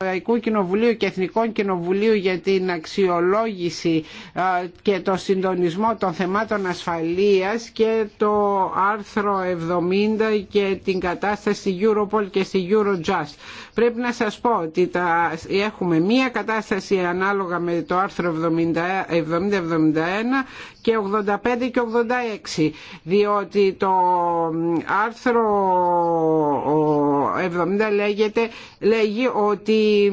Ευρωπαϊκού Κοινοβουλίου και Εθνικών Κοινοβουλίου για την αξιολόγηση και το συντονισμό των θεμάτων ασφαλείας και το άρθρο 70 και την κατάσταση στη Europol και στη Eurojust. Πρέπει να σας πω ότι τα... έχουμε μία κατάσταση ανάλογα με το άρθρο 70-71 και 85 και 86 διότι το άρθρο 70 λέγεται, λέγει ότι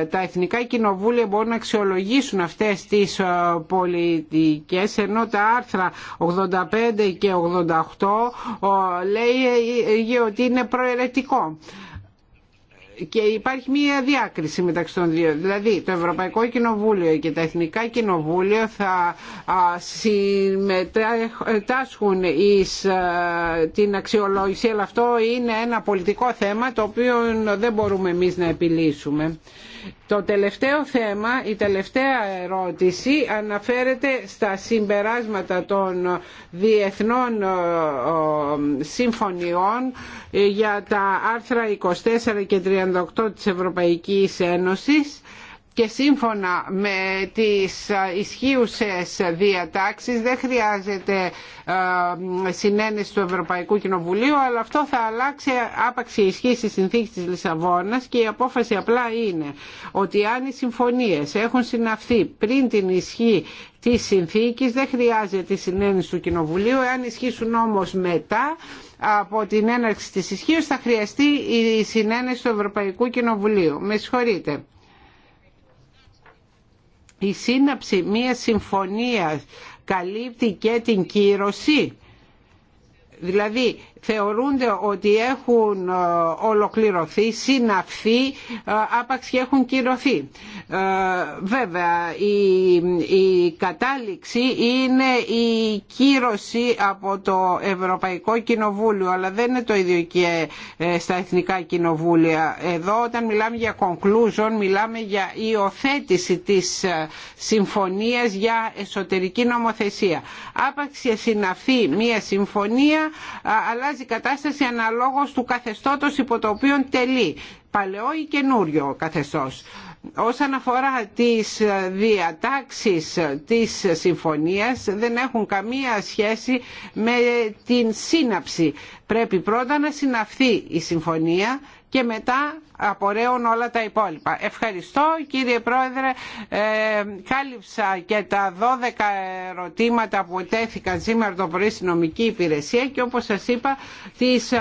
ε, τα εθνικά κοινοβούλια μπορούν να αξιολογήσουν αυτές τις ε, πολιτικές ενώ τα άρθρα 85 και 88 λέει ε, ότι είναι προαιρετικό και υπάρχει μία διάκριση μεταξύ των δύο. Δηλαδή το Ευρωπαϊκό Κοινοβούλιο και τα Εθνικά Κοινοβούλια θα συμμετάσχουν εις την αξιολόγηση αλλά αυτό είναι ένα πολιτικό θέμα το οποίο δεν μπορούμε εμείς να επιλύσουμε. Το τελευταίο θέμα, η τελευταία ερώτηση αναφέρεται στα συμπεράσματα των διεθνών ε, ε, συμφωνιών ε, για τα άρθρα 24 και 38 της Ευρωπαϊκής Ένωσης και σύμφωνα με τις ισχύουσες διατάξεις δεν χρειάζεται ε, συνένεση του Ευρωπαϊκού Κοινοβουλίου αλλά αυτό θα αλλάξει άπαξη ισχύ στη συνθήκη της Λισαβόνας και η απόφαση απλά είναι ότι αν οι συμφωνίες έχουν συναυθεί πριν την ισχύ της συνθήκης δεν χρειάζεται η συνένεση του Κοινοβουλίου εάν ισχύσουν όμως μετά από την έναρξη της ισχύω θα χρειαστεί η συνένεση του Ευρωπαϊκού Κοινοβουλίου. Με συγχωρείτε η σύναψη μια συμφωνίας καλύπτει και την κύρωση. Δηλαδή θεωρούνται ότι έχουν ε, ολοκληρωθεί, συναφθεί, ε, άπαξ και έχουν κυρωθεί. Ε, βέβαια η, κατάληξη είναι η κύρωση από το Ευρωπαϊκό Κοινοβούλιο αλλά δεν είναι το ίδιο και ε, στα Εθνικά Κοινοβούλια. Εδώ όταν μιλάμε για conclusion μιλάμε για υιοθέτηση της ε, συμφωνίας για εσωτερική νομοθεσία. Άπαξε συναφεί συναφή μια συμφωνία αλλάζει κατάσταση αναλόγως του καθεστώτος υπό το οποίο τελεί παλαιό ή καινούριο καθεστώς. Όσον αφορά τις διατάξεις της συμφωνίας δεν έχουν καμία σχέση με την σύναψη. Πρέπει πρώτα να συναφθεί η συμφωνία και μετά απορρέουν όλα τα υπόλοιπα. Ευχαριστώ κύριε Πρόεδρε. Ε, κάλυψα και τα 12 ερωτήματα που τέθηκαν σήμερα το πρωί στην νομική υπηρεσία και όπως σας είπα τις ε,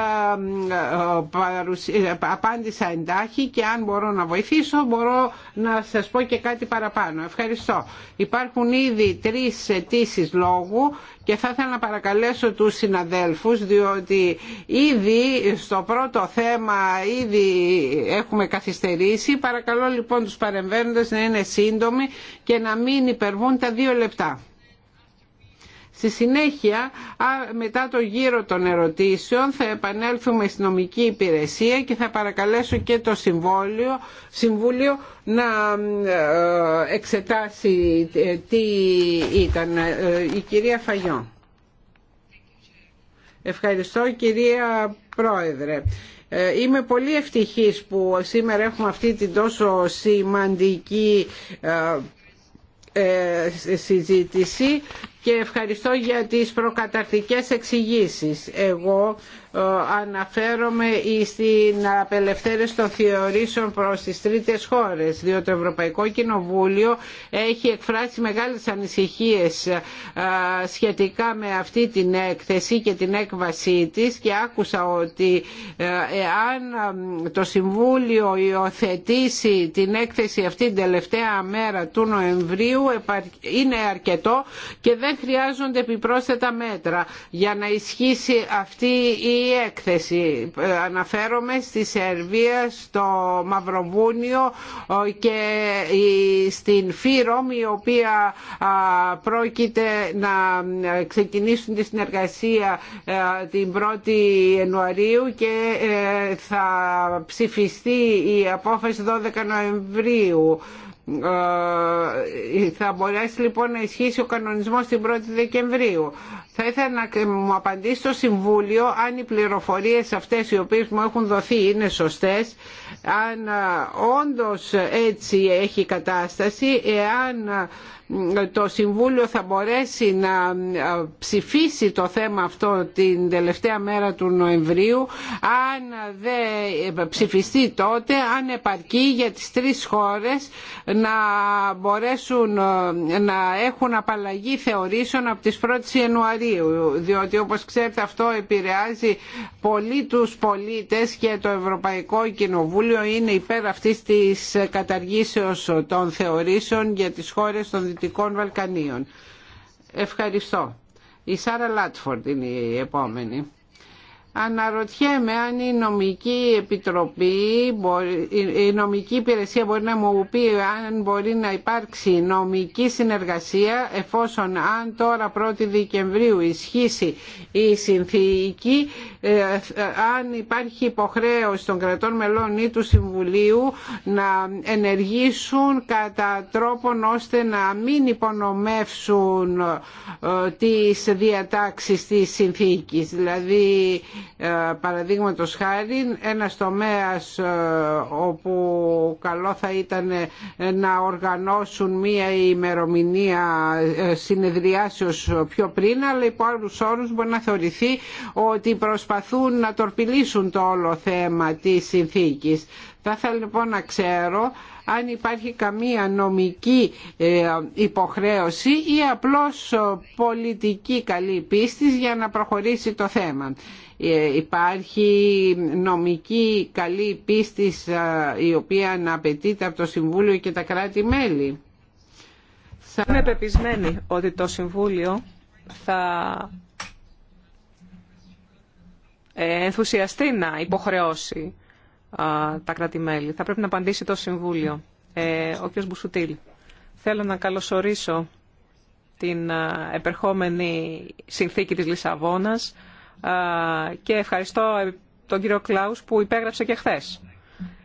απάντησα εντάχει και αν μπορώ να βοηθήσω μπορώ να σας πω και κάτι παραπάνω. Ευχαριστώ. Υπάρχουν ήδη τρεις αιτήσει λόγου και θα ήθελα να παρακαλέσω τους συναδέλφους διότι ήδη στο πρώτο θέμα ήδη έχουμε καθυστερήσει παρακαλώ λοιπόν τους παρεμβαίνοντες να είναι σύντομοι και να μην υπερβούν τα δύο λεπτά. Στη συνέχεια, μετά το γύρο των ερωτήσεων, θα επανέλθουμε στην νομική υπηρεσία και θα παρακαλέσω και το Συμβόλιο, Συμβούλιο να ε, εξετάσει ε, τι ήταν ε, η κυρία Φαγιόν. Ευχαριστώ κυρία Πρόεδρε. Είμαι πολύ ευτυχής που σήμερα έχουμε αυτή την τόσο σημαντική συζήτηση και ευχαριστώ για τις προκαταρτικές εξηγήσεις. Εγώ ε, αναφέρομαι στην απελευθέρωση των θεωρήσεων προς τις τρίτες χώρες διότι το Ευρωπαϊκό Κοινοβούλιο έχει εκφράσει μεγάλες ανησυχίες ε, σχετικά με αυτή την έκθεση και την έκβασή της και άκουσα ότι ε, εάν το Συμβούλιο υιοθετήσει την έκθεση αυτή την τελευταία μέρα του Νοεμβρίου είναι αρκετό και χρειάζονται επιπρόσθετα μέτρα για να ισχύσει αυτή η έκθεση. Αναφέρομαι στη Σερβία, στο Μαυροβούνιο και στην ΦΥΡΟΜ η οποία πρόκειται να ξεκινήσουν τη συνεργασία ε, την 1η Ιανουαρίου και ε, θα ψηφιστεί η απόφαση 12 Νοεμβρίου ε, θα μπορέσει λοιπόν να ισχύσει ο κανονισμός την 1η Δεκεμβρίου. Θα ήθελα να μου απαντήσει το Συμβούλιο αν οι πληροφορίες αυτές οι οποίες μου έχουν δοθεί είναι σωστές, αν ε, όντως έτσι έχει κατάσταση, εάν ε, το Συμβούλιο θα μπορέσει να ψηφίσει το θέμα αυτό την τελευταία μέρα του Νοεμβρίου αν δεν ψηφιστεί τότε αν επαρκεί για τις τρεις χώρες να μπορέσουν ε, να έχουν απαλλαγή θεωρήσεων από τις 1 η Ιανουαρίου διότι όπως ξέρετε αυτό επηρεάζει πολλοί τους πολίτες και το Ευρωπαϊκό Κοινοβούλιο είναι υπέρ αυτής της καταργήσεως των θεωρήσεων για τις χώρες των Δυτικών Βαλκανίων. Ευχαριστώ. Η Σάρα Λάτφορντ είναι η επόμενη. Αναρωτιέμαι αν η νομική επιτροπή, η νομική υπηρεσία μπορεί να μου πει αν μπορεί να υπάρξει νομική συνεργασία εφόσον αν τώρα 1η Δεκεμβρίου ισχύσει η συνθήκη, ε, αν υπάρχει υποχρέωση των κρατών μελών ή του Συμβουλίου να ενεργήσουν κατά τρόπον ώστε να μην υπονομεύσουν ε, τις διατάξεις της συνθήκης. Δηλαδή ε, παραδείγματος χάρη ένας τομέας ε, όπου καλό θα ήταν ε, να οργανώσουν μία ημερομηνία συνεδριάσεως πιο πριν αλλά υπό άλλους όρους μπορεί να θεωρηθεί ότι προσπαθούν να τορπιλήσουν το όλο θέμα της συνθήκης. Θα ήθελα λοιπόν να ξέρω αν υπάρχει καμία νομική υποχρέωση ή απλώς πολιτική καλή πίστη για να προχωρήσει το θέμα. Ε, υπάρχει νομική καλή πίστη η οποία να απαιτείται από το Συμβούλιο και τα κράτη-μέλη. Είμαι πεπισμένη ότι το Συμβούλιο θα ενθουσιαστεί να υποχρεώσει τα κράτη-μέλη. Θα πρέπει να απαντήσει το Συμβούλιο. Ε, ο κ. Μπουσουτήλ, θέλω να καλωσορίσω την επερχόμενη συνθήκη της Λισαβόνας και ευχαριστώ ε, τον κύριο Κλάους που υπέγραψε και χθε.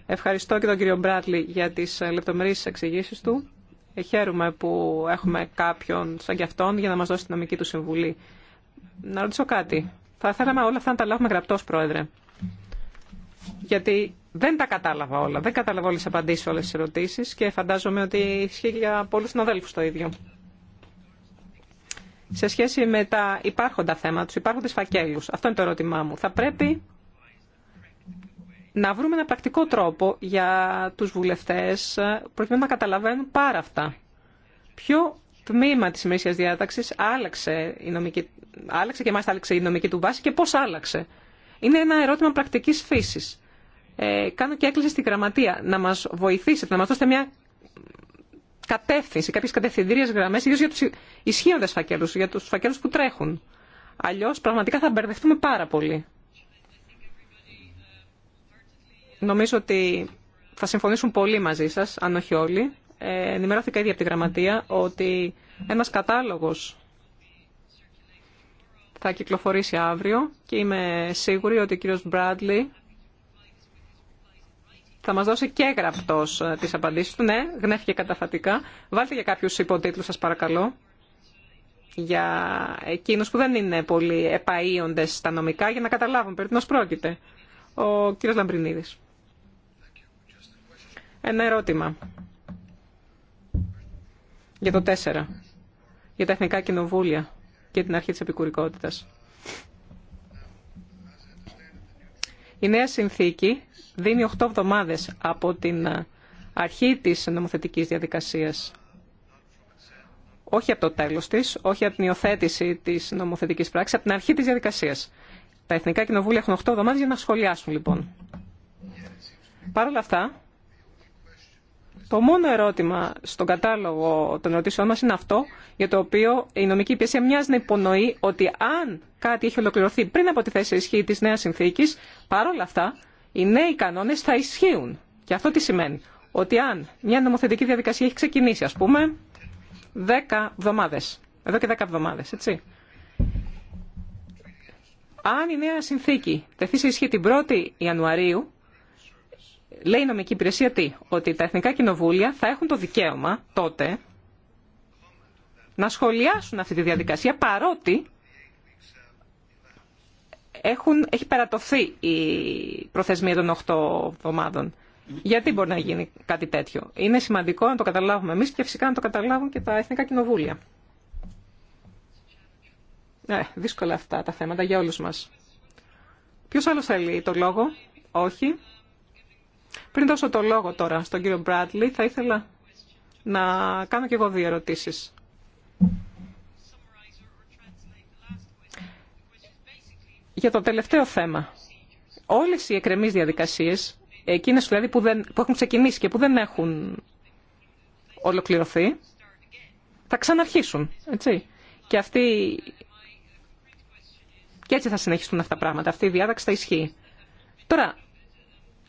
Ευχαριστώ και τον κύριο Μπράτλι για τις ε, λεπτομερείς εξηγήσεις του. Ε, χαίρομαι που έχουμε κάποιον σαν κι αυτόν για να μας δώσει την νομική του συμβουλή. Να ρωτήσω κάτι. Θα θέλαμε όλα αυτά να τα λάβουμε γραπτός, Πρόεδρε. Γιατί δεν τα κατάλαβα όλα. Δεν κατάλαβα όλες τις απαντήσεις, όλες τις ερωτήσεις και φαντάζομαι ότι ισχύει για πολλού συναδέλφους το ίδιο σε σχέση με τα υπάρχοντα θέματα, τους υπάρχοντες φακέλους. Αυτό είναι το ερώτημά μου. Θα πρέπει να βρούμε ένα πρακτικό τρόπο για τους βουλευτές προκειμένου να καταλαβαίνουν πάρα αυτά. Ποιο τμήμα της ημερήσιας διάταξης άλλαξε, η νομική, άλλαξε και μάλιστα άλλαξε η νομική του βάση και πώς άλλαξε. Είναι ένα ερώτημα πρακτικής φύσης. Ε, κάνω και έκκληση στην γραμματεία να μας βοηθήσετε, να μας δώσετε μια κατεύθυνση, κάποιες κατευθυντήριες γραμμές, ιδίως για του ισχύοντες φακέλου, για τους φακέλου που τρέχουν. Αλλιώς πραγματικά θα μπερδευτούμε πάρα πολύ. Νομίζω ότι θα συμφωνήσουν πολλοί μαζί σας, αν όχι όλοι. Ε, ενημερώθηκα ήδη από τη γραμματεία ότι ένας κατάλογος θα κυκλοφορήσει αύριο και είμαι σίγουρη ότι ο κύριος Μπράντλι θα μας δώσει και γραπτός ε, τις απαντήσεις του. Ναι, γνέφηκε καταφατικά. Βάλτε για κάποιους υποτίτλους σας παρακαλώ για εκείνους που δεν είναι πολύ επαΐοντες στα νομικά για να καταλάβουν περί τίνος πρόκειται. Ο κύριος Λαμπρινίδης. Ένα ερώτημα για το 4, για τα εθνικά κοινοβούλια και την αρχή της επικουρικότητας. Η νέα συνθήκη δίνει 8 εβδομάδε από την ε, αρχή τη νομοθετική διαδικασία. Όχι από το τέλο τη, όχι από την υιοθέτηση τη νομοθετική πράξη, από την αρχή τη διαδικασία. Τα Εθνικά Κοινοβούλια έχουν 8 εβδομάδε για να σχολιάσουν λοιπόν. Παρ' όλα αυτά, το μόνο ερώτημα στον κατάλογο των ερωτήσεών μα είναι αυτό για το οποίο η νομική υπηρεσία μοιάζει να υπονοεί ότι αν κάτι έχει ολοκληρωθεί πριν από τη θέση ισχύ τη νέα συνθήκη, παρόλα αυτά οι νέοι κανόνες θα ισχύουν. Και αυτό τι σημαίνει. Ότι αν μια νομοθετική διαδικασία έχει ξεκινήσει, ας πούμε, 10 εβδομάδε. εδώ και 10 εβδομάδες, έτσι. Αν η νέα συνθήκη τεθεί σε ισχύ την 1η Ιανουαρίου, λέει η νομική υπηρεσία τι, ότι τα εθνικά κοινοβούλια θα έχουν το δικαίωμα τότε να σχολιάσουν αυτή τη διαδικασία παρότι έχουν, έχει περατωθεί η προθεσμία των 8 εβδομάδων. Γιατί μπορεί να γίνει κάτι τέτοιο. Είναι σημαντικό να το καταλάβουμε εμείς και φυσικά να το καταλάβουν και τα Εθνικά Κοινοβούλια. Ε, δύσκολα αυτά τα θέματα για όλους μας. Ποιος άλλος θέλει το λόγο. Όχι. Πριν δώσω το λόγο τώρα στον κύριο Μπράτλι, θα ήθελα να κάνω και εγώ δύο ερωτήσεις. Για το τελευταίο θέμα. Όλες οι εκκρεμεί διαδικασίες, εκείνες δηλαδή που, δεν, που έχουν ξεκινήσει και που δεν έχουν ολοκληρωθεί, θα ξαναρχίσουν. Έτσι. Και, αυτή... και έτσι θα συνεχιστούν αυτά τα πράγματα. Αυτή η διάταξη θα ισχύει. Τώρα,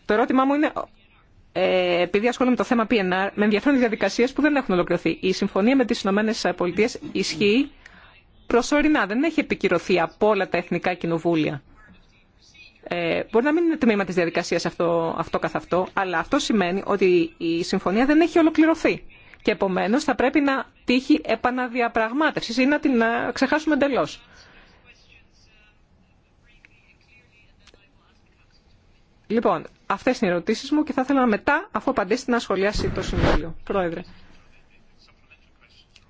το ερώτημά μου είναι, ε, επειδή ασχολούμαι με το θέμα PNR, με ενδιαφέρουν οι διαδικασίε που δεν έχουν ολοκληρωθεί. Η συμφωνία με τι ΗΠΑ ισχύει προσωρινά, δεν έχει επικυρωθεί από όλα τα εθνικά κοινοβούλια. Ε, μπορεί να μην είναι τμήμα της διαδικασίας αυτό, αυτό καθ' αυτό, αλλά αυτό σημαίνει ότι η συμφωνία δεν έχει ολοκληρωθεί. Και επομένω θα πρέπει να τύχει επαναδιαπραγμάτευση ή να την να ξεχάσουμε εντελώ. Λοιπόν, αυτέ είναι οι ερωτήσει μου και θα ήθελα μετά, αφού απαντήσετε, να σχολιάσει το Συμβούλιο. Πρόεδρε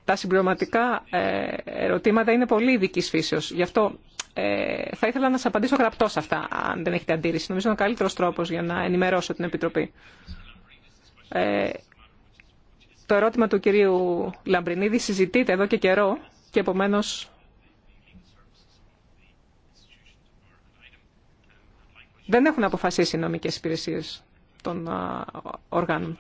τα συμπληρωματικά ε, ερωτήματα είναι πολύ ειδική φύσεω. Γι' αυτό ε, θα ήθελα να σα απαντήσω γραπτό σε αυτά, αν δεν έχετε αντίρρηση. Νομίζω είναι ο καλύτερο τρόπο για να ενημερώσω την Επιτροπή. Ε, το ερώτημα του κυρίου Λαμπρινίδη συζητείται εδώ και καιρό και επομένω. Δεν έχουν αποφασίσει οι νομικές υπηρεσίες των ε, οργάνων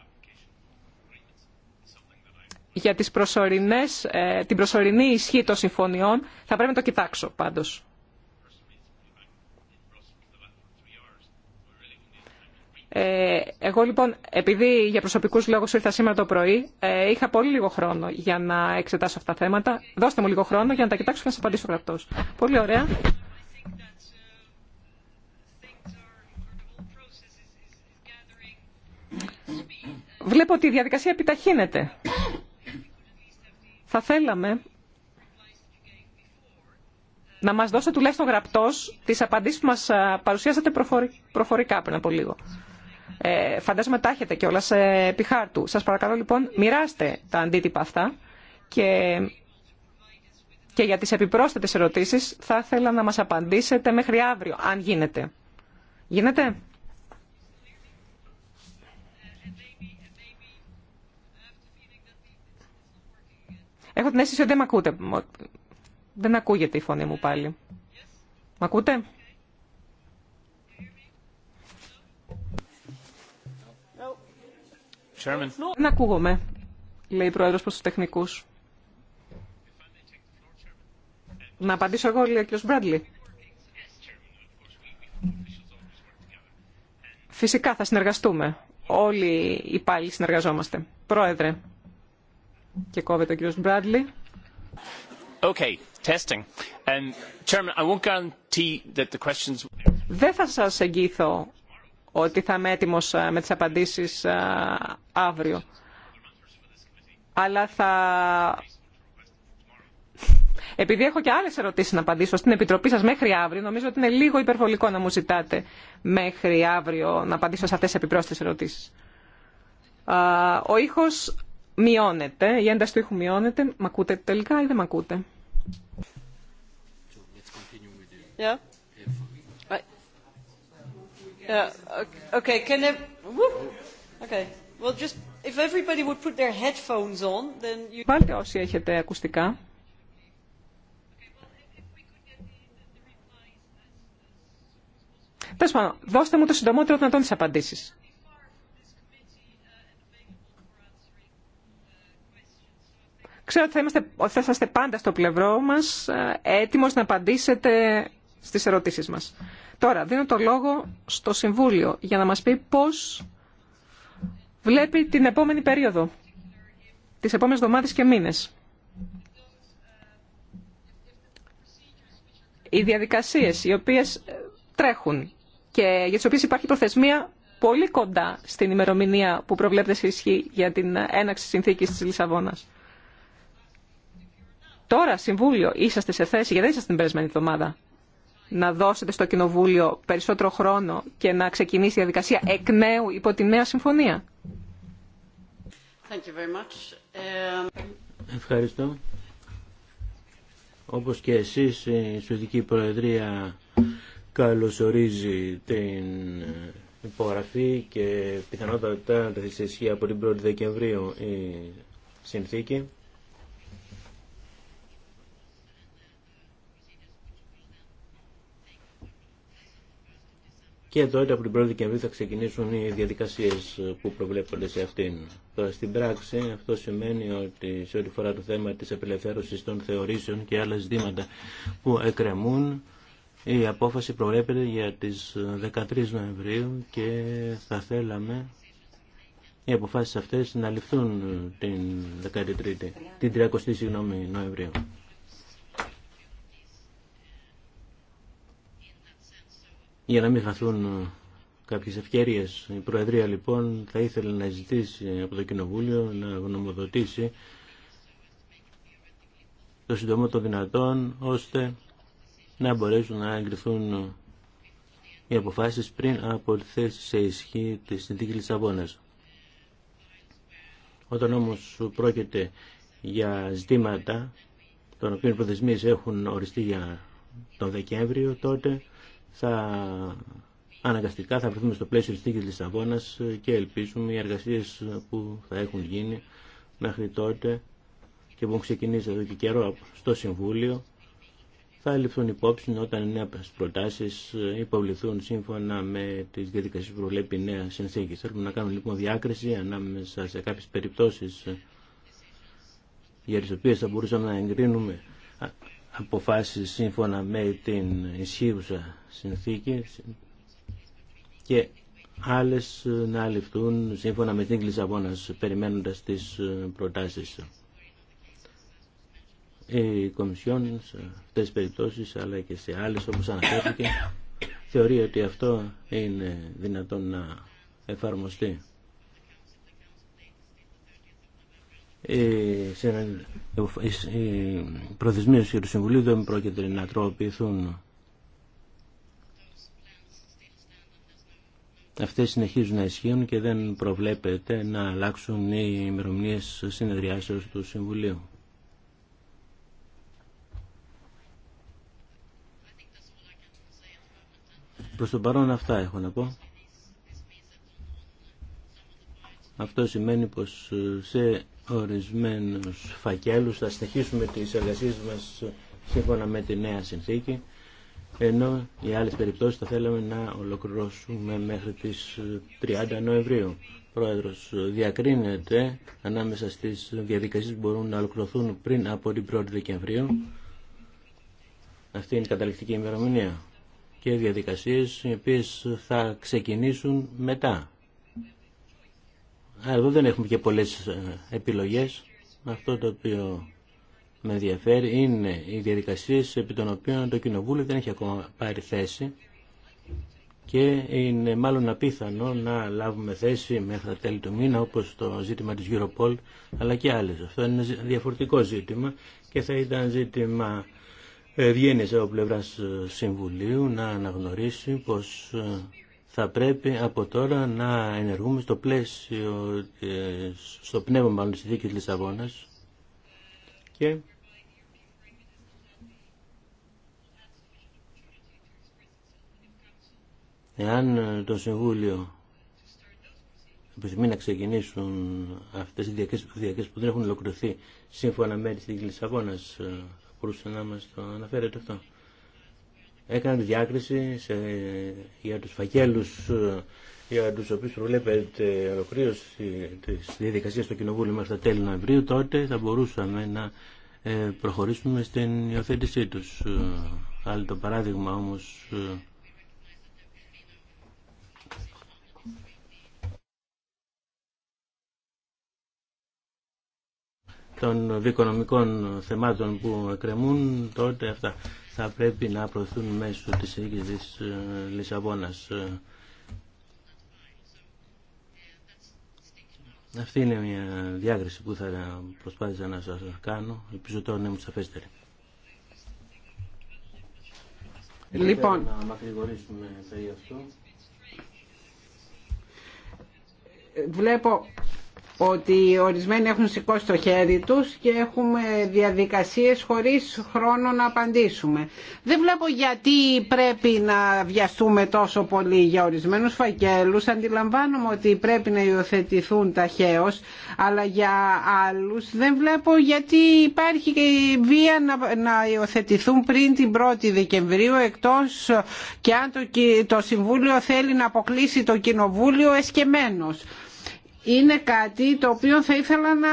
για τις προσωρινές, ε, την προσωρινή ισχύ των συμφωνιών θα πρέπει να το κοιτάξω πάντως. Ε, εγώ λοιπόν, επειδή για προσωπικούς λόγους ήρθα σήμερα το πρωί, ε, είχα πολύ λίγο χρόνο για να εξετάσω αυτά τα θέματα. Δώστε μου λίγο χρόνο για να τα κοιτάξω και να σας απαντήσω γραπτός. Πολύ ωραία. Βλέπω ότι η διαδικασία επιταχύνεται. Θα θέλαμε να μας δώσετε τουλάχιστον γραπτός τις απαντήσεις που μας ε, παρουσιάσατε προφορικά πριν από λίγο. Ε, φαντάζομαι τα έχετε κιόλα σε χάρτου. Σας παρακαλώ λοιπόν μοιράστε τα αντίτυπα αυτά και, και για τις επιπρόσθετες ερωτήσεις θα ήθελα να μας απαντήσετε μέχρι αύριο, αν γίνεται. Γίνεται? Έχω την αίσθηση ότι δεν με ακούτε. Δεν ακούγεται η φωνή μου πάλι. Μ' ακούτε? Δεν ακούγομαι, λέει η Πρόεδρος προς τους τεχνικούς. Να απαντήσω εγώ, λέει ο κ. Μπράντλι. Φυσικά θα συνεργαστούμε. Όλοι οι πάλι συνεργαζόμαστε. Πρόεδρε, και κόβεται ο κύριος Μπράντλι. Δεν θα σας εγγύθω ότι θα είμαι έτοιμο ε, με τις απαντήσεις ε, αύριο. Αλλά θα... Επειδή έχω και άλλες ερωτήσεις να απαντήσω στην Επιτροπή σας μέχρι αύριο, νομίζω ότι είναι λίγο υπερβολικό να μου ζητάτε μέχρι αύριο να απαντήσω σε αυτές τις επιπρόσθετες ερωτήσεις. Ο ήχος μειώνεται, η ένταση του ήχου μειώνεται. Μ' ακούτε τελικά ή δεν μ' ακούτε. Βάλτε όσοι έχετε ακουστικά. Τέλο πάντων, δώστε μου το συντομότερο δυνατόν τι απαντήσει. Ξέρω ότι θα, είμαστε, θα πάντα στο πλευρό μας, ε, έτοιμος να απαντήσετε στις ερωτήσεις μας. Τώρα, δίνω το λόγο στο Συμβούλιο για να μας πει πώς βλέπει την επόμενη περίοδο, τις επόμενες εβδομάδε και μήνες. Οι διαδικασίες οι οποίες ε, τρέχουν και για τις οποίες υπάρχει προθεσμία πολύ κοντά στην ημερομηνία που προβλέπεται σε για την έναξη συνθήκης της Λισαβόνας τώρα Συμβούλιο είσαστε σε θέση, γιατί δεν είσαστε την περασμένη εβδομάδα, να δώσετε στο Κοινοβούλιο περισσότερο χρόνο και να ξεκινήσει η διαδικασία εκ νέου υπό τη νέα συμφωνία. Thank you very much. Ε, Ευχαριστώ. Όπως και εσείς, η Σουηδική Προεδρία καλωσορίζει την υπογραφή και πιθανότατα θα ισχύει από την 1η Δεκεμβρίου η συνθήκη. και τότε από την 1η Δεκεμβρίου θα ξεκινήσουν οι διαδικασίες που προβλέπονται σε αυτήν. Τώρα στην πράξη αυτό σημαίνει ότι σε ό,τι φορά το θέμα της απελευθέρωσης των θεωρήσεων και άλλα ζητήματα που εκκρεμούν η απόφαση προβλέπεται για τις 13 Νοεμβρίου και θα θέλαμε οι αποφάσεις αυτές να ληφθούν την, 13, την 30 συγγνώμη, Νοεμβρίου. για να μην χαθούν ε, κάποιες ευκαιρίες. Η Προεδρία λοιπόν θα ήθελε να ζητήσει από το Κοινοβούλιο να γνωμοδοτήσει το συντομό των δυνατών ώστε να μπορέσουν να εγκριθούν οι αποφάσεις πριν από σε ισχύ τη συνθήκη Λισαβόνας. Όταν όμως πρόκειται για ζητήματα των οποίων προθεσμίες έχουν οριστεί για τον Δεκέμβριο τότε θα αναγκαστικά θα βρεθούμε στο πλαίσιο της Θήκης Λισαβόνας και ελπίζουμε οι εργασίες που θα έχουν γίνει μέχρι τότε και που έχουν ξεκινήσει εδώ και καιρό στο Συμβούλιο θα ληφθούν υπόψη όταν οι νέες προτάσεις υποβληθούν σύμφωνα με τις διαδικασίες που προβλέπει η νέα συνθήκη. Θέλουμε να κάνουμε λοιπόν διάκριση ανάμεσα σε κάποιες περιπτώσεις για τις οποίες θα μπορούσαμε να εγκρίνουμε αποφάσεις σύμφωνα με την ισχύουσα συνθήκες και άλλες ε, να ληφθούν σύμφωνα με την Λισαβόνα, περιμένοντας τις ε, προτάσεις. Η Κομισιόν σε αυτές περιπτώσεις αλλά και σε άλλες όπως αναφέρθηκε θεωρεί ότι αυτό είναι δυνατόν να εφαρμοστεί. Οι προθεσμίες του Συμβουλίου δεν πρόκειται να τροποποιηθούν αυτές συνεχίζουν να ισχύουν και δεν προβλέπεται να αλλάξουν οι ημερομηνίε συνεδριάσεως του Συμβουλίου. Προς τον παρόν αυτά έχω να πω. Αυτό σημαίνει πως σε ορισμένους φακέλους θα συνεχίσουμε τις εργασίες μας σύμφωνα με τη νέα συνθήκη ενώ οι άλλες περιπτώσεις θα θέλαμε να ολοκληρώσουμε μέχρι τις 30 Νοεμβρίου. Πρόεδρος, διακρίνεται ανάμεσα στις διαδικασίες που μπορούν να ολοκληρωθούν πριν από την 1η Δεκεμβρίου. Αυτή είναι η καταληκτική ημερομηνία. Και διαδικασίες οι οποίες θα ξεκινήσουν μετά. εδώ δεν έχουμε και πολλές ε, επιλογές. Αυτό το οποίο με ενδιαφέρει είναι οι διαδικασίες επί των οποίων το Κοινοβούλιο δεν έχει ακόμα πάρει θέση και είναι μάλλον απίθανο να λάβουμε θέση μέχρι τα τέλη του μήνα όπως το ζήτημα της Europol αλλά και άλλες. Αυτό είναι διαφορετικό ζήτημα και θα ήταν ζήτημα ευγένειας από πλευρά ε, Συμβουλίου να αναγνωρίσει πως ε, θα πρέπει από τώρα να ενεργούμε στο πλαίσιο, ε, στο πνεύμα μάλλον της Δίκης Λισαβόνας και Εάν ε, το Συμβούλιο επιθυμεί να ξεκινήσουν αυτές οι διακές που δεν έχουν ολοκληρωθεί σύμφωνα με τη Λισαβόνας, ε, μπορούσε να μας το αναφέρετε αυτό. Έκανε διάκριση σε, για τους φακέλους ε, για τους οποίους προβλέπεται ολοκλήρωση της διαδικασίας στο Κοινοβούλιο μέχρι τα τέλη Νοεμβρίου, τότε θα μπορούσαμε να προχωρήσουμε στην υιοθέτησή τους. Άλλο το παράδειγμα όμως των δικονομικών θεμάτων που εκκρεμούν, τότε αυτά θα πρέπει να προωθούν μέσω της συνήκης της ε, Λισαβόνας. Αυτή είναι μια διάκριση που θα προσπάθησα να σας κάνω. Ελπίζω τώρα να είμαι σαφέστερη. Λοιπόν, να Βλέπω ότι ορισμένοι έχουν σηκώσει το χέρι τους και έχουμε διαδικασίες χωρίς χρόνο να απαντήσουμε. Δεν βλέπω γιατί πρέπει να βιαστούμε τόσο πολύ για ορισμένους φακέλους. Αντιλαμβάνομαι ότι πρέπει να υιοθετηθούν ταχαίως, αλλά για άλλους δεν βλέπω γιατί υπάρχει και βία να υιοθετηθούν πριν την 1η Δεκεμβρίου, εκτός και αν το Συμβούλιο θέλει να αποκλείσει το Κοινοβούλιο εσκεμένος είναι κάτι το οποίο θα ήθελα να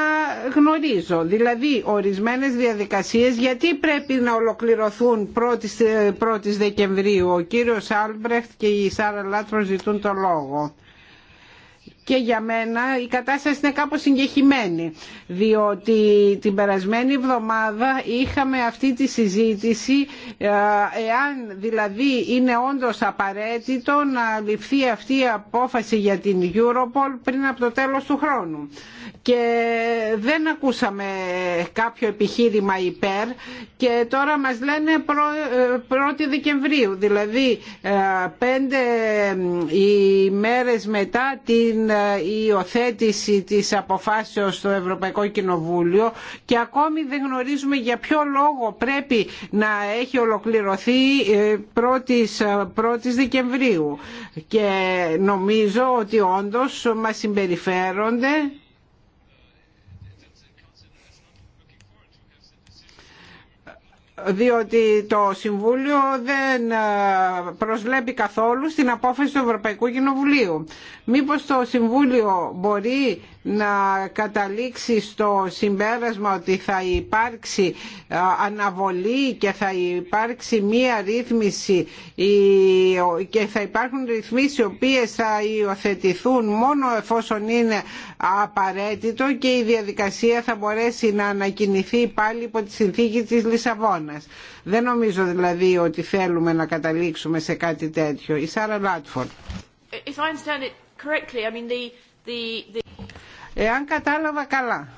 γνωρίζω. Δηλαδή, ορισμένες διαδικασίες γιατί πρέπει να ολοκληρωθούν 1η ε, Δεκεμβρίου. Ο κύριος Άλμπρεχτ και η Σάρα Λάτρο ζητούν το λόγο και για μένα η κατάσταση είναι κάπως συγκεχημένη διότι την περασμένη εβδομάδα είχαμε αυτή τη συζήτηση ε, εάν δηλαδή είναι όντως απαραίτητο να ληφθεί αυτή η απόφαση για την Europol πριν από το τέλος του χρόνου και δεν ακούσαμε κάποιο επιχείρημα υπέρ και τώρα μας λένε 1η ε, Δεκεμβρίου, δηλαδή ε, πέντε ημέρες ε, μετά την υιοθέτηση της αποφάσεως στο Ευρωπαϊκό Κοινοβούλιο και ακόμη δεν γνωρίζουμε για ποιο λόγο πρέπει να έχει ολοκληρωθεί 1η Δεκεμβρίου και νομίζω ότι όντως μας συμπεριφέρονται διότι το Συμβούλιο δεν ε, προσβλέπει καθόλου στην απόφαση του Ευρωπαϊκού Κοινοβουλίου. Μήπως το Συμβούλιο μπορεί να καταλήξει στο συμπέρασμα ότι θα υπάρξει αναβολή και θα υπάρξει μία ρύθμιση και θα υπάρχουν ρυθμίσεις οι οποίες θα υιοθετηθούν μόνο εφόσον είναι απαραίτητο και η διαδικασία θα μπορέσει να ανακοινηθεί πάλι υπό τη συνθήκη της Λισαβόνας. Δεν νομίζω δηλαδή ότι θέλουμε να καταλήξουμε σε κάτι τέτοιο. Η Σάρα εάν κατάλαβα καλά.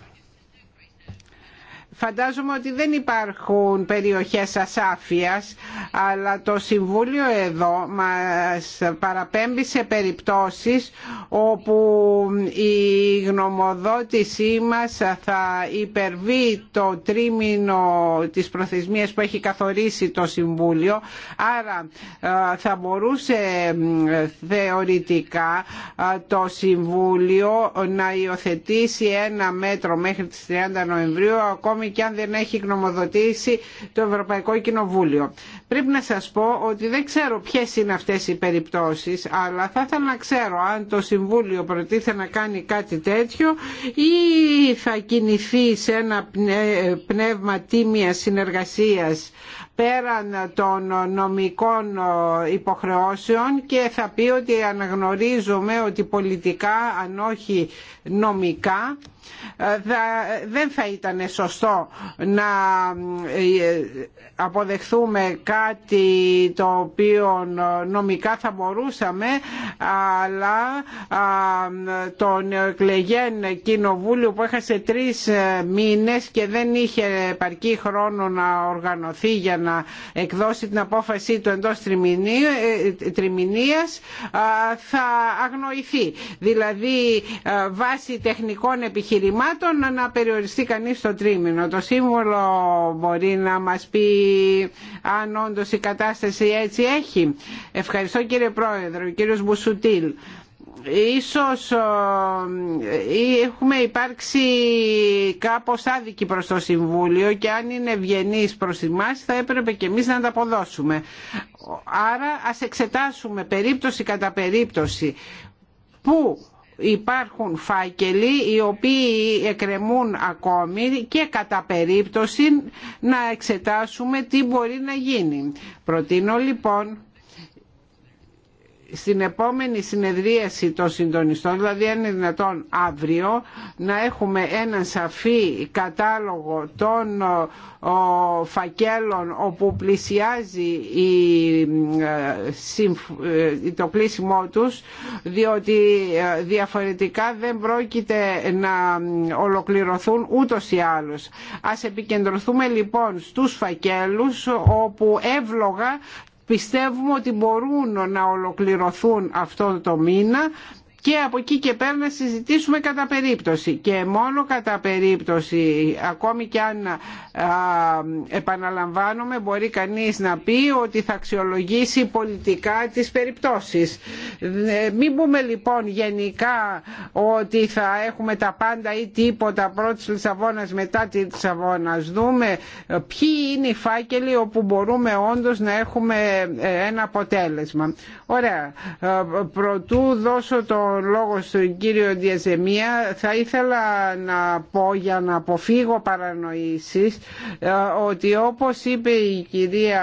Φαντάζομαι ότι δεν υπάρχουν περιοχές ασάφειας, αλλά το Συμβούλιο εδώ μας παραπέμπει σε περιπτώσεις όπου η γνωμοδότησή μας θα υπερβεί το τρίμηνο της προθεσμίας που έχει καθορίσει το Συμβούλιο, άρα ε, θα μπορούσε θεωρητικά ε, το Συμβούλιο να υιοθετήσει ένα μέτρο μέχρι τις 30 Νοεμβρίου ακόμη και αν δεν έχει γνωμοδοτήσει το Ευρωπαϊκό Κοινοβούλιο. Πρέπει να σας πω ότι δεν ξέρω ποιες είναι αυτές οι περιπτώσεις, αλλά θα ήθελα να ξέρω αν το Συμβούλιο προτίθεται να κάνει κάτι τέτοιο ή θα κινηθεί σε ένα πνεύμα τίμιας συνεργασίας πέραν των νομικών υποχρεώσεων και θα πει ότι αναγνωρίζουμε ότι πολιτικά αν όχι νομικά δεν θα ήταν σωστό να ε, αποδεχθούμε κάτι το οποίο νομικά θα μπορούσαμε αλλά το νεοεκλεγέν κοινοβούλιο που έχασε τρεις μήνες και δεν είχε επαρκή χρόνο να οργανωθεί για να εκδώσει την απόφασή του εντός ε, τριμηνίας θα αγνοηθεί. Δηλαδή βάσει τεχνικών επιχειρημάτων να περιοριστεί κανείς στο τρίμηνο. Το σύμβολο μπορεί να μας πει αν όντως η κατάσταση έτσι έχει. Ευχαριστώ κύριε Πρόεδρο, κύριος Μπουσουτήλ ίσως έχουμε υπάρξει κάπως άδικοι προς το Συμβούλιο και αν είναι ευγενεί προς εμάς θα έπρεπε και εμείς να τα αποδώσουμε. Άρα ας εξετάσουμε περίπτωση κατά περίπτωση που υπάρχουν φάκελοι οι οποίοι εκρεμούν ακόμη και κατά περίπτωση να εξετάσουμε τι μπορεί να γίνει. Προτείνω λοιπόν στην επόμενη συνεδρίαση των συντονιστών, δηλαδή αν είναι δυνατόν αύριο, να έχουμε έναν σαφή κατάλογο των φακέλων όπου πλησιάζει ε, ε, το κλείσιμό τους, διότι ε, διαφορετικά δεν πρόκειται να ολοκληρωθούν ούτως ή άλλως. Ας επικεντρωθούμε λοιπόν στους φακέλους όπου εύλογα Πιστεύουμε ότι μπορούν να ολοκληρωθούν αυτό το μήνα και από εκεί και πέρα να συζητήσουμε κατά περίπτωση και μόνο κατά περίπτωση ακόμη και αν α, επαναλαμβάνουμε μπορεί κανείς να πει ότι θα αξιολογήσει πολιτικά τις περιπτώσεις. Ε, μην πούμε λοιπόν γενικά ότι θα έχουμε τα πάντα ή τίποτα πρώτης Λισαβόνας μετά τη Λισαβόνας. Δούμε ε, ποιοι είναι οι φάκελοι όπου μπορούμε όντως να έχουμε ε, ένα αποτέλεσμα. Ωραία. Προτού δώσω το λόγο στον κύριο Διαζεμία θα ήθελα να πω για να αποφύγω παρανοήσεις ε, ότι όπως είπε η κυρία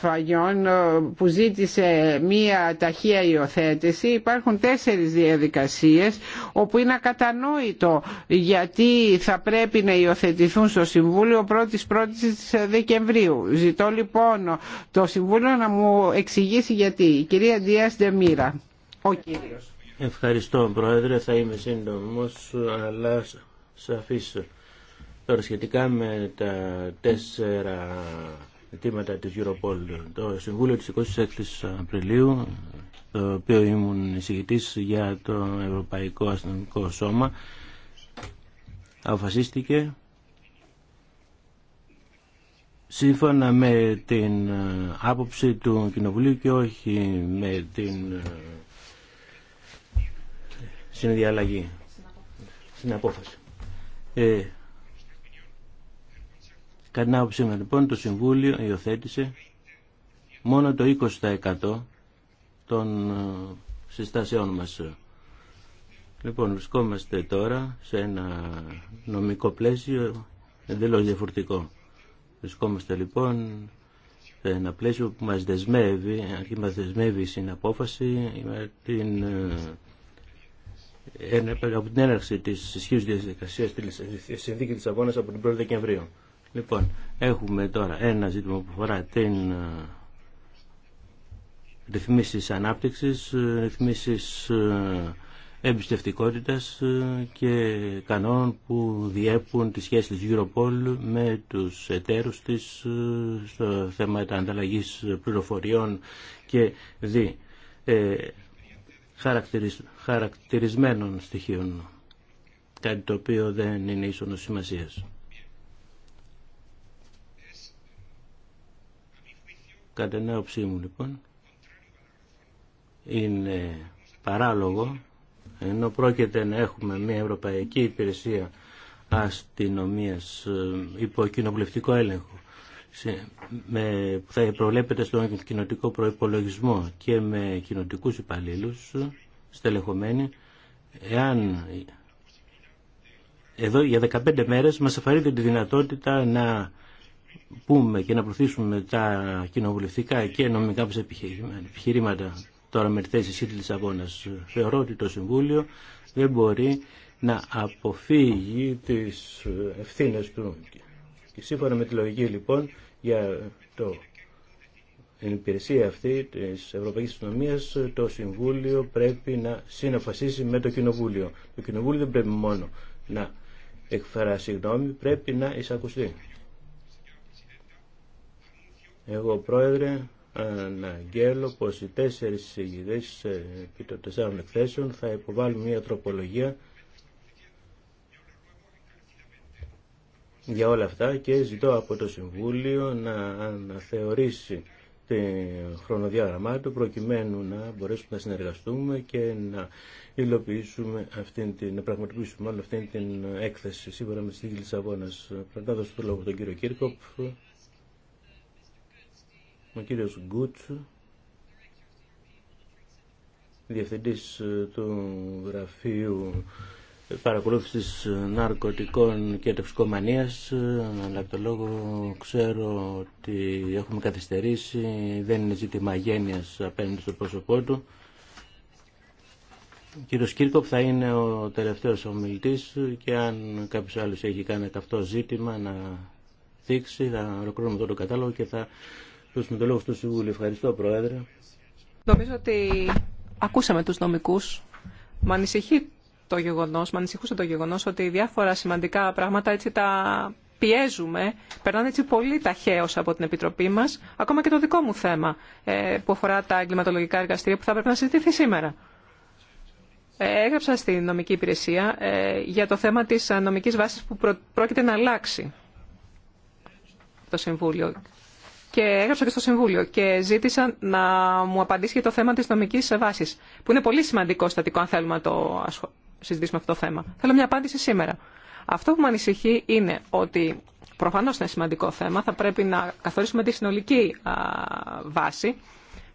Φαγιόν ε, που ζήτησε μία ταχεία υιοθέτηση υπάρχουν τέσσερις διαδικασίες όπου είναι ακατανόητο γιατί θα πρέπει να υιοθετηθούν στο συμβουλιο πρώτης πρώτης 1ης δεκεμβριου Ζητώ λοιπόν το Συμβούλιο να μου εξηγήσει γιατί. Η κυρία δίας Ο κύριος. Ευχαριστώ Πρόεδρε, θα είμαι σύντομος αλλά σαφής. Τώρα σχετικά με τα τέσσερα αιτήματα της Europol, το Συμβούλιο της 26 Απριλίου, το οποίο ήμουν εισηγητής για το Ευρωπαϊκό Αστυνομικό Σώμα, αποφασίστηκε σύμφωνα με την άποψη του Κοινοβουλίου και όχι με την συνδιαλλαγή, στην απόφαση. Ε, κατά άποψή λοιπόν το Συμβούλιο υιοθέτησε μόνο το 20% των ε, συστάσεών μας. Λοιπόν, βρισκόμαστε τώρα σε ένα νομικό πλαίσιο εντελώς διαφορετικό. Βρισκόμαστε λοιπόν σε ένα πλαίσιο που μας δεσμεύει, αρχή μας δεσμεύει η συναπόφαση με την ε, ε, από την έναρξη της ισχύου διαδικασία τη συνθήκη της Αγώνα από την 1η Δεκεμβρίου. Λοιπόν, έχουμε τώρα ένα ζήτημα που αφορά την ε, ρυθμίσει ανάπτυξη, ε, ρυθμίσει εμπιστευτικότητα και κανόνων που διέπουν τη σχέση της Europol με τους εταίρους της στο θέμα ανταλλαγής πληροφοριών και δι χαρακτηρισμένων στοιχείων. Κάτι το οποίο δεν είναι ίσονο σημασία. Κατά νέο μου λοιπόν είναι παράλογο ενώ πρόκειται να έχουμε μια Ευρωπαϊκή Υπηρεσία Αστυνομίας ε, υπό κοινοβουλευτικό έλεγχο σε, με, που θα προβλέπεται στον κοινοτικό προϋπολογισμό και με κοινοτικούς υπαλλήλους στελεχωμένοι εάν εδώ για 15 μέρες μας αφαρείται τη δυνατότητα να πούμε και να προωθήσουμε τα κοινοβουλευτικά και νομικά μας επιχειρήματα τώρα με τη θέση τη αγώνας. Θεωρώ ότι το Συμβούλιο δεν μπορεί να αποφύγει τις ευθύνες του Σύμφωνα με τη λογική λοιπόν για το την υπηρεσία αυτή της Ευρωπαϊκής Αστυνομία, το Συμβούλιο πρέπει να συναφασίσει με το Κοινοβούλιο. Το Κοινοβούλιο δεν πρέπει μόνο να εκφράσει γνώμη, πρέπει να εισακουστεί. Εγώ πρόεδρε αναγγέλλω πως οι τέσσερις συγγυητές ε, επί των τεσσάρων εκθέσεων θα υποβάλουν μια τροπολογία για όλα αυτά και ζητώ από το Συμβούλιο να αναθεωρήσει το χρονοδιάγραμμά του προκειμένου να μπορέσουμε να συνεργαστούμε και να υλοποιήσουμε την, να πραγματοποιήσουμε όλη αυτή την έκθεση σίγουρα με τη Σύγκλη Λισαβόνας. Πρέπει να δώσω το λόγο τον κύριο Κύρκοπ, ο κύριο Γκούτ, διευθυντής του γραφείου παρακολούθησης ναρκωτικών και τοξικομανίας αλλά το λόγο ξέρω ότι έχουμε καθυστερήσει δεν είναι ζήτημα γένειας απέναντι στο πρόσωπό του ο κύριος Κύρκοπ θα είναι ο τελευταίος ομιλητής και αν κάποιος άλλος έχει κάνει αυτό ζήτημα να δείξει θα ολοκληρώνουμε τον κατάλογο και θα δώσουμε το λόγο στο Συμβούλιο. Ευχαριστώ Πρόεδρε. Νομίζω ότι ακούσαμε τους νομικούς. Μα ανησυχεί το γεγονός, με ανησυχούσε το γεγονό ότι διάφορα σημαντικά πράγματα έτσι τα πιέζουμε, περνάνε έτσι πολύ ταχαίω από την Επιτροπή μα, ακόμα και το δικό μου θέμα ε, που αφορά τα εγκληματολογικά εργαστήρια που θα έπρεπε να συζητηθεί σήμερα. Ε, έγραψα στην νομική υπηρεσία ε, για το θέμα τη νομική βάση που πρόκειται να αλλάξει το Συμβούλιο. Και έγραψα και στο Συμβούλιο και ζήτησα να μου απαντήσει για το θέμα τη νομική βάση, που είναι πολύ σημαντικό στατικό αν θέλουμε να το συζητήσουμε αυτό το θέμα. Θέλω μια απάντηση σήμερα. Αυτό που με ανησυχεί είναι ότι προφανώς είναι σημαντικό θέμα, θα πρέπει να καθορίσουμε τη συνολική βάση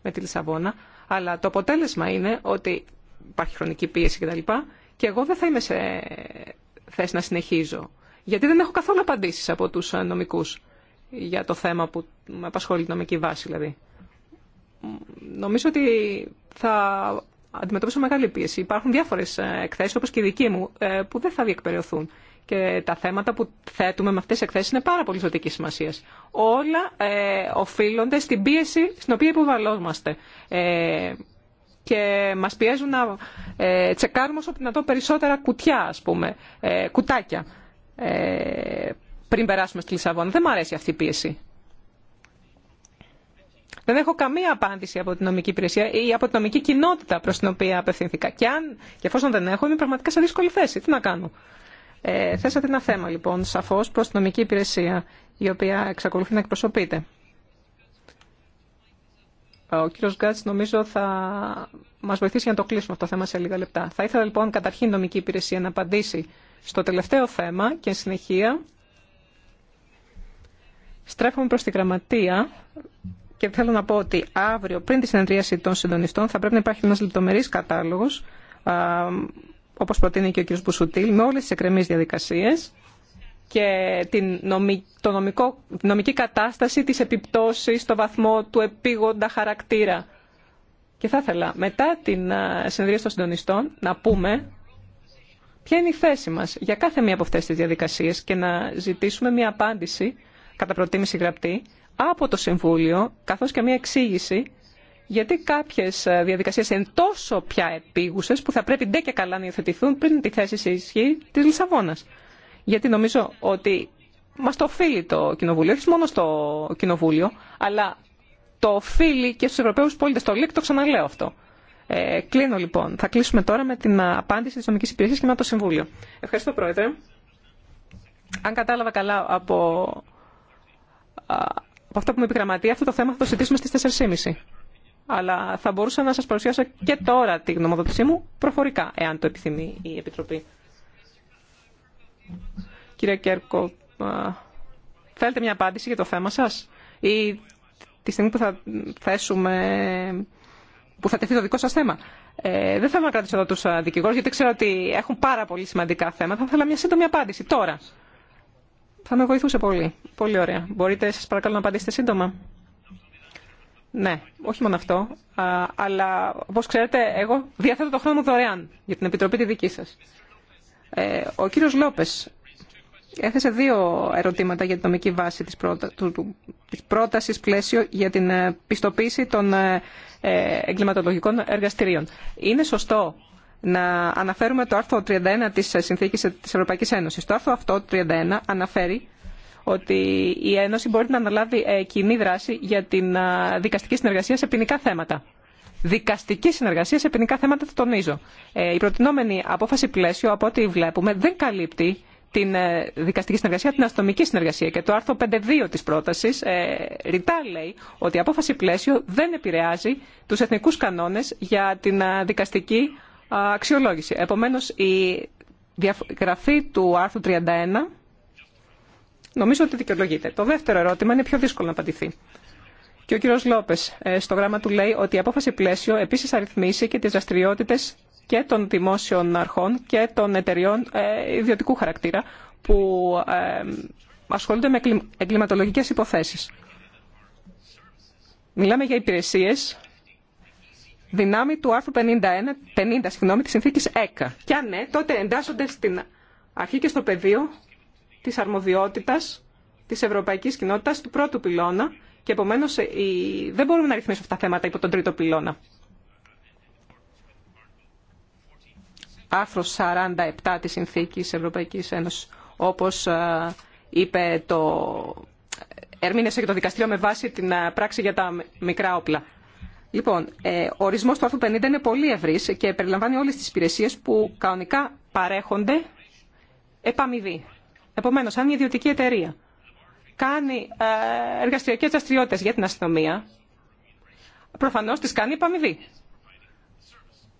με τη Λισαβόνα, αλλά το αποτέλεσμα είναι ότι υπάρχει χρονική πίεση κτλ. Και, και εγώ δεν θα είμαι σε θέση να συνεχίζω, γιατί δεν έχω καθόλου απαντήσεις από τους νομικούς για το θέμα που με απασχολεί η νομική βάση δηλαδή. Νομίζω ότι θα αντιμετώπισα μεγάλη πίεση. Υπάρχουν διάφορε εκθέσει, όπω και η δική μου, ε, που δεν θα διεκπαιρεωθούν. Και τα θέματα που θέτουμε με αυτέ τι εκθέσει είναι πάρα πολύ ζωτική σημασία. Όλα ε, οφείλονται στην πίεση στην οποία υποβαλλόμαστε. Ε, και μα πιέζουν να ε, τσεκάρουμε όσο δυνατόν περισσότερα κουτιά, α πούμε, κουτάκια πριν περάσουμε στη Λισαβόνα. Δεν μου αρέσει αυτή η πίεση. Δεν έχω καμία απάντηση από την νομική υπηρεσία ή από την νομική κοινότητα προ την οποία απευθύνθηκα. Και αν και εφόσον δεν έχω, είμαι πραγματικά σε δύσκολη θέση. Τι να κάνω. Ε, θέσατε ένα θέμα λοιπόν σαφώ προ την νομική υπηρεσία η οποία εξακολουθεί να εκπροσωπείται. Ο κύριο Γκάτ νομίζω θα μα βοηθήσει για να το κλείσουμε αυτό το θέμα σε λίγα λεπτά. Θα ήθελα λοιπόν καταρχήν η νομική υπηρεσία να απαντήσει στο τελευταίο θέμα και συνεχεία Στρέφουμε προς τη γραμματεία και θέλω να πω ότι αύριο, πριν τη συνεδρίαση των συντονιστών, θα πρέπει να υπάρχει ένα λεπτομερή κατάλογο, όπω προτείνει και ο κ. Μπουσουτήλ, με όλε τι εκκρεμεί διαδικασίε και την νομικό, νομική κατάσταση της επιπτώσης στο βαθμό του επίγοντα χαρακτήρα. Και θα ήθελα μετά την συνεδρία των συντονιστών να πούμε ποια είναι η θέση μας για κάθε μία από αυτές τις διαδικασίες και να ζητήσουμε μία απάντηση, κατά προτίμηση γραπτή, από το Συμβούλιο, καθώς και μια εξήγηση γιατί κάποιες ε, διαδικασίες είναι τόσο πια επίγουσες που θα πρέπει ντε και καλά να υιοθετηθούν πριν τη θέση σε ισχύ της Λισαβόνας. Γιατί νομίζω ότι μας το οφείλει το Κοινοβούλιο, όχι μόνο στο Κοινοβούλιο, αλλά το οφείλει και στους Ευρωπαίους πολίτες. Το ΛΙΚ το ξαναλέω αυτό. Ε, κλείνω λοιπόν. Θα κλείσουμε τώρα με την ε, απάντηση της νομικής υπηρεσίας και με το Συμβούλιο. Ευχαριστώ Πρόεδρε. Αν κατάλαβα καλά από από αυτό που με επικραμματεί, αυτό το θέμα θα το συζητήσουμε στις 4.30. Αλλά θα μπορούσα να σα παρουσιάσω και τώρα τη γνωμοδότησή μου προφορικά, εάν το επιθυμεί η Επιτροπή. Κύριε Κέρκο, θέλετε μια απάντηση για το θέμα σα ή τη στιγμή που θα θέσουμε που θα τεθεί το δικό σας θέμα. Ε, δεν θέλω να κρατήσω εδώ τους δικηγόρους, γιατί ξέρω ότι έχουν πάρα πολύ σημαντικά θέματα. Θα ήθελα μια σύντομη απάντηση τώρα, θα με βοηθούσε πολύ. Πολύ ωραία. Μπορείτε, σας παρακαλώ, να απαντήσετε σύντομα. Ναι, όχι μόνο αυτό, αλλά όπως ξέρετε, εγώ διαθέτω το χρόνο μου δωρεάν για την Επιτροπή τη δική σας. Ε, ο κύριος Λόπες έθεσε δύο ερωτήματα για την νομική βάση της, πρότα... πρότασης πλαίσιο για την ε, πιστοποίηση των ε, εγκληματολογικών εργαστηρίων. Είναι σωστό να αναφέρουμε το άρθρο 31 της Συνθήκης της Ευρωπαϊκής Ένωσης. Το άρθρο αυτό, 31, αναφέρει ότι η Ένωση μπορεί να αναλάβει ε, κοινή δράση για την ε, δικαστική συνεργασία σε ποινικά θέματα. Δικαστική συνεργασία σε ποινικά θέματα, το τονίζω. Ε, η προτινόμενη απόφαση πλαίσιο, από ό,τι βλέπουμε, δεν καλύπτει την δικαστική συνεργασία, την αστυνομική συνεργασία. Και το άρθρο 5.2 της πρότασης ε, ρητά λέει ότι η απόφαση πλαίσιο δεν επηρεάζει τους εθνικούς κανόνες για την δικαστική αξιολόγηση. Επομένως, η διαγραφή του άρθρου 31 νομίζω ότι δικαιολογείται. Το δεύτερο ερώτημα είναι πιο δύσκολο να απαντηθεί. Και ο κύριος Λόπες ε, στο γράμμα του λέει ότι η απόφαση πλαίσιο επίσης αριθμίσει και τις δραστηριότητε και των δημόσιων αρχών και των εταιριών ε, ιδιωτικού χαρακτήρα που ε, ασχολούνται με εγκληματολογικές υποθέσεις. Μιλάμε για υπηρεσίες δυνάμει του άρθρου 51, 50 συγγνώμη, της συνθήκης ΕΚΑ. Και αν ναι, τότε εντάσσονται στην αρχή και στο πεδίο της αρμοδιότητας της Ευρωπαϊκής Κοινότητας του πρώτου πυλώνα και επομένως ε, δεν μπορούμε να ρυθμίσουμε αυτά τα θέματα υπό τον τρίτο πυλώνα. Άρθρο 47 της Συνθήκης Ευρωπαϊκής Ένωσης, όπως ε, είπε το... Ερμήνευσε και το δικαστήριο με βάση την ε, πράξη για τα μικρά όπλα. Λοιπόν, ο ε, ορισμό του άρθρου 50 είναι πολύ ευρύ και περιλαμβάνει όλε τι υπηρεσίε που κανονικά παρέχονται επαμοιβή. Επομένω, αν η ιδιωτική εταιρεία κάνει ε, εργαστηριακέ δραστηριότητε για την αστυνομία, προφανώ τι κάνει επαμοιβή.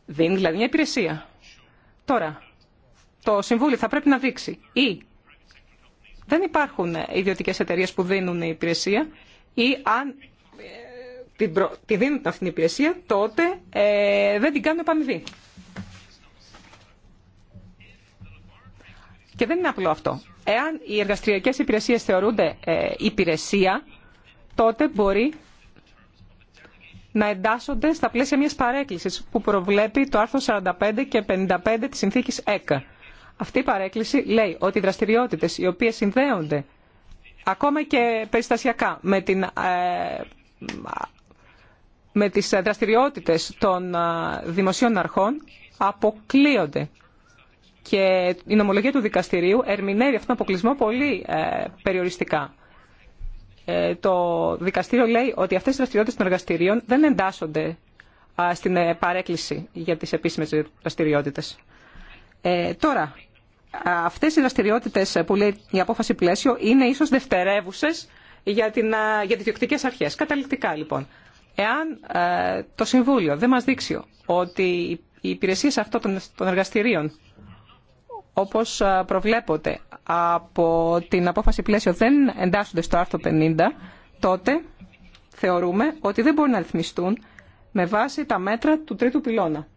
Δίνει δηλαδή μια υπηρεσία. Τώρα, το Συμβούλιο θα πρέπει να δείξει ή δεν υπάρχουν ιδιωτικέ εταιρείε που δίνουν υπηρεσία ή αν την τη δίνουν αυτή την υπηρεσία, τότε ε, δεν την κάνουν επανειδή. Και δεν είναι απλό αυτό. Εάν οι εργαστηριακές υπηρεσίες θεωρούνται ε, υπηρεσία, τότε μπορεί να εντάσσονται στα πλαίσια μιας παρέκκλησης που προβλέπει το άρθρο 45 και 55 της συνθήκης ΕΚΑ. Αυτή η παρέκκληση λέει ότι οι δραστηριότητες οι οποίες συνδέονται ακόμα και περιστασιακά με την ε, με τις δραστηριότητες των δημοσίων αρχών αποκλείονται. Και η νομολογία του δικαστηρίου ερμηνεύει αυτόν τον αποκλεισμό πολύ ε, περιοριστικά. Ε, το δικαστήριο λέει ότι αυτές οι δραστηριότητες των εργαστηρίων δεν εντάσσονται στην ε, παρέκκληση για τις επίσημες δραστηριότητες. Ε, τώρα, αυτές οι δραστηριότητες που λέει η απόφαση πλαίσιο είναι ίσως δευτερεύουσες για, την, για τις διοκτικές αρχές. Καταληκτικά λοιπόν. Εάν ε, το Συμβούλιο δεν μας δείξει ότι οι υπηρεσίες αυτών των εργαστηρίων, όπως ε, προβλέπονται από την απόφαση πλαίσιο, δεν εντάσσονται στο άρθρο 50, τότε θεωρούμε ότι δεν μπορούν να ρυθμιστούν με βάση τα μέτρα του τρίτου πυλώνα.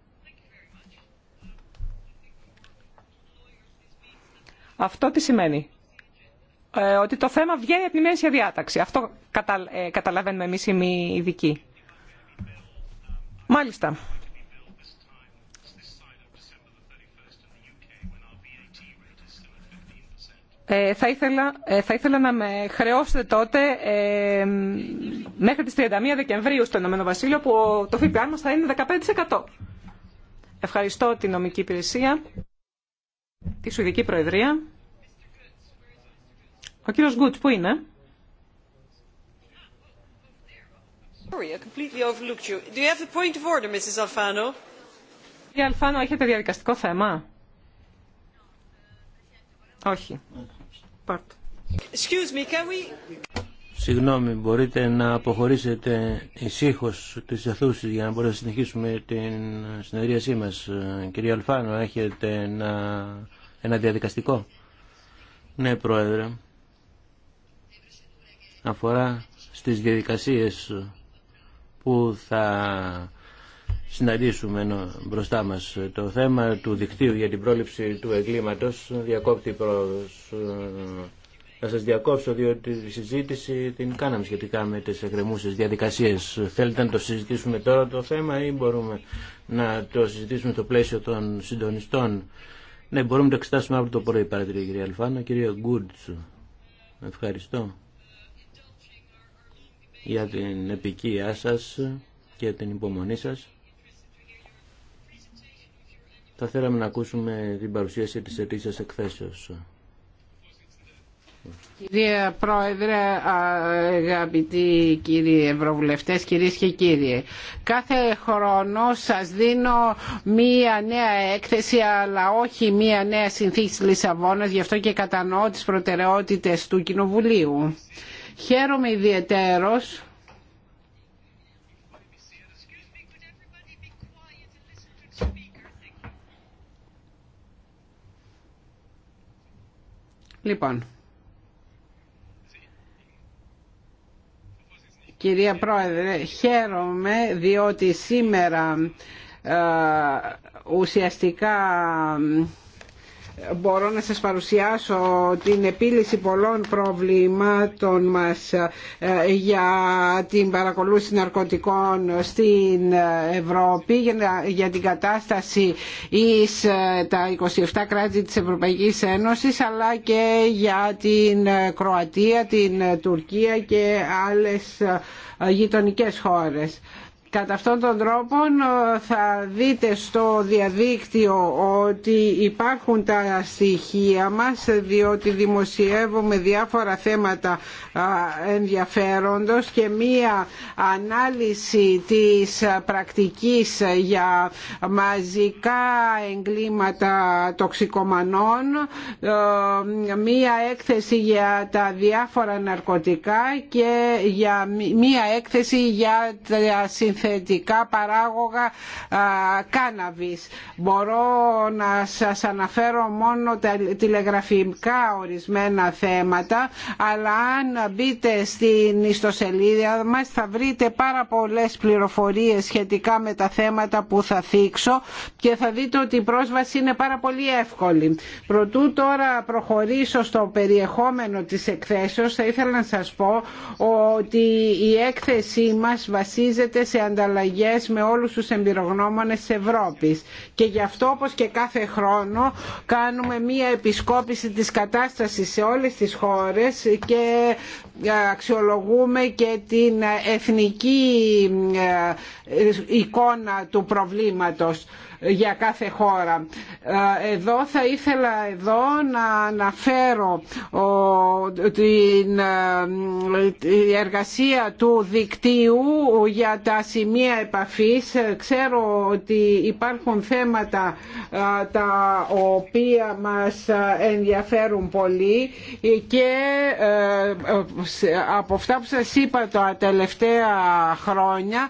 Αυτό τι σημαίνει. Ε, ότι το θέμα βγαίνει από την μέση διάταξη. Αυτό καταλαβαίνουμε εμείς οι μη ειδικοί. Μάλιστα. Ε, θα, ήθελα, ε, θα ήθελα να με χρεώσετε τότε ε, μέχρι τις 31 Δεκεμβρίου στο Ηνωμένο Βασίλειο που το ΦΠΑ μας θα είναι 15%. Ευχαριστώ την νομική υπηρεσία, τη Σουηδική Προεδρία. Ο κύριος Γκουτς, πού είναι? Συγγνώμη, μπορείτε να αποχωρήσετε ησύχω τη αιθούση για να μπορέσουμε να συνεχίσουμε την συνεδρίασή μα. Κυρία Αλφάνο, έχετε ένα, ένα διαδικαστικό. Ναι, Πρόεδρε. Αφορά στις διαδικασίες που θα συναντήσουμε μπροστά μας. Το θέμα του δικτύου για την πρόληψη του εγκλήματος διακόπτη προς... Ε, θα σας διακόψω διότι τη συζήτηση την κάναμε σχετικά με τις εκκρεμούσες διαδικασίες. Θέλετε να το συζητήσουμε τώρα το θέμα ή μπορούμε να το συζητήσουμε στο πλαίσιο των συντονιστών. Ναι, μπορούμε να το εξετάσουμε αύριο το πρωί, παρατηρή κυρία Αλφάνο. Κύριε Γκούρτσου, ευχαριστώ για την επικία σας και την υπομονή σας. Θα θέλαμε να ακούσουμε την παρουσίαση της σας εκθέσεως. Κυρία Πρόεδρε, αγαπητοί κύριοι Ευρωβουλευτές, κυρίες και κύριοι, κάθε χρόνο σας δίνω μία νέα έκθεση αλλά όχι μία νέα συνθήκη τη Λισαβόνα, γι' αυτό και κατανοώ τις προτεραιότητες του Κοινοβουλίου. Χαίρομαι ιδιαίτερος Λοιπόν, κυρία Πρόεδρε, χαίρομαι διότι σήμερα ε, ουσιαστικά μπορώ να σας παρουσιάσω την επίλυση πολλών προβλημάτων μας ε, για την παρακολούθηση ναρκωτικών στην Ευρώπη για την κατάσταση εις ε, τα 27 κράτη της Ευρωπαϊκής Ένωσης αλλά και για την ε, Κροατία, την Τουρκία και άλλες γειτονικές χώρες. Κατά αυτόν τον τρόπο ε, θα δείτε στο διαδίκτυο ότι υπάρχουν τα στοιχεία μας διότι δημοσιεύουμε διάφορα θέματα ενδιαφέροντος και μία ανάλυση της πρακτικής για μαζικά εγκλήματα τοξικομανών, ε, μία έκθεση για τα διάφορα ναρκωτικά και για μία έκθεση για τα συνθήματα συνθετικά παράγωγα κάναβης. Μπορώ να σας αναφέρω μόνο τα τηλεγραφικά ορισμένα θέματα, αλλά αν μπείτε στην ιστοσελίδα μας θα βρείτε πάρα πολλές πληροφορίες σχετικά με τα θέματα που θα θίξω και θα δείτε ότι η πρόσβαση είναι πάρα πολύ εύκολη. Προτού τώρα προχωρήσω στο περιεχόμενο της εκθέσεως θα ήθελα να σας πω ότι η έκθεσή μας βασίζεται σε ανταλλαγές με όλους τους εμπειρογνώμονες της Ευρώπης. Και γι' αυτό όπως και κάθε χρόνο κάνουμε μία επισκόπηση της κατάστασης σε όλες τις χώρες και αξιολογούμε και την εθνική ε, εικόνα του προβλήματος για κάθε χώρα. Ε, εδώ θα ήθελα εδώ να αναφέρω την ε, εργασία του δικτύου για τα σημεία επαφής. Ξέρω ότι υπάρχουν θέματα ε, τα οποία μας ενδιαφέρουν πολύ και από αυτά που σας είπα τα τελευταία χρόνια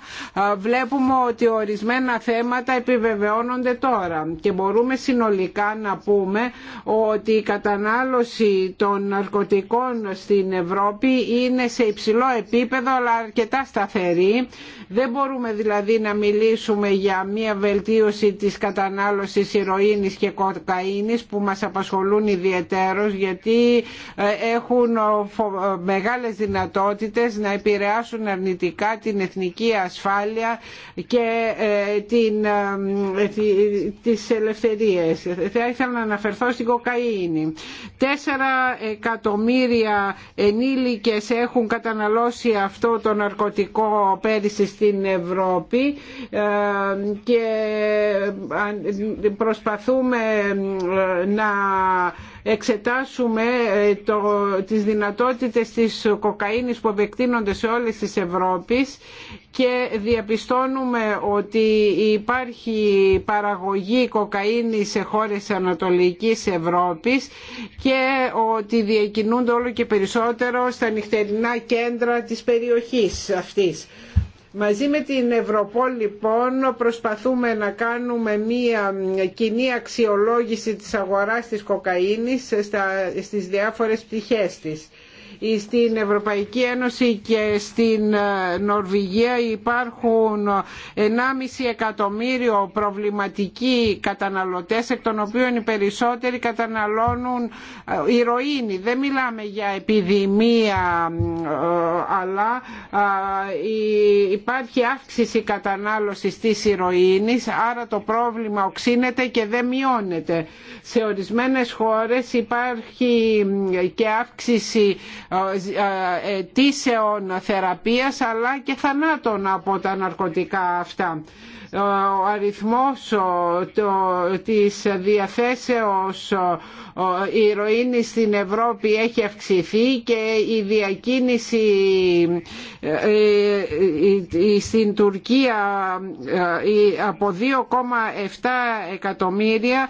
βλέπουμε ότι ορισμένα θέματα επιβεβαιώνουν τώρα και μπορούμε συνολικά να πούμε ότι η κατανάλωση των ναρκωτικών στην Ευρώπη είναι σε υψηλό επίπεδο αλλά αρκετά σταθερή. Δεν μπορούμε δηλαδή να μιλήσουμε για μια βελτίωση της κατανάλωσης ηρωίνης και κοκαίνης που μας απασχολούν ιδιαιτέρως γιατί ε, έχουν μεγάλες δυνατότητες να επηρεάσουν αρνητικά την εθνική ασφάλεια και ε, την ε, τις ελευθερίες. Θα ήθελα να αναφερθώ στην κοκαίνη. Τέσσερα εκατομμύρια ενήλικες έχουν καταναλώσει αυτό το ναρκωτικό πέρυσι στην Ευρώπη ε, και ε, προσπαθούμε ε, να εξετάσουμε ε, το, τις δυνατότητες της κοκαίνης που επεκτείνονται σε όλες τις Ευρώπης και διαπιστώνουμε ότι υπάρχει παραγωγή κοκαίνης σε χώρες Ανατολικής Ευρώπης και ότι διακινούνται όλο και περισσότερο στα νυχτερινά κέντρα της περιοχής αυτής. Μαζί με την Ευρωπόλη, λοιπόν προσπαθούμε να κάνουμε μία κοινή αξιολόγηση της αγοράς της κοκαίνης στις διάφορες πτυχές της. Ε, στην Ευρωπαϊκή Ένωση και στην ε, Νορβηγία υπάρχουν 1,5 ε, εκατομμύριο προβληματικοί καταναλωτές εκ των οποίων οι περισσότεροι καταναλώνουν ηρωίνη. Δεν μιλάμε για επιδημία αλλά υπάρχει αύξηση κατανάλωσης της ηρωίνης άρα το πρόβλημα οξύνεται και δεν μειώνεται. Σε ορισμένες χώρες υπάρχει και αύξηση αιτήσεων θεραπείας αλλά και θανάτων από τα ναρκωτικά αυτά ο αριθμός της διαθέσεως η ηρωίνη στην Ευρώπη έχει αυξηθεί και η διακίνηση ε, ε, ε, στην Τουρκία από 2,7 εκατομμύρια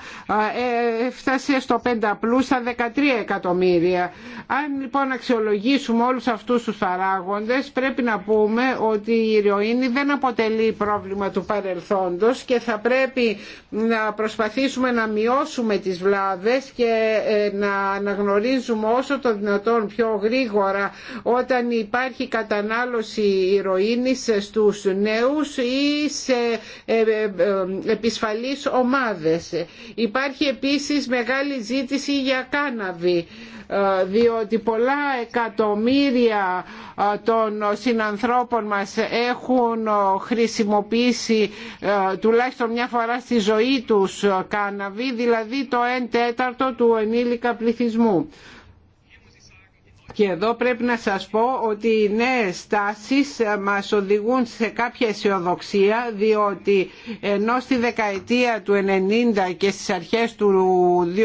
έφτασε στο 5 στα 13 εκατομμύρια. Αν λοιπόν αξιολογήσουμε όλους αυτούς τους παράγοντες πρέπει να πούμε ότι η ηρωίνη δεν αποτελεί πρόβλημα του παρελθόντος και θα πρέπει να προσπαθήσουμε να μειώσουμε τις βλάβες και ε, να αναγνωρίζουμε όσο το δυνατόν πιο γρήγορα όταν υπάρχει κατανάλωση ηρωίνης στους νέους ή σε ε, ε, επισφαλείς ομάδες. Υπάρχει επίσης μεγάλη ζήτηση για κάναβη. Ε, διότι πολλά εκατομμύρια ε, των συνανθρώπων μας έχουν ε, χρησιμοποιήσει τουλάχιστον μια φορά στη ζωή τους κάναβη, δηλαδή το 1 τέταρτο του ενήλικα πληθυσμού. Και εδώ πρέπει να σας πω ότι οι νέες τάσεις μας οδηγούν σε κάποια αισιοδοξία διότι ενώ στη δεκαετία του 90 και στις αρχές του 2000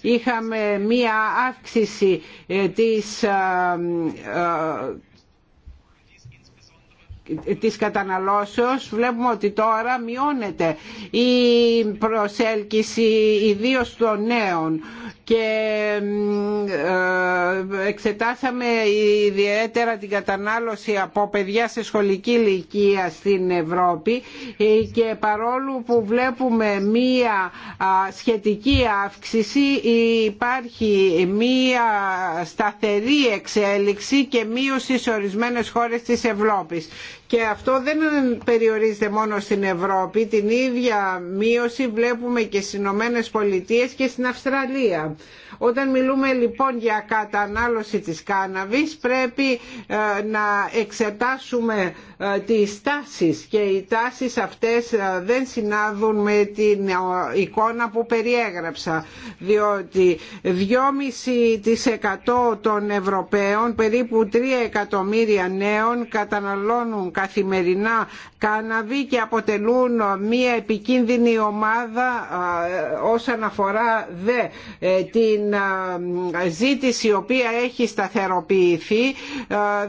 είχαμε μία αύξηση ε, της ε, ε, της καταναλώσεως βλέπουμε ότι τώρα μειώνεται η προσέλκυση ιδίως των νέων και ε, εξετάσαμε ιδιαίτερα την κατανάλωση από παιδιά σε σχολική ηλικία στην Ευρώπη ε, και παρόλο που βλέπουμε μία σχετική αύξηση υπάρχει μία σταθερή εξέλιξη και μείωση σε ορισμένες χώρες της Ευρώπης και αυτό δεν περιορίζεται μόνο στην Ευρώπη. Την ίδια μείωση βλέπουμε και στι Ηνωμένε Πολιτείε και στην Αυστραλία. Όταν μιλούμε λοιπόν για κατανάλωση της κάναβης πρέπει ε, να εξετάσουμε ε, τις τάσεις και οι τάσεις αυτές ε, δεν συνάδουν με την ε, εικόνα που περιέγραψα διότι 2,5% των Ευρωπαίων περίπου 3 εκατομμύρια νέων καταναλώνουν καθημερινά κάναβη και αποτελούν μια επικίνδυνη ομάδα όσον αφορά δε την ζήτηση η οποία έχει σταθεροποιηθεί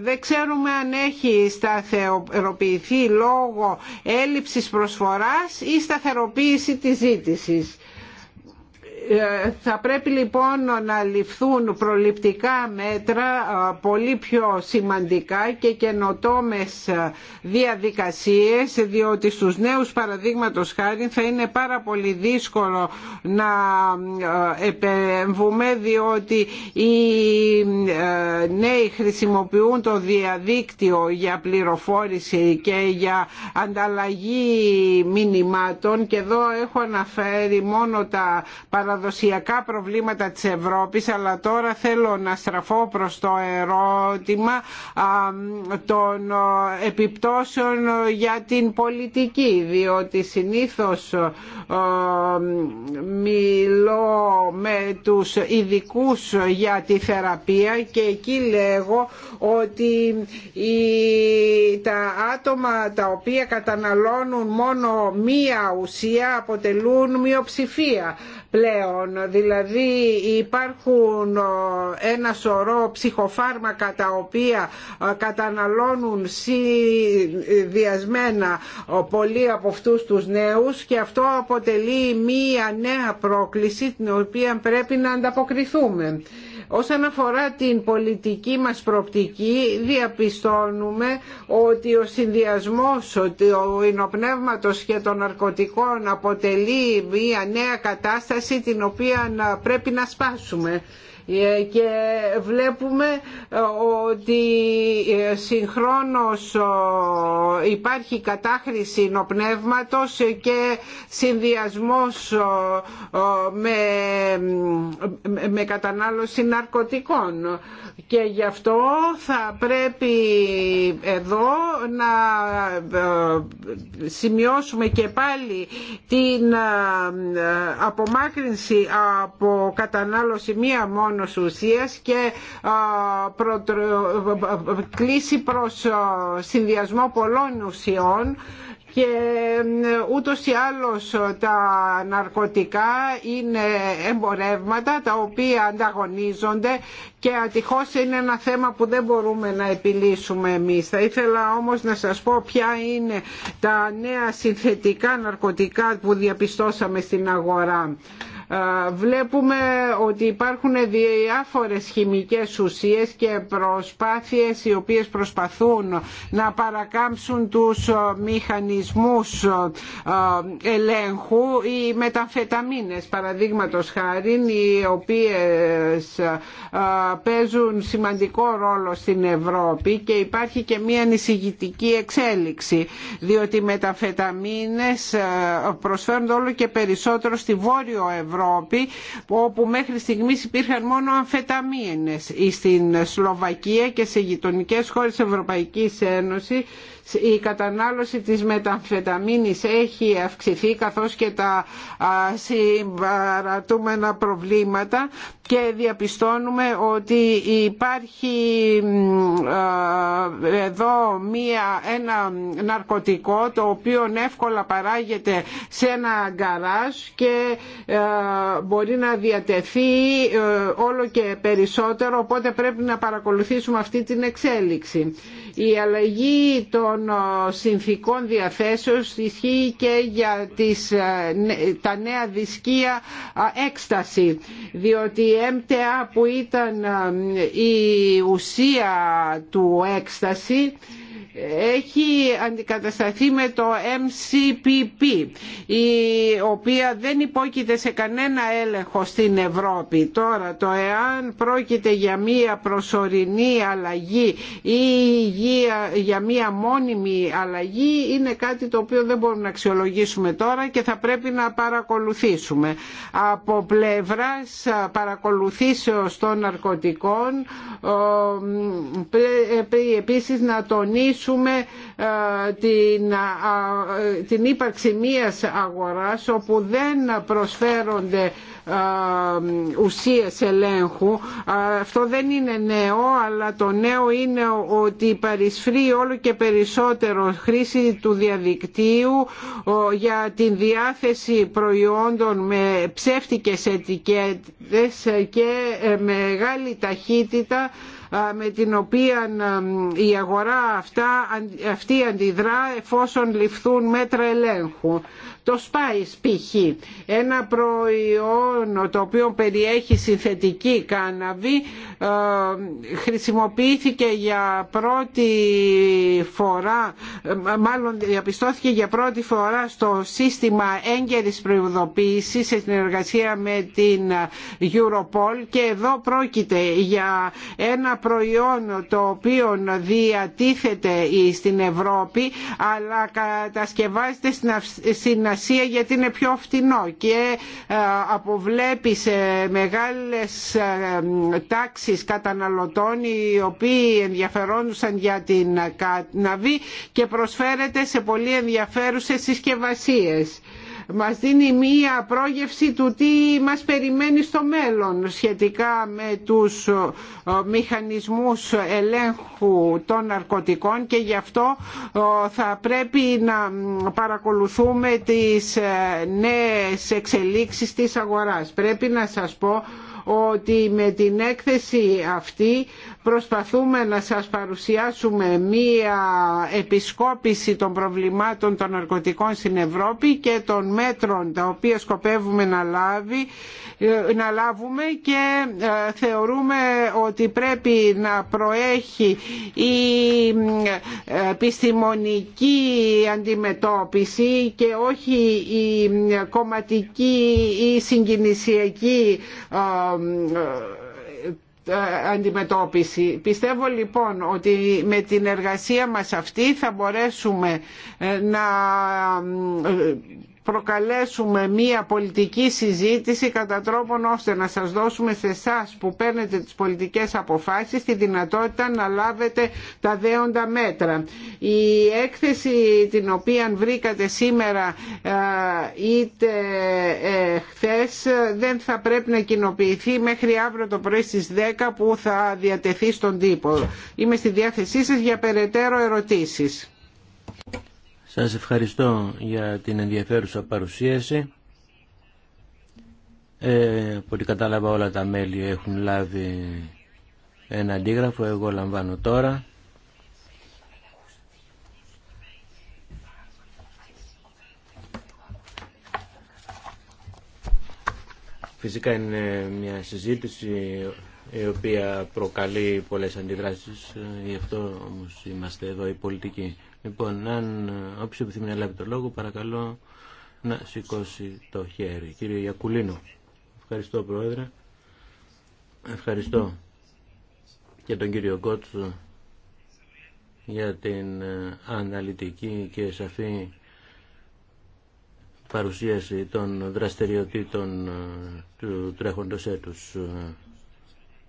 δεν ξέρουμε αν έχει σταθεροποιηθεί σταθεροποιηθεί λόγω έλλειψης προσφοράς ή σταθεροποίηση της ζήτησης θα πρέπει λοιπόν να ληφθούν προληπτικά μέτρα πολύ πιο σημαντικά και καινοτόμες διαδικασίες διότι στους νέους παραδείγματος χάρη θα είναι πάρα πολύ δύσκολο να επεμβούμε διότι οι νέοι χρησιμοποιούν το διαδίκτυο για πληροφόρηση και για ανταλλαγή μηνυμάτων και εδώ έχω αναφέρει μόνο τα παραδείγματα παραδοσιακά προβλήματα της Ευρώπης αλλά τώρα θέλω να στραφώ προς το ερώτημα των επιπτώσεων για την πολιτική διότι συνήθως μιλώ με τους ειδικού για τη θεραπεία και εκεί λέγω ότι τα άτομα τα οποία καταναλώνουν μόνο μία ουσία αποτελούν μειοψηφία πλέον. Δηλαδή υπάρχουν ένα σωρό ψυχοφάρμακα τα οποία καταναλώνουν συνδυασμένα πολλοί από αυτούς τους νέους και αυτό αποτελεί μία νέα πρόκληση την οποία πρέπει να ανταποκριθούμε. Όσον αφορά την πολιτική μας προοπτική διαπιστώνουμε ότι ο συνδυασμός ο ινοπνεύματος και των ναρκωτικών αποτελεί μια νέα κατάσταση την οποία πρέπει να σπάσουμε. Ε, και βλέπουμε ε, ότι ε, συγχρόνως υπάρχει κατάχρηση νοπνεύματος και συνδυασμός με, με κατανάλωση ναρκωτικών και γι' αυτό θα πρέπει εδώ να σημειώσουμε και πάλι την απομάκρυνση από κατανάλωση μία μόνο και κλίση προς συνδυασμό πολλών ουσιών και ούτως ή άλλως τα ναρκωτικά είναι εμπορεύματα τα οποία ανταγωνίζονται και ατυχώς είναι ένα θέμα που δεν μπορούμε να επιλύσουμε εμείς. Θα ήθελα όμως να σας πω ποια είναι τα νέα συνθετικά ναρκωτικά που διαπιστώσαμε στην αγορά. Βλέπουμε ότι υπάρχουν διάφορες χημικές ουσίες και προσπάθειες οι οποίες προσπαθούν να παρακάμψουν τους μηχανισμούς ελέγχου. ή μεταφεταμίνες παραδείγματος χάρη οι οποίες παίζουν σημαντικό ρόλο στην Ευρώπη και υπάρχει και μια ανησυχητική εξέλιξη διότι οι μεταφεταμίνες προσφέρουν όλο και περισσότερο στη Βόρειο Ευρώπη Ευρώπη όπου μέχρι στιγμής υπήρχαν μόνο αμφεταμίνες στην Σλοβακία και σε γειτονικέ χώρες Ευρωπαϊκής Ένωσης η κατανάλωση της μεταμφεταμίνης έχει αυξηθεί καθώς και τα συμπαρατούμενα προβλήματα και διαπιστώνουμε ότι υπάρχει εδώ μία, ένα ναρκωτικό το οποίο εύκολα παράγεται σε ένα γκαράζ και ε, μπορεί να διατεθεί ε, όλο και περισσότερο οπότε πρέπει να παρακολουθήσουμε αυτή την εξέλιξη. Η αλλαγή των ε, συνθήκων διαθέσεως ισχύει και για τις, ε, τα νέα δισκία ε, έκσταση διότι η MTA που ήταν η ουσία του έκσταση έχει αντικατασταθεί με το MCPP η οποία δεν υπόκειται σε κανένα έλεγχο στην Ευρώπη. Τώρα το εάν πρόκειται για μία προσωρινή αλλαγή ή για μία μόνιμη αλλαγή είναι κάτι το οποίο δεν μπορούμε να αξιολογήσουμε τώρα και θα πρέπει να παρακολουθήσουμε. Από πλευράς παρακολουθήσεως των ναρκωτικών επίσης να τονίσουμε Ευχαριστούμε ε, την, την ύπαρξη μίας αγοράς όπου δεν προσφέρονται ε, ουσίες ελέγχου. Αυτό δεν είναι νέο, αλλά το νέο είναι ότι παρισφρεί όλο και περισσότερο χρήση του διαδικτύου για την διάθεση προϊόντων με ψεύτικες ετικέτες και ε, μεγάλη ταχύτητα με την οποία η αγορά αυτά, αυτή αντιδρά εφόσον ληφθούν μέτρα ελέγχου. Το Spice π.χ. Ένα προϊόν το οποίο περιέχει συνθετική κάναβη ε, χρησιμοποιήθηκε για πρώτη φορά, ε, μάλλον διαπιστώθηκε για πρώτη φορά στο σύστημα έγκαιρης προειδοποίησης σε συνεργασία με την Europol και εδώ πρόκειται για ένα προϊόν το οποίο διατίθεται στην Ευρώπη αλλά κατασκευάζεται στην εργασία γιατί είναι πιο φτηνό και ε, αποβλέπει σε μεγάλες ε, τάξεις καταναλωτών οι οποίοι ενδιαφερόντουσαν για την κάναβη και προσφέρεται σε πολύ ενδιαφέρουσες συσκευασίες μας δίνει μία πρόγευση του τι μας περιμένει στο μέλλον σχετικά με τους ε, μηχανισμούς ελέγχου των ναρκωτικών και γι' αυτό ε, θα πρέπει να παρακολουθούμε τις ε, νέες εξελίξεις της αγοράς. Πρέπει να σας πω ότι με την έκθεση αυτή προσπαθούμε να σας παρουσιάσουμε μία επισκόπηση των προβλημάτων των ναρκωτικών στην Ευρώπη και των μέτρων τα οποία σκοπεύουμε να, λάβει, ε, να λάβουμε και ε, θεωρούμε ότι πρέπει να προέχει η ε, επιστημονική αντιμετώπιση και όχι η κομματική ή συγκινησιακή ε, αντιμετώπιση. Πιστεύω λοιπόν ότι με την εργασία μας αυτή θα μπορέσουμε ε, να ε, προκαλέσουμε μία πολιτική συζήτηση κατά τρόπον ώστε να σας δώσουμε σε εσά που παίρνετε τις πολιτικές αποφάσεις τη δυνατότητα να λάβετε τα δέοντα μέτρα. Η έκθεση την οποία βρήκατε σήμερα είτε ε, χθε δεν θα πρέπει να κοινοποιηθεί μέχρι αύριο το πρωί στις 10 που θα διατεθεί στον τύπο. Είμαι στη διάθεσή σας για περαιτέρω ερωτήσεις. Σας ευχαριστώ για την ενδιαφέρουσα παρουσίαση. Ε, ότι κατάλαβα όλα τα μέλη έχουν λάβει ένα αντίγραφο, εγώ λαμβάνω τώρα. Φυσικά είναι μια συζήτηση η οποία προκαλεί πολλές αντιδράσεις, ε, γι' αυτό όμως είμαστε εδώ οι πολιτικοί. Λοιπόν, αν ε, όποιος επιθυμεί να λάβει το λόγο, παρακαλώ να σηκώσει το χέρι. Κύριε Γιακουλίνο, ευχαριστώ Πρόεδρε. Ευχαριστώ και τον κύριο Κότσο για την ε, αναλυτική και σαφή παρουσίαση των δραστηριοτήτων ε, του τρέχοντος έτους.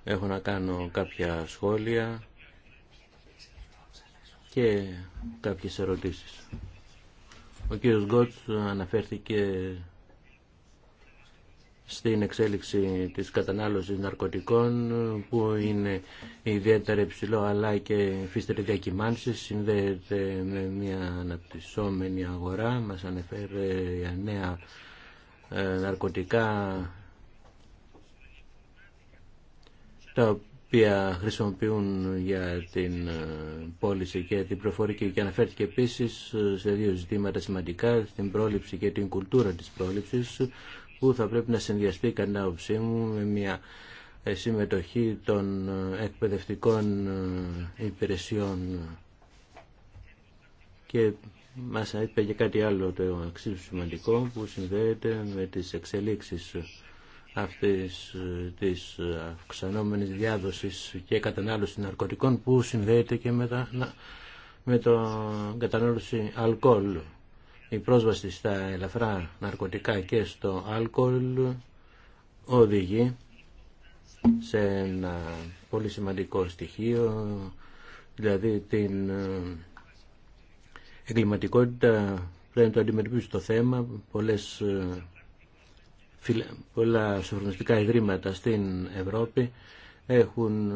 Έχω να κάνω κάποια σχόλια και κάποιες ερωτήσεις. Ο κύριος Γκότς αναφέρθηκε στην εξέλιξη της κατανάλωσης ναρκωτικών που είναι ιδιαίτερα υψηλό αλλά και φύστερη διακυμάνση συνδέεται με μια αναπτυσσόμενη αγορά μας ανεφέρει για νέα ε, ναρκωτικά τα οποία χρησιμοποιούν για την ε, πώληση και την προφορική και αναφέρθηκε επίσης ε, σε δύο ζητήματα σημαντικά, την πρόληψη και την κουλτούρα της πρόληψης που θα πρέπει να συνδυαστεί κατά όψή μου με μια ε, συμμετοχή των εκπαιδευτικών υπηρεσιών και μας είπε και κάτι άλλο το εξίσου σημαντικό που συνδέεται με τις εξελίξεις αυτής ε, της ε, αυξανόμενης διάδοσης και κατανάλωση ναρκωτικών που συνδέεται και με, τα, με το κατανάλωση αλκοόλ. Η πρόσβαση στα ελαφρά ναρκωτικά και στο αλκοόλ οδηγεί σε ένα πολύ σημαντικό στοιχείο, δηλαδή την ε, εγκληματικότητα πρέπει να το αντιμετωπίσει το θέμα, πολλές πολλά σοφρονιστικά ιδρύματα στην Ευρώπη έχουν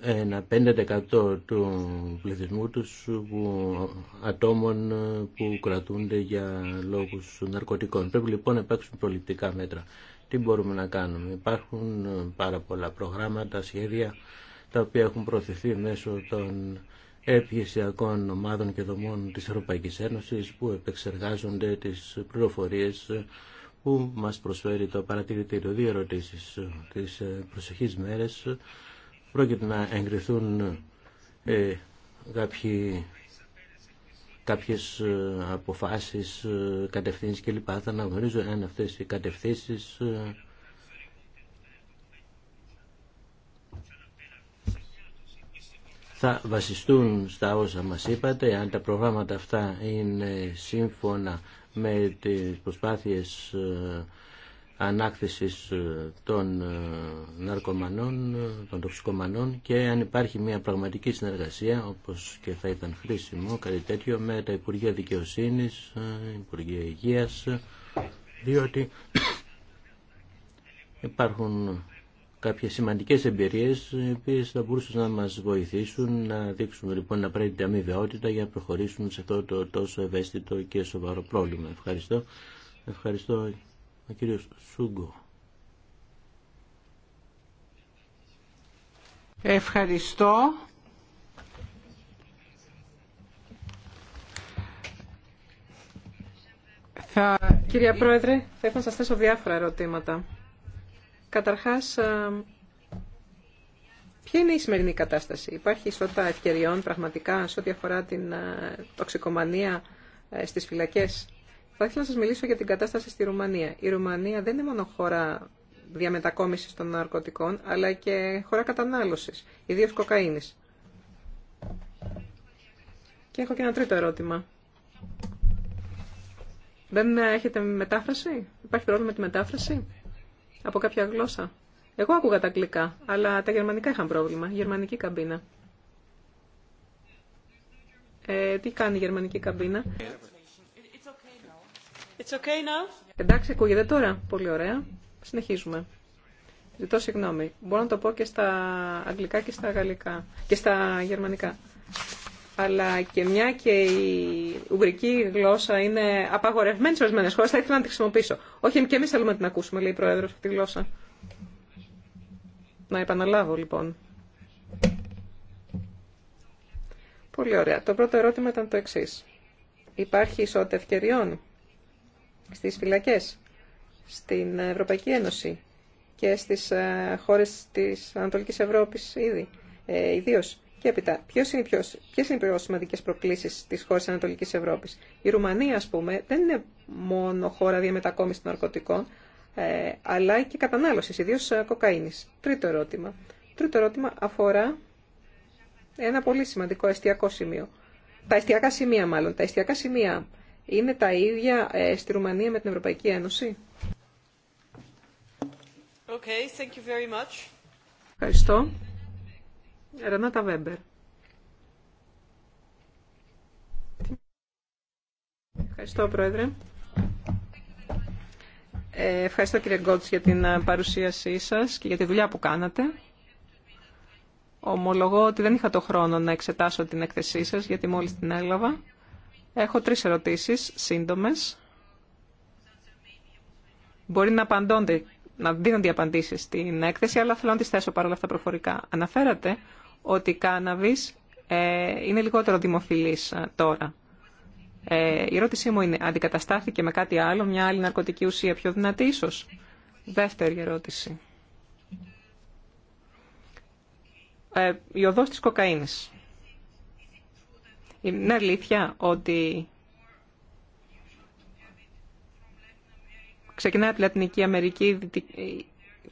ε, ένα 5% του πληθυσμού τους που, ατόμων που κρατούνται για λόγους ναρκωτικών. Πρέπει λοιπόν να υπάρξουν προληπτικά μέτρα. Τι μπορούμε να κάνουμε. Υπάρχουν πάρα πολλά προγράμματα, σχέδια τα οποία έχουν προωθηθεί μέσω των επιχειρησιακών ομάδων και δομών της Ευρωπαϊκής Ένωσης που επεξεργάζονται τις πληροφορίες που μας προσφέρει το παρατηρητήριο. Δύο ερωτήσεις τις ε, προσεχείς μέρες. Πρόκειται να εγκριθούν ε, κάποιες ε, αποφάσεις, ε, κατευθύνσεις κλπ. Θα αναγνωρίζω αν αυτές οι κατευθύνσεις θα βασιστούν στα όσα μας είπατε, αν τα προγράμματα αυτά είναι σύμφωνα με τις προσπάθειες ε, ανάκτησης ε, των ε, ναρκωμανών, των τοξικομανών και αν υπάρχει μια πραγματική συνεργασία, όπως και θα ήταν χρήσιμο, κάτι τέτοιο, με τα Υπουργεία Δικαιοσύνης, Υπουργεία Υγείας, διότι υπάρχουν κάποιες σημαντικές εμπειρίες οι οποίες θα μπορούσαν να μας βοηθήσουν να δείξουμε λοιπόν να πρέπει την αμοιβαιότητα για να προχωρήσουμε σε αυτό το τόσο ευαίσθητο και σοβαρό πρόβλημα. Ευχαριστώ. Ευχαριστώ ο κύριος Σούγκο. Ευχαριστώ. Θα... Κυρία Πρόεδρε, θα ήθελα να σας θέσω διάφορα ερωτήματα. Καταρχάς, ποια είναι η σημερινή κατάσταση. Υπάρχει ισότητα ευκαιριών πραγματικά σε ό,τι αφορά την τοξικομανία ε, στις φυλακές. Θα ήθελα να σας μιλήσω για την κατάσταση στη Ρουμανία. Η Ρουμανία δεν είναι μόνο χώρα διαμετακόμισης των ναρκωτικών, αλλά και χώρα κατανάλωσης, ιδίως κοκαίνης. Και έχω και ένα τρίτο ερώτημα. Δεν έχετε μετάφραση? Υπάρχει πρόβλημα με τη μετάφραση? από κάποια γλώσσα. Εγώ άκουγα τα αγγλικά, αλλά τα γερμανικά είχαν πρόβλημα. Γερμανική καμπίνα. Ε, τι κάνει η γερμανική καμπίνα. It's okay now. Εντάξει, ακούγεται τώρα. Πολύ ωραία. Συνεχίζουμε. Ζητώ συγγνώμη. Μπορώ να το πω και στα αγγλικά και στα γαλλικά. Και στα γερμανικά αλλά και μια και η ουγγρική γλώσσα είναι απαγορευμένη σε ορισμένε χώρε, θα ήθελα να τη χρησιμοποιήσω. Όχι, και εμεί θέλουμε να την ακούσουμε, λέει η Πρόεδρο αυτή τη γλώσσα. Να επαναλάβω λοιπόν. Πολύ ωραία. Το πρώτο ερώτημα ήταν το εξή. Υπάρχει ισότητα ευκαιριών στις φυλακέ, στην Ευρωπαϊκή Ένωση και στις ε, χώρες της Ανατολικής Ευρώπης ήδη, ε, ιδίως και έπειτα, Ποιε είναι ποιες είναι οι πιο προκλήσει τη της τη Ανατολική Ευρώπη, Η Ρουμανία, α πούμε, δεν είναι μόνο χώρα διαμετακόμιση των ναρκωτικών, ε, αλλά και κατανάλωση, ιδίω ε, κοκαίνης. Τρίτο ερώτημα. Τρίτο ερώτημα αφορά ένα πολύ σημαντικό εστιακό σημείο. Τα εστιακά σημεία, μάλλον. Τα εστιακά σημεία είναι τα ίδια ε, στη Ρουμανία με την Ευρωπαϊκή Ένωση. Okay, thank you very much. Ευχαριστώ. Ρενάτα Βέμπερ. Ευχαριστώ, Πρόεδρε. Ε, ευχαριστώ, κύριε Γκότς, για την ε, παρουσίασή σας και για τη δουλειά που κάνατε. Ομολογώ ότι δεν είχα το χρόνο να εξετάσω την έκθεσή σας, γιατί μόλις την έλαβα. Έχω τρεις ερωτήσεις, σύντομες. Μπορεί να απαντώνται, να δίνονται οι απαντήσεις στην έκθεση, αλλά θέλω να τις θέσω παρόλα αυτά προφορικά. Αναφέρατε ότι η κάναβης ε, είναι λιγότερο δημοφιλής ε, τώρα. Ε, η ερώτησή μου είναι, αντικαταστάθηκε με κάτι άλλο, μια άλλη ναρκωτική ουσία πιο δυνατή ίσως. Δεύτερη ερώτηση. η οδός της κοκαίνης. Είναι αλήθεια ότι ξεκινάει από Λατινική Αμερική,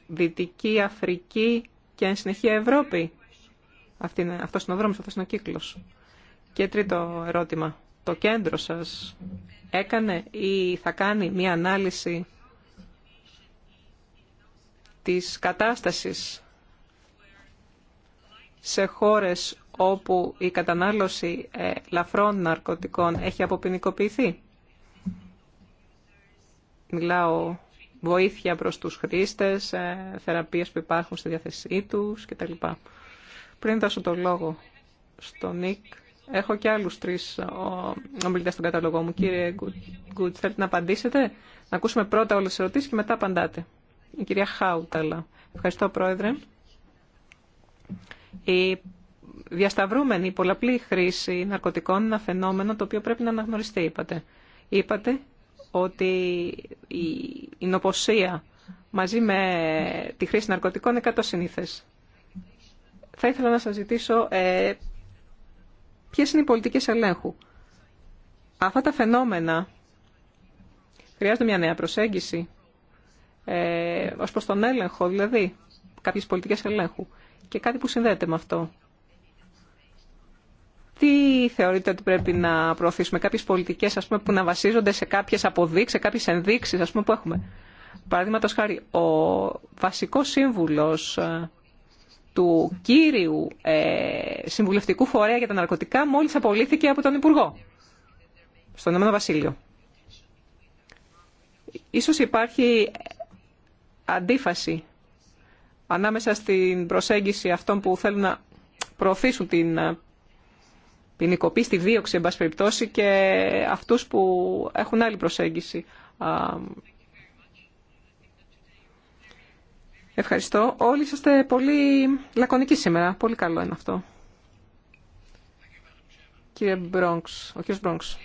Δυτική Αφρική και εν συνεχεία Ευρώπη. Αυτή είναι, αυτός είναι ο δρόμος, αυτός είναι ο κύκλος. Και τρίτο ερώτημα. Το κέντρο σας έκανε ή θα κάνει μία ανάλυση της κατάστασης σε χώρες όπου η κατανάλωση ε, λαφρών ναρκωτικών έχει αποποινικοποιηθεί. Μιλάω βοήθεια προς τους χρήστες, ε, θεραπείες που υπάρχουν στη διάθεσή τους κτλ. Πριν δώσω το λόγο στον Νίκ, έχω και άλλους τρεις ομιλητές στον κατάλογό μου. Κύριε Γκουτς, θέλετε να απαντήσετε, να ακούσουμε πρώτα όλες τις ερωτήσεις και μετά απαντάτε. Η κυρία Χάουταλα. Ευχαριστώ, Πρόεδρε. Η διασταυρούμενη, η πολλαπλή χρήση ναρκωτικών είναι ένα φαινόμενο το οποίο πρέπει να αναγνωριστεί, είπατε. Είπατε ότι η νοποσία μαζί με τη χρήση ναρκωτικών είναι κάτω συνήθες θα ήθελα να σας ζητήσω ε, ποιες είναι οι πολιτικές ελέγχου. Αυτά τα φαινόμενα χρειάζεται μια νέα προσέγγιση ε, ως προς τον έλεγχο, δηλαδή κάποιες πολιτικές ελέγχου και κάτι που συνδέεται με αυτό. Τι θεωρείτε ότι πρέπει να προωθήσουμε, κάποιες πολιτικές ας πούμε, που να βασίζονται σε κάποιες αποδείξεις, σε κάποιες ενδείξεις ας πούμε, που έχουμε. Παραδείγματο χάρη, ο βασικός σύμβουλος ε, του κύριου ε, συμβουλευτικού φορέα για τα ναρκωτικά μόλις απολύθηκε από τον Υπουργό στον Ηνωμένο Βασίλειο. Ίσως υπάρχει αντίφαση ανάμεσα στην προσέγγιση αυτών που θέλουν να προωθήσουν την ποινικοποίηση, ε, τη δίωξη, εν και αυτούς που έχουν άλλη προσέγγιση Ευχαριστώ. Όλοι είσαστε πολύ λακωνικοί σήμερα. Πολύ καλό είναι αυτό. Κύριε Μπρόγκς, ο κύριος Μπρόνξ.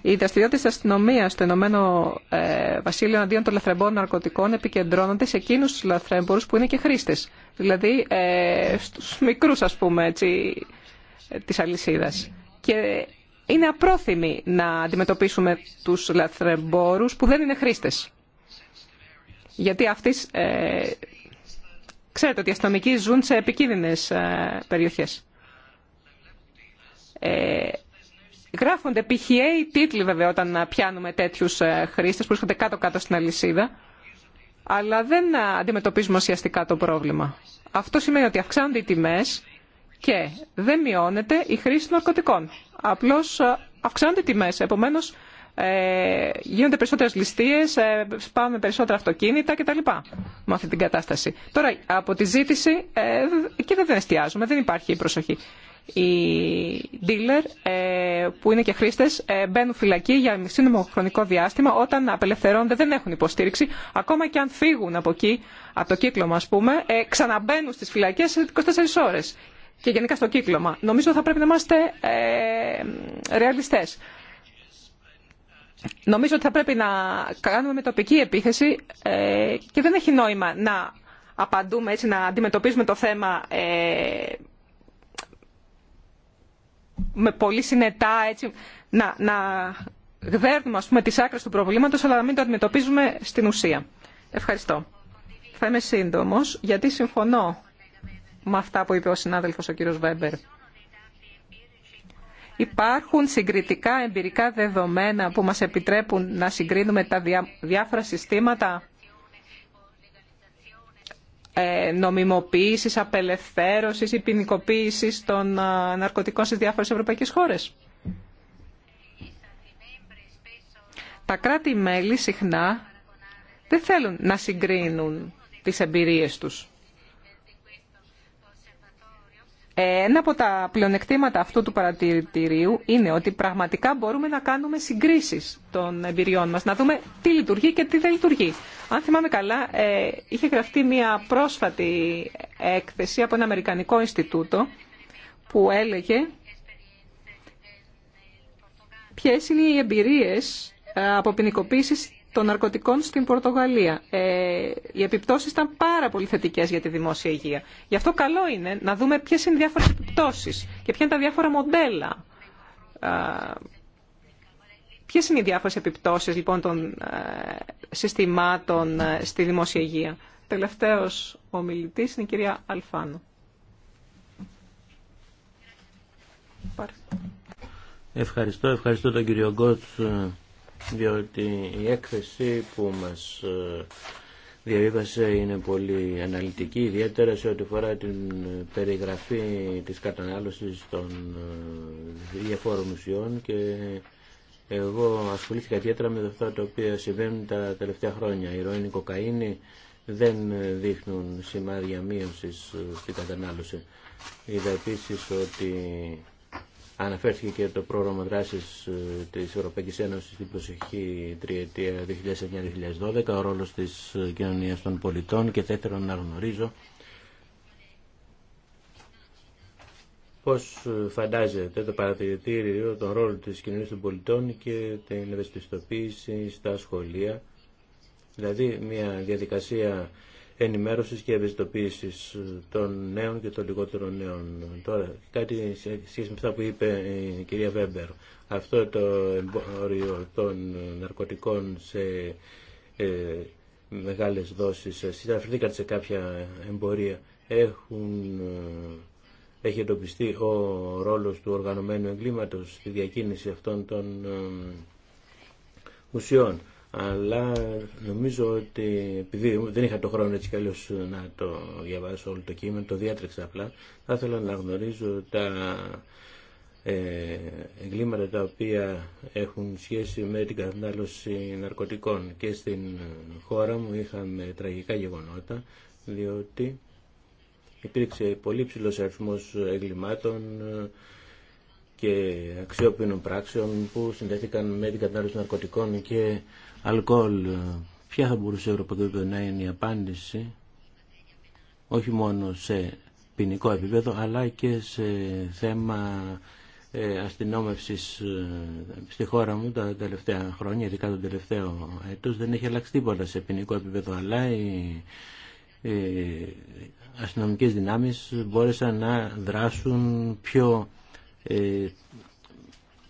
Οι δραστηριότητε τη αστυνομία στο Ηνωμένο ε, Βασίλειο αντίον των Λαθρεμπόρων ναρκωτικών επικεντρώνονται σε εκείνου του λαθρέμπορου που είναι και χρήστε. Δηλαδή ε, στου μικρού, α πούμε, ε, της αλυσίδας. Και είναι απρόθυμοι να αντιμετωπίσουμε του λαθρεμπόρου που δεν είναι χρήστε. Γιατί αυτοί, ε, ξέρετε ότι οι αστυνομικοί ζουν σε επικίνδυνες ε, περιοχές. Ε, γράφονται πηχιαίοι τίτλοι βέβαια όταν ε, πιάνουμε τέτοιους ε, χρήστες που βρίσκονται κάτω-κάτω στην αλυσίδα, αλλά δεν αντιμετωπίζουμε ουσιαστικά το πρόβλημα. Αυτό σημαίνει ότι αυξάνονται οι τιμές και δεν μειώνεται η χρήση ναρκωτικών. Απλώς αυξάνονται οι τιμές, επομένως ε, γίνονται περισσότερες ληστείες, ε, πάμε περισσότερα αυτοκίνητα κτλ. Με αυτή την κατάσταση. Τώρα από τη ζήτηση εκεί δεν εστιάζουμε, δεν υπάρχει προσοχή. Οι dealer ε, που είναι και χρήστες μπαίνουν φυλακή για σύντομο χρονικό διάστημα όταν απελευθερώνονται, δεν έχουν υποστήριξη. Ακόμα και αν φύγουν από εκεί, από το κύκλωμα ας πούμε, ξαναμπαίνουν στις φυλακές σε 24 ώρες και γενικά στο κύκλωμα. Νομίζω θα πρέπει να είμαστε ε, ρεαλιστές. Νομίζω ότι θα πρέπει να κάνουμε με τοπική επίθεση ε, και δεν έχει νόημα να απαντούμε έτσι, να αντιμετωπίζουμε το θέμα ε, με πολύ συνετά, έτσι, να, να γδέρνουμε ας πούμε τις άκρες του προβλήματος, αλλά να μην το αντιμετωπίζουμε στην ουσία. Ευχαριστώ. Θα είμαι σύντομος, γιατί συμφωνώ με αυτά που είπε ο συνάδελφος ο κύριος Βέμπερ. Υπάρχουν συγκριτικά εμπειρικά δεδομένα που μας επιτρέπουν να συγκρίνουμε τα διάφορα συστήματα ε, νομιμοποίησης, απελευθέρωσης ή ποινικοποίησης των ναρκωτικών στις διάφορες ευρωπαϊκές χώρες. Τα κράτη-μέλη συχνά δεν θέλουν να συγκρίνουν τις εμπειρίες τους. Ένα από τα πλεονεκτήματα αυτού του παρατηρητηρίου είναι ότι πραγματικά μπορούμε να κάνουμε συγκρίσεις των εμπειριών μας, να δούμε τι λειτουργεί και τι δεν λειτουργεί. Αν θυμάμαι καλά, ε, είχε γραφτεί μια πρόσφατη έκθεση από ένα Αμερικανικό Ινστιτούτο που έλεγε ποιες είναι οι εμπειρίες ε, από ποινικοποίηση των ναρκωτικών στην Πορτογαλία. Ε, οι επιπτώσεις ήταν πάρα πολύ θετικές για τη δημόσια υγεία. Γι' αυτό καλό είναι να δούμε ποιες είναι οι διάφορες επιπτώσεις και ποια είναι τα διάφορα μοντέλα. Ποιε είναι οι διάφορε επιπτώσει λοιπόν των ε, συστημάτων ε, στη δημόσια υγεία. Τελευταίο ομιλητή είναι η κυρία Αλφάνο. Ευχαριστώ, ευχαριστώ τον κύριο Γκότ ε, διότι η έκθεση που μας ε, διαβίβασε είναι πολύ αναλυτική, ιδιαίτερα σε ό,τι φορά την περιγραφή της κατανάλωσης των ε, διαφόρων ουσιών και εγώ ασχολήθηκα ιδιαίτερα με αυτά τα οποία συμβαίνουν τα τελευταία χρόνια. Η ροήνη κοκαίνη δεν δείχνουν σημάδια μείωσης ε, στην κατανάλωση. Είδα επίσης ότι Αναφέρθηκε και το πρόγραμμα δράση ε, τη Ευρωπαϊκής Ένωσης στην προσεχή τριετία 2009-2012, ο ρόλο τη ε, κοινωνία των πολιτών και ήθελα να γνωρίζω Πώ ε, φαντάζεται το παρατηρητήριο τον ρόλο τη κοινωνία των πολιτών και την ευαισθητοποίηση στα σχολεία, δηλαδή μια διαδικασία ενημέρωσης και ευαισθητοποίησης των νέων και των λιγότερων νέων. Τώρα, κάτι σε με αυτά που είπε η κυρία Βέμπερ, αυτό το εμπόριο των ναρκωτικών σε ε, μεγάλες δόσεις, ε, συναφερθήκατε σε κάποια εμπορία, έχουν ε, έχει εντοπιστεί ο ρόλος του οργανωμένου εγκλήματος στη διακίνηση αυτών των ε, ουσιών αλλά νομίζω ότι επειδή δεν είχα το χρόνο έτσι καλώς να το διαβάσω όλο το κείμενο, το διάτρεξα απλά, θα ήθελα να γνωρίζω τα ε, εγκλήματα τα οποία έχουν σχέση με την κατανάλωση ναρκωτικών και στην χώρα μου είχαμε τραγικά γεγονότα διότι υπήρξε πολύ ψηλό αριθμό εγκλημάτων και αξιόπινων πράξεων που συνδέθηκαν με την κατανάλωση ναρκωτικών και αλκοόλ. Ε, ποια θα μπορούσε η Ευρωπαϊκή να είναι η απάντηση όχι μόνο σε ποινικό επίπεδο αλλά και σε θέμα ε, αστυνόμευσης ε, στη χώρα μου τα τελευταία χρόνια, ειδικά τον τελευταίο έτος, δεν έχει αλλάξει τίποτα σε ποινικό επίπεδο, αλλά οι αστυνομικές δυνάμεις μπόρεσαν να δράσουν πιο,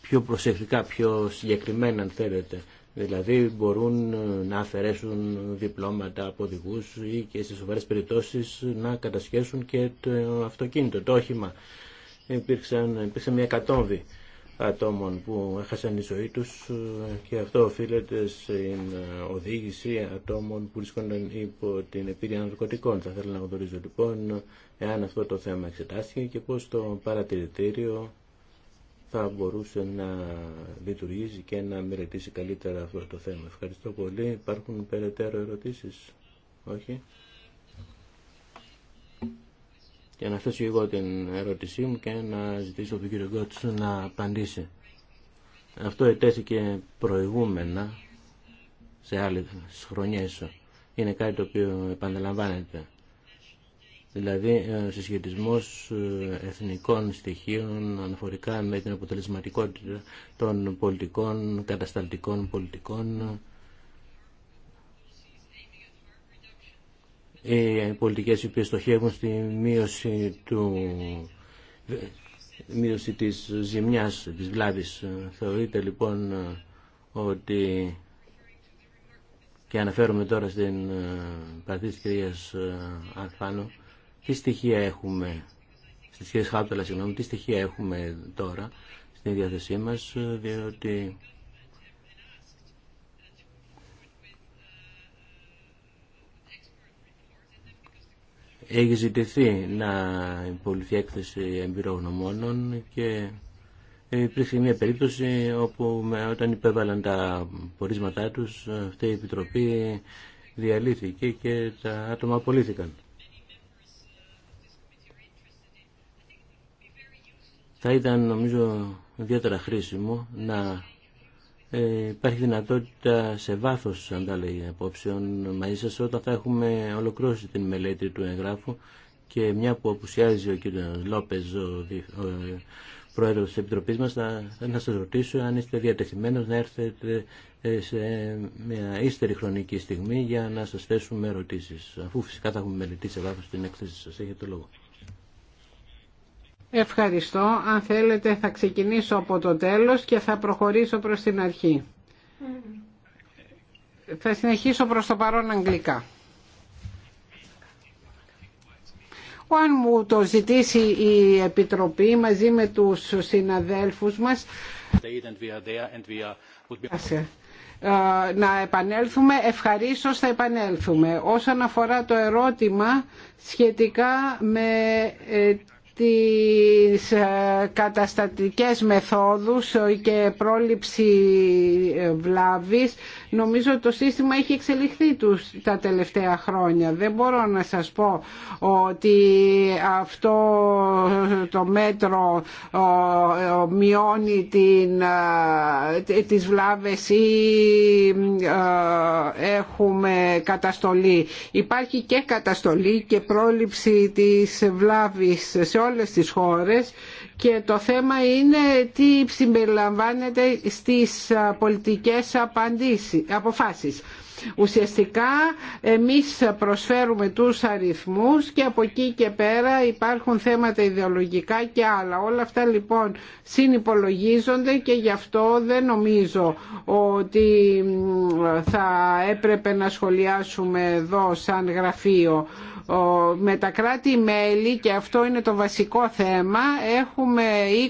πιο προσεκτικά, πιο συγκεκριμένα αν θέλετε. Δηλαδή μπορούν ε, να αφαιρέσουν διπλώματα από οδηγού ή και σε σοβαρέ περιπτώσεις να κατασχέσουν και το αυτοκίνητο, το όχημα. Υπήρξαν, υπήρξε μια κατόμβη ατόμων που έχασαν τη ζωή τους ε, και αυτό οφείλεται στην ε, οδήγηση ατόμων που βρίσκονταν υπό την επίρρεια ναρκωτικών. Θα ήθελα να γνωρίζω λοιπόν εάν αυτό το θέμα εξετάστηκε και πω το παρατηρητήριο θα μπορούσε να λειτουργήσει και να μελετήσει καλύτερα αυτό το θέμα. Ευχαριστώ πολύ. Υπάρχουν περαιτέρω ερωτήσεις. Όχι. Και να θέσω εγώ την ερώτησή μου και να ζητήσω από τον κύριο Γκότς να απαντήσει. Αυτό ετέθηκε προηγούμενα σε άλλες χρονιές. Είναι κάτι το οποίο επαναλαμβάνεται δηλαδή ο ε, συσχετισμός ε, εθνικών στοιχείων αναφορικά με την αποτελεσματικότητα των πολιτικών, κατασταλτικών πολιτικών, οι πολιτικές οι οποίες στοχεύουν στη μείωση, του, μείωση της ζημιάς, της βλάβης. Θεωρείται λοιπόν ότι και αναφέρομαι τώρα στην ε, παρτίση της κυρίας τι στοιχεία έχουμε, στις σχέσεις χάπτολα, τι στοιχεία έχουμε τώρα στην διάθεσή μας, διότι έχει ζητηθεί να υποληθεί έκθεση εμπειρογνωμόνων και υπήρχε μια περίπτωση όπου όταν υπέβαλαν τα πορίσματά τους αυτή η Επιτροπή διαλύθηκε και τα άτομα απολύθηκαν. θα ήταν νομίζω ιδιαίτερα χρήσιμο να ε, υπάρχει δυνατότητα σε βάθος λέει απόψεων μαζί σας όταν θα έχουμε ολοκληρώσει την μελέτη του εγγράφου και μια που απουσιάζει ο κ. Λόπεζ, ο, ο πρόεδρος της Επιτροπής μας, να, να σας ρωτήσω αν είστε διατεθειμένος να έρθετε ε, σε μια ύστερη χρονική στιγμή για να σας θέσουμε ερωτήσεις, αφού φυσικά θα έχουμε μελετήσει σε βάθος την έκθεση σας. Έχετε λόγο. Ευχαριστώ. Αν θέλετε θα ξεκινήσω από το τέλος και θα προχωρήσω προς την αρχή. Θα συνεχίσω προς το παρόν αγγλικά. αν μου το ζητήσει η Επιτροπή μαζί με τους συναδέλφους μας να επανέλθουμε, ευχαριστώ, θα επανέλθουμε. Όσον αφορά το ερώτημα σχετικά με ε, τις ε, καταστατικές μεθόδους ε, και πρόληψη ε, βλάβης. Νομίζω το σύστημα έχει εξελιχθεί τους τα τελευταία χρόνια. Δεν μπορώ να σας πω ότι αυτό το μέτρο μειώνει την, τις βλάβες ή έχουμε καταστολή. Υπάρχει και καταστολή και πρόληψη της βλάβης σε όλες τις χώρες και το θέμα είναι τι συμπεριλαμβάνεται στις πολιτικές απαντήσεις, αποφάσεις. Ουσιαστικά εμείς προσφέρουμε τους αριθμούς και από εκεί και πέρα υπάρχουν θέματα ιδεολογικά και άλλα. Όλα αυτά λοιπόν συνυπολογίζονται και γι' αυτό δεν νομίζω ότι θα έπρεπε να σχολιάσουμε εδώ σαν γραφείο με τα κράτη-μέλη και αυτό είναι το βασικό θέμα έχουμε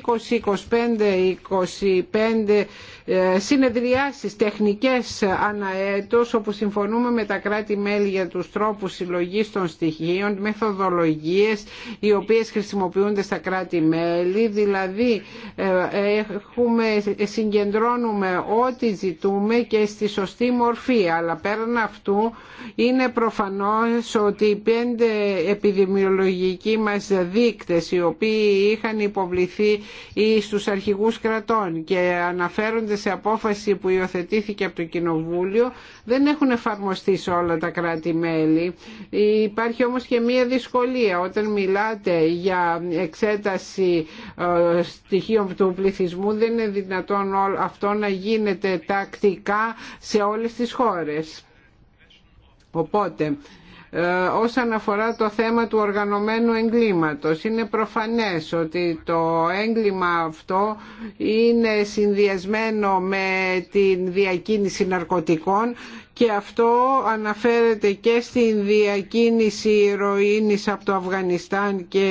20, 25, 25 ε, συνεδριάσεις τεχνικές αναέτος όπου συμφωνούμε με τα κράτη-μέλη για τους τρόπους συλλογής των στοιχείων, μεθοδολογίες οι οποίες χρησιμοποιούνται στα κράτη-μέλη, δηλαδή ε, έχουμε, συγκεντρώνουμε ό,τι ζητούμε και στη σωστή μορφή, αλλά πέραν αυτού είναι προφανώς ότι οι πέντε επιδημιολογικοί μας δείκτες οι οποίοι είχαν υποβληθεί στους αρχηγούς κρατών και αναφέρονται σε απόφαση που υιοθετήθηκε από το Κοινοβούλιο δεν έχουν εφαρμοστεί σε όλα τα κράτη-μέλη. Υπάρχει όμως και μία δυσκολία όταν μιλάτε για εξέταση ε, στοιχείων του πληθυσμού δεν είναι δυνατόν αυτό να γίνεται τακτικά σε όλες τις χώρες. Οπότε ε, όσον αφορά το θέμα του οργανωμένου εγκλήματος. Είναι προφανές ότι το έγκλημα αυτό είναι συνδυασμένο με την διακίνηση ναρκωτικών και αυτό αναφέρεται και στην διακίνηση ηρωίνης από το Αφγανιστάν και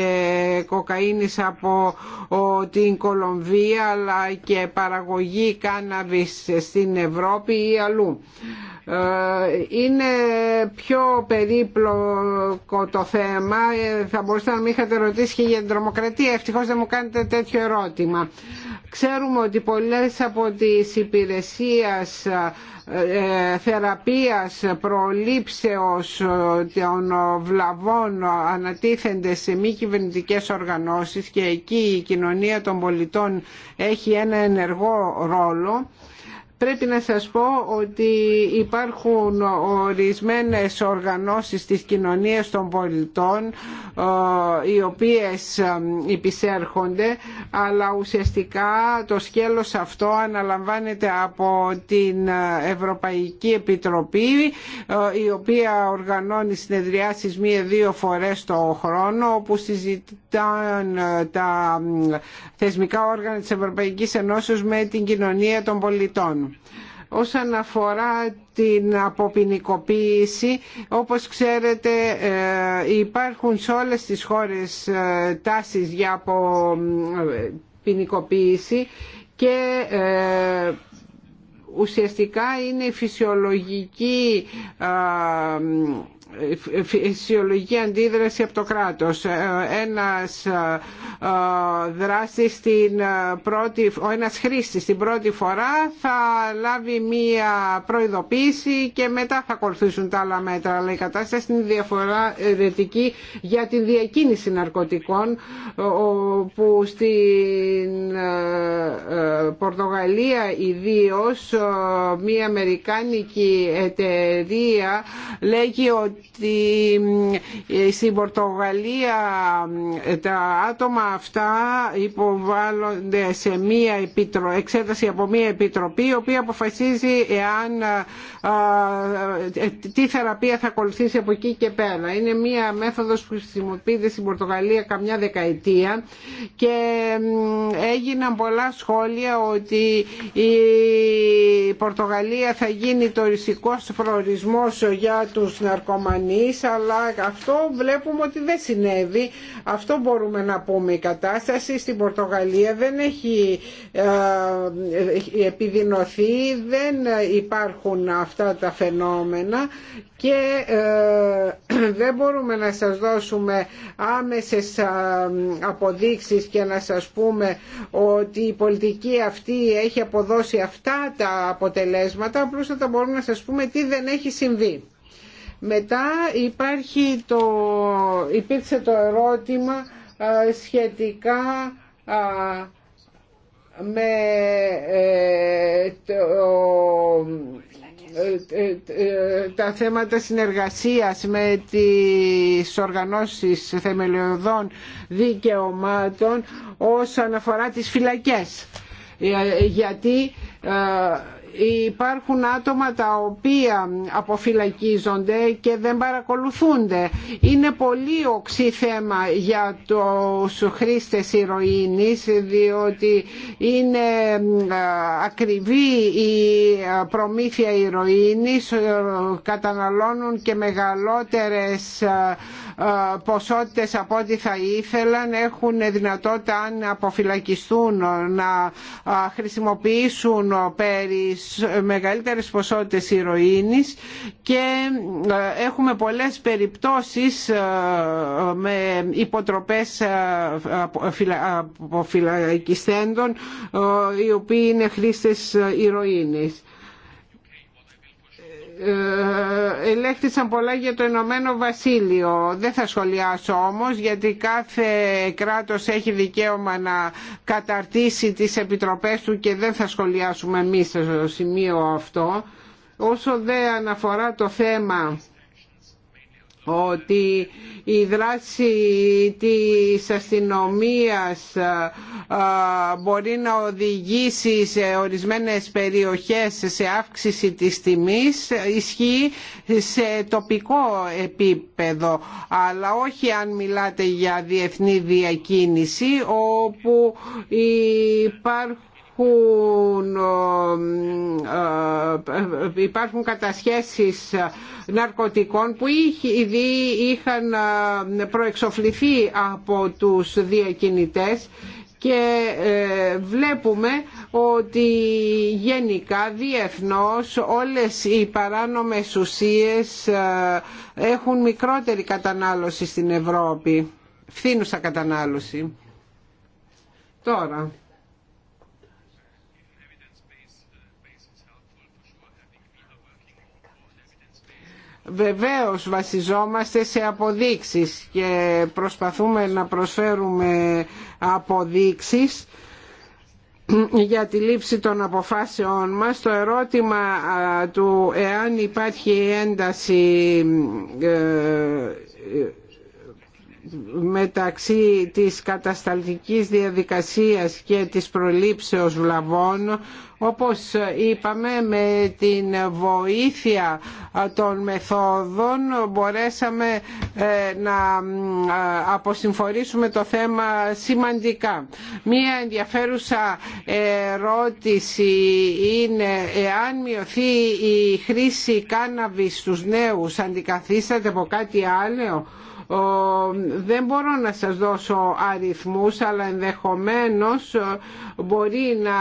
κοκαίνης από την Κολομβία αλλά και παραγωγή κάναβης στην Ευρώπη ή αλλού. Ε, είναι πιο περίπλοκο το θέμα. Ε, θα μπορούσατε να μην είχατε ρωτήσει και για την τρομοκρατία. Ευτυχώς δεν μου κάνετε τέτοιο ερώτημα. Ξέρουμε ότι πολλές από τις υπηρεσίες ε, θεραπείας προλήψεως ε, των βλαβών ανατίθενται σε μη κυβερνητικέ οργανώσεις και εκεί η κοινωνία των πολιτών έχει ένα ενεργό ρόλο Πρέπει να σας πω ότι υπάρχουν ορισμένες οργανώσεις της κοινωνίας των πολιτών ε, οι οποίες ε, υπησέρχονται αλλά ουσιαστικά το σκέλος αυτό αναλαμβάνεται από την Ευρωπαϊκή Επιτροπή ε, η οποία οργανώνει συνεδριάσεις μία-δύο φορές το χρόνο όπου συζητάνε τα θεσμικά όργανα της Ευρωπαϊκής Ενώσεως με την κοινωνία των πολιτών. Όσον αφορά την αποποινικοποίηση, όπως ξέρετε ε, υπάρχουν σε όλες τις χώρες ε, τάσεις για αποποινικοποίηση και ε, ουσιαστικά είναι η φυσιολογική φυσιολογική αντίδραση από το κράτος. Ε, ένας ε, ε, δράστης στην πρώτη, ο ένας χρήστης την πρώτη φορά θα λάβει μία προειδοποίηση και μετά θα ακολουθήσουν τα άλλα μέτρα. Αλλά η κατάσταση είναι διαφορετική για την διακίνηση ναρκωτικών που στην Πορτογαλία ιδίως μία Αμερικάνικη εταιρεία λέγει ότι ε, στην Πορτογαλία ε, τα άτομα αυτά υποβάλλονται σε μία εξέταση από μία επιτροπή η οποία αποφασίζει εάν ε, τι θεραπεία θα ακολουθήσει από εκεί και πέρα. Είναι μία μέθοδος που χρησιμοποιείται στην Πορτογαλία καμιά δεκαετία και έγιναν πολλά σχόλια ότι η Πορτογαλία θα γίνει το τοριστικός προορισμός για τους ναρκωμανούς αλλά αυτό βλέπουμε ότι δεν συνέβη αυτό μπορούμε να πούμε η κατάσταση στην Πορτογαλία δεν έχει ε, επιδεινωθεί δεν υπάρχουν αυτά τα φαινόμενα και ε, δεν μπορούμε να σας δώσουμε άμεσες αποδείξεις και να σας πούμε ότι η πολιτική αυτή έχει αποδώσει αυτά τα αποτελέσματα απλώς θα μπορούμε να σας πούμε τι δεν έχει συμβεί. Μετά υπάρχει το, υπήρξε το ερώτημα ε, σχετικά με ε, ε, τα θέματα συνεργασίας με τις οργανώσεις θεμελιωδών δικαιωμάτων όσον αφορά τις φυλακές γιατί υπάρχουν άτομα τα οποία αποφυλακίζονται και δεν παρακολουθούνται. Είναι πολύ οξύ θέμα για τους χρήστες ηρωίνης διότι είναι ε, ακριβή η ε, προμήθεια ηρωίνης, ε, καταναλώνουν και μεγαλότερες... Ε, ποσότητες από ό,τι θα ήθελαν, έχουν δυνατότητα αν αποφυλακιστούν να ε, χρησιμοποιήσουν περις, μεγαλύτερες ποσότητες ηρωίνης και ε, έχουμε πολλές περιπτώσεις με υποτροπές αποφυλακιστέντων οι οποίοι είναι χρήστες ηρωίνης. Ε, ελέγχθησαν πολλά για το Ηνωμένο Βασίλειο. Δεν θα σχολιάσω όμως γιατί κάθε κράτος έχει δικαίωμα να καταρτήσει τις επιτροπές του και δεν θα σχολιάσουμε εμείς στο σημείο αυτό. Όσο δεν αναφορά το θέμα ότι η δράση της αστυνομίας μπορεί να οδηγήσει σε ορισμένες περιοχές σε αύξηση της τιμής ισχύει σε τοπικό επίπεδο αλλά όχι αν μιλάτε για διεθνή διακίνηση όπου υπάρχουν υπάρχουν, ε, υπάρχουν κατασχέσεις ναρκωτικών που ήδη είχαν ε, προεξοφληθεί από τους διακινητές και ε, βλέπουμε ότι γενικά διεθνώς όλες οι παράνομες ουσίες έχουν μικρότερη κατανάλωση στην Ευρώπη, φθήνουσα κατανάλωση. Τώρα, Βεβαίως βασιζόμαστε σε αποδείξεις και προσπαθούμε να προσφέρουμε αποδείξεις για τη λήψη των αποφάσεών μας το ερώτημα του εάν υπάρχει ένταση ε, μεταξύ της κατασταλτικής διαδικασίας και της προλήψεως βλαβών όπως είπαμε με την βοήθεια των μεθόδων μπορέσαμε ε, να ε, αποσυμφορήσουμε το θέμα σημαντικά. Μία ενδιαφέρουσα ερώτηση είναι εάν μειωθεί η χρήση κάναβης στους νέους αντικαθίσταται από κάτι άλλο δεν μπορώ να σας δώσω αριθμούς αλλά ενδεχομένως ε, μπορεί να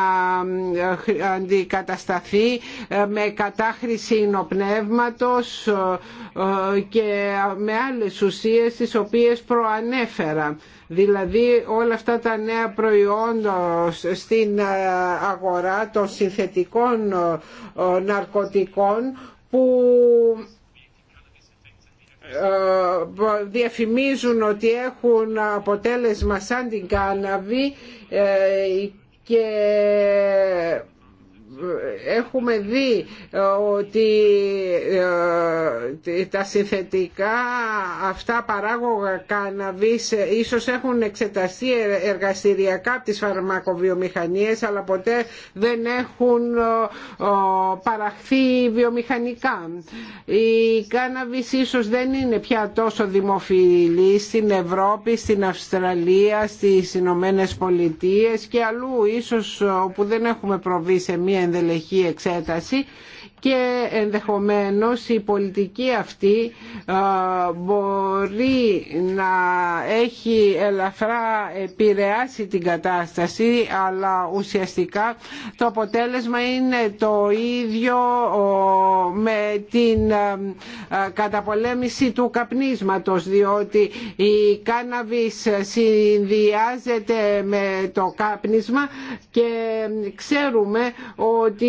ε, αντικατασταθεί ε, με κατάχρηση ινοπνεύματος και με άλλες ουσίες τις οποίες προανέφερα. Δηλαδή όλα αυτά τα νέα προϊόντα στην αγορά των συνθετικών ναρκωτικών που ε, διαφημίζουν ότι έχουν αποτέλεσμα σαν την κάναβη ε, και έχουμε δει ε, ότι ε, τα συνθετικά αυτά παράγωγα καναβής ε, ίσως έχουν εξεταστεί εργαστηριακά από τις φαρμακοβιομηχανίες αλλά ποτέ δεν έχουν παραχθεί βιομηχανικά. Η κάναβης ίσως δεν είναι πια τόσο δημοφιλή στην Ευρώπη, στην Αυστραλία, στις Ηνωμένε Πολιτείες και αλλού ίσως όπου δεν έχουμε προβεί σε μια ενδελεχή εξέταση και ενδεχομένως η πολιτική αυτή μπορεί να έχει ελαφρά επηρεάσει την κατάσταση αλλά ουσιαστικά το αποτέλεσμα είναι το ίδιο με την καταπολέμηση του καπνίσματος διότι η κάναβης συνδυάζεται με το κάπνισμα και ξέρουμε ότι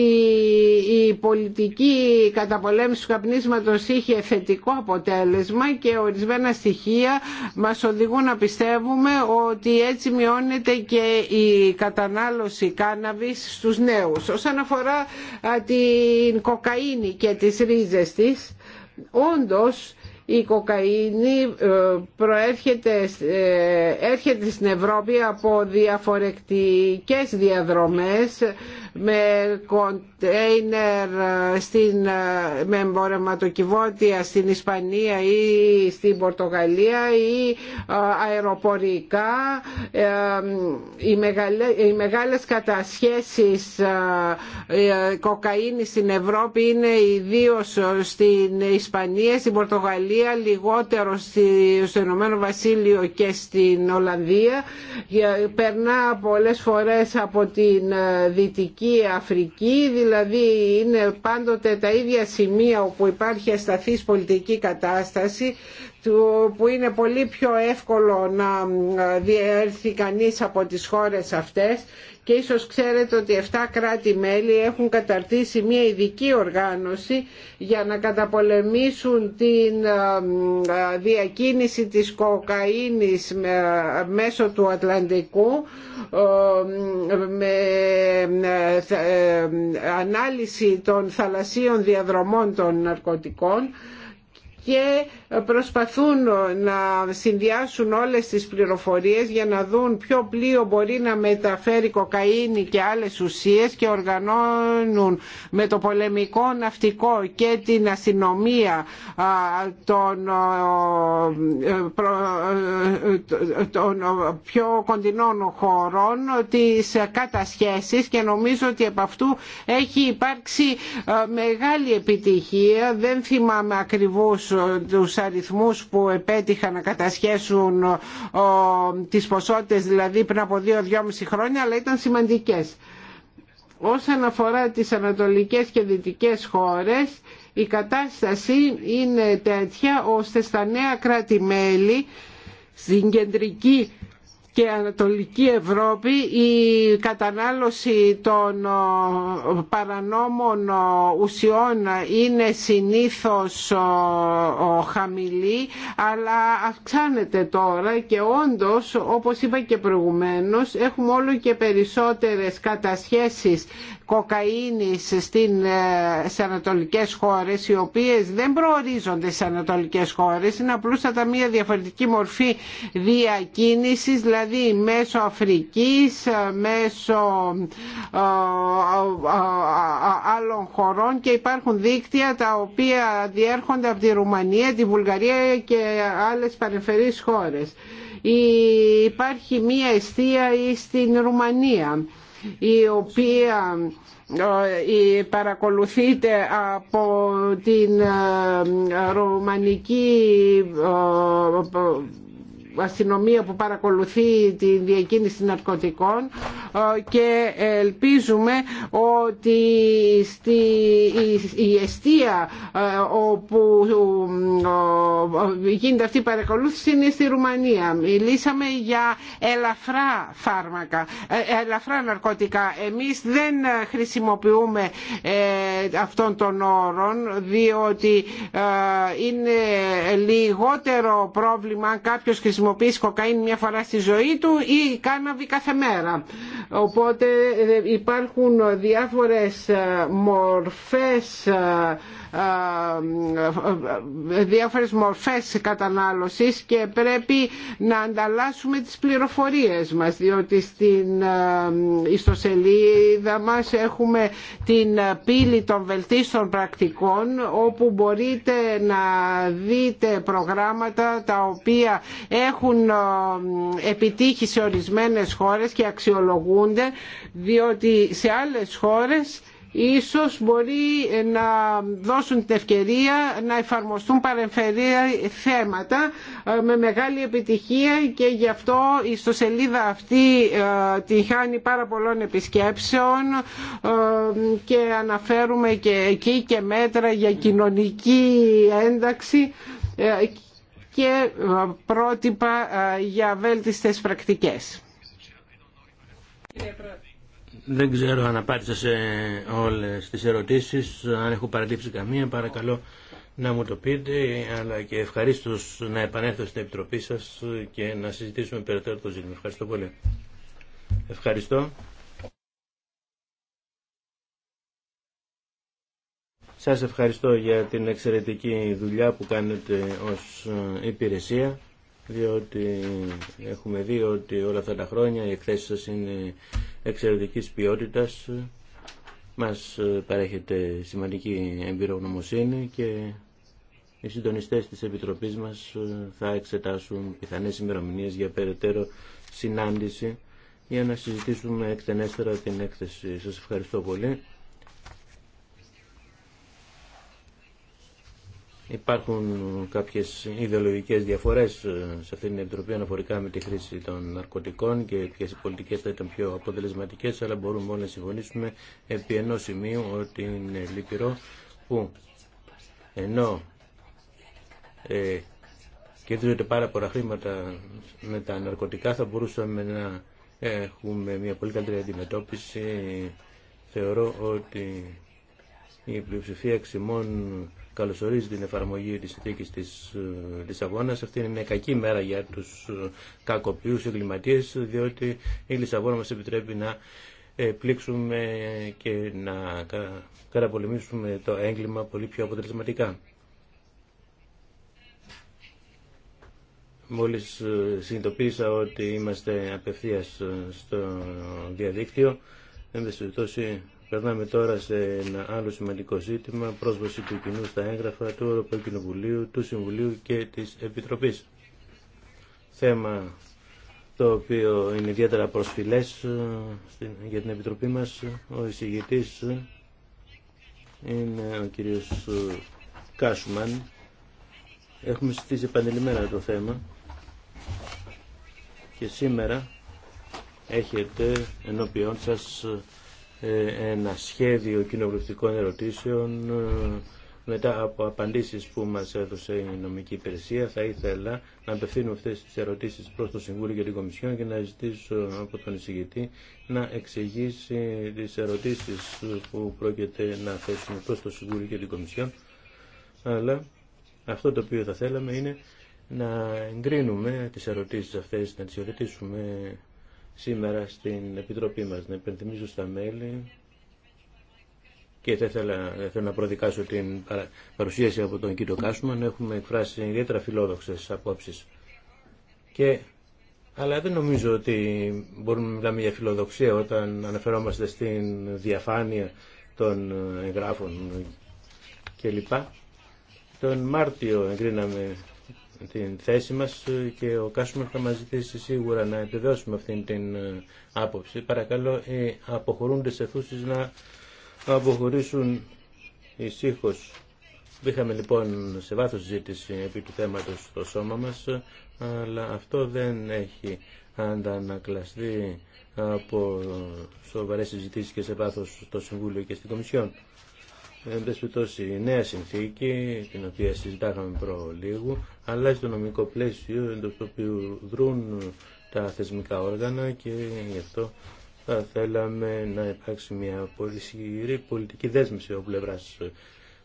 η πολιτική η καταπολέμηση του καπνίσματος είχε θετικό αποτέλεσμα και ορισμένα στοιχεία μας οδηγούν να πιστεύουμε ότι έτσι μειώνεται και η κατανάλωση κάναβης στους νέους. Όσον αφορά την κοκαίνη και τις ρίζες της, όντως η κοκαίνη ε, προέρχεται, ε, έρχεται στην Ευρώπη από διαφορετικές διαδρομές με κοντέινερ στην, ε, με εμπορευματοκιβώτια στην Ισπανία ή στην Πορτογαλία ή αεροπορικά οι, μεγαλε, οι μεγάλες κατασχέσεις κοκαίνης στην Ευρώπη είναι ιδίως στην Ισπανία, στην Πορτογαλία λιγότερο στο Ηνωμένο Βασίλειο και στην Ολλανδία. Περνά πολλές φορές από την ε, Δυτική Αφρική, δηλαδή είναι πάντοτε τα ίδια σημεία όπου υπάρχει ασταθής πολιτική κατάσταση που είναι πολύ πιο εύκολο να διέρθει κανείς από τις χώρες αυτές και ίσως ξέρετε ότι 7 κράτη-μέλη έχουν καταρτήσει μια ειδική οργάνωση για να καταπολεμήσουν την ε, ε, διακίνηση της κοκαΐνης ε, μέσω του Ατλαντικού με ανάλυση των θαλασσίων διαδρομών των ναρκωτικών και προσπαθούν να συνδυάσουν όλες τις πληροφορίες για να δουν ποιο πλοίο μπορεί να μεταφέρει κοκαίνη και άλλες ουσίες και οργανώνουν με το πολεμικό ναυτικό και την αστυνομία των, των πιο κοντινών χωρών τις κατασχέσεις και νομίζω ότι από αυτού έχει υπάρξει μεγάλη επιτυχία δεν θυμάμαι ακριβώς τους τους αριθμούς που επέτυχαν να κατασχέσουν τις ποσότητες δηλαδή πριν από 2-2,5 χρόνια αλλά ήταν σημαντικές. Όσον αφορά τις ανατολικές και δυτικές χώρες η κατάσταση είναι τέτοια ώστε στα νέα κράτη-μέλη στην κεντρική και Ανατολική Ευρώπη η κατανάλωση των παρανόμων ουσιών είναι συνήθως χαμηλή αλλά αυξάνεται τώρα και όντως όπως είπα και προηγουμένως έχουμε όλο και περισσότερες κατασχέσεις κοκαίνης στην, ε, σε ανατολικές χώρες οι οποίες δεν προορίζονται σε ανατολικές χώρες είναι απλούστατα μια διαφορετική μορφή διακίνησης δηλαδή μέσω Αφρικής ε, μέσω ε, άλλων χωρών και υπάρχουν δίκτυα τα οποία διέρχονται από τη Ρουμανία, τη Βουλγαρία και άλλες παρεμφερείς χώρες. Υπάρχει μία αιστεία στην Ρουμανία η οποία ε, παρακολουθείται από την ε, ρωμανική... Ε, αστυνομία που παρακολουθεί τη διακίνηση ναρκωτικών ε, και ελπίζουμε ότι στη, η αιστεία ε, όπου ε, γίνεται αυτή η παρακολούθηση είναι στη Ρουμανία. Μιλήσαμε για ελαφρά φάρμακα, ελαφρά ναρκωτικά. Εμείς δεν χρησιμοποιούμε αυτών των όρων διότι είναι λιγότερο πρόβλημα κάποιος χρησιμοποιεί χρησιμοποιήσει κοκαίνη μια φορά στη ζωή του ή κάναβη κάθε μέρα. Οπότε ε, υπάρχουν διάφορες ε, μορφές ε, διάφορες μορφές κατανάλωσης και πρέπει να ανταλλάσσουμε τις πληροφορίες μας διότι στην ιστοσελίδα μας έχουμε την πύλη των βελτίστων πρακτικών όπου μπορείτε να δείτε προγράμματα τα οποία έχουν επιτύχει σε ορισμένες χώρες και αξιολογούν διότι σε άλλες χώρες ίσως μπορεί να δώσουν την ευκαιρία να εφαρμοστούν παρεμφερία θέματα ε, με μεγάλη επιτυχία και γι' αυτό η ιστοσελίδα αυτή ε, τη χάνει πάρα πολλών επισκέψεων ε, και αναφέρουμε και εκεί και μέτρα για κοινωνική ένταξη και πρότυπα για βέλτιστες πρακτικές. Δεν ξέρω αν απάντησα σε όλες τις ερωτήσεις. Αν έχω παραλείψει καμία, παρακαλώ να μου το πείτε, αλλά και ευχαρίστω να επανέλθω στην Επιτροπή σας και να συζητήσουμε περαιτέρω το ζήτημα. Ευχαριστώ πολύ. Ευχαριστώ. Σας ευχαριστώ για την εξαιρετική δουλειά που κάνετε ως υπηρεσία διότι έχουμε δει ότι όλα αυτά τα χρόνια οι εκθέσεις σας είναι εξαιρετικής ποιότητας, μας παρέχεται σημαντική εμπειρογνωμοσύνη και οι συντονιστές της Επιτροπής μας θα εξετάσουν πιθανές ημερομηνίε για περαιτέρω συνάντηση για να συζητήσουμε εκτενέστερα την έκθεση. Σας ευχαριστώ πολύ. Υπάρχουν κάποιες ιδεολογικές διαφορές ε, σε αυτήν την Επιτροπή αναφορικά με τη χρήση των ναρκωτικών και ποιες οι πολιτικές θα ήταν πιο αποτελεσματικές, αλλά μπορούμε όλοι να συμφωνήσουμε επί ενός σημείου ότι είναι λυπηρό που ενώ ε, κερδίζονται πάρα πολλά χρήματα με τα ναρκωτικά θα μπορούσαμε να έχουμε μια πολύ καλύτερη αντιμετώπιση. Θεωρώ ότι η πλειοψηφία ξημών καλωσορίζει την εφαρμογή της συνθήκης της ε, Λισαβόνας. Αυτή είναι μια κακή μέρα για τους ε, κακοποιούς εγκληματίες, διότι η Λισαβόνα μας επιτρέπει να ε, πλήξουμε και να καταπολεμήσουμε το έγκλημα πολύ πιο αποτελεσματικά. Μόλις συνειδητοποίησα ότι είμαστε απευθείας στο διαδίκτυο, εν Περνάμε τώρα σε ένα άλλο σημαντικό ζήτημα, πρόσβαση του κοινού στα έγγραφα του Ευρωπαϊκού Κοινοβουλίου, του Συμβουλίου και της Επιτροπής. Θέμα το οποίο είναι ιδιαίτερα προσφυλές ε, για την Επιτροπή μας. Ο εισηγητής είναι ο κύριος ε, Κάσουμαν. Έχουμε συζητήσει επανειλημμένα το θέμα και σήμερα έχετε ενώπιόν σας ε, ε, ένα σχέδιο κοινοβουλευτικών ερωτήσεων ε, μετά από απαντήσεις που μας έδωσε η νομική υπηρεσία θα ήθελα να απευθύνω αυτές τις ερωτήσεις προς το Συμβούλιο και την Κομισιόν και να ζητήσω από τον εισηγητή να εξηγήσει τις ερωτήσεις που πρόκειται να θέσουμε προς το Συμβούλιο και την Κομισιόν αλλά αυτό το οποίο θα θέλαμε είναι να εγκρίνουμε τις ερωτήσεις αυτές, να τις υιοθετήσουμε σήμερα στην Επιτροπή μας. Να υπενθυμίζω στα μέλη και θα ήθελα, θέλω να προδικάσω την παρουσίαση από τον κύριο Κάσμαν. Έχουμε εκφράσει ιδιαίτερα φιλόδοξες απόψεις. Και, αλλά δεν νομίζω ότι μπορούμε να μιλάμε για φιλοδοξία όταν αναφερόμαστε στην διαφάνεια των εγγράφων κλπ. Τον Μάρτιο εγκρίναμε την θέση μας και ο Κάσουμερ θα μας ζητήσει σίγουρα να επιβεβαιώσουμε αυτήν την ε, άποψη. Παρακαλώ οι αποχωρούντες αιθούσει να αποχωρήσουν ησύχω. Είχαμε λοιπόν σε βάθος ζήτηση επί του θέματος στο σώμα μας, αλλά αυτό δεν έχει αντανακλαστεί από σοβαρές συζητήσει και σε βάθος στο Συμβούλιο και στην Κομισιόν. Εν η νέα συνθήκη, την οποία συζητάγαμε προ λίγου, αλλά στο νομικό πλαίσιο εντό του οποίου δρούν τα θεσμικά όργανα και γι' αυτό θα θέλαμε να υπάρξει μια σιγηρή πολιτική δέσμευση από πλευρά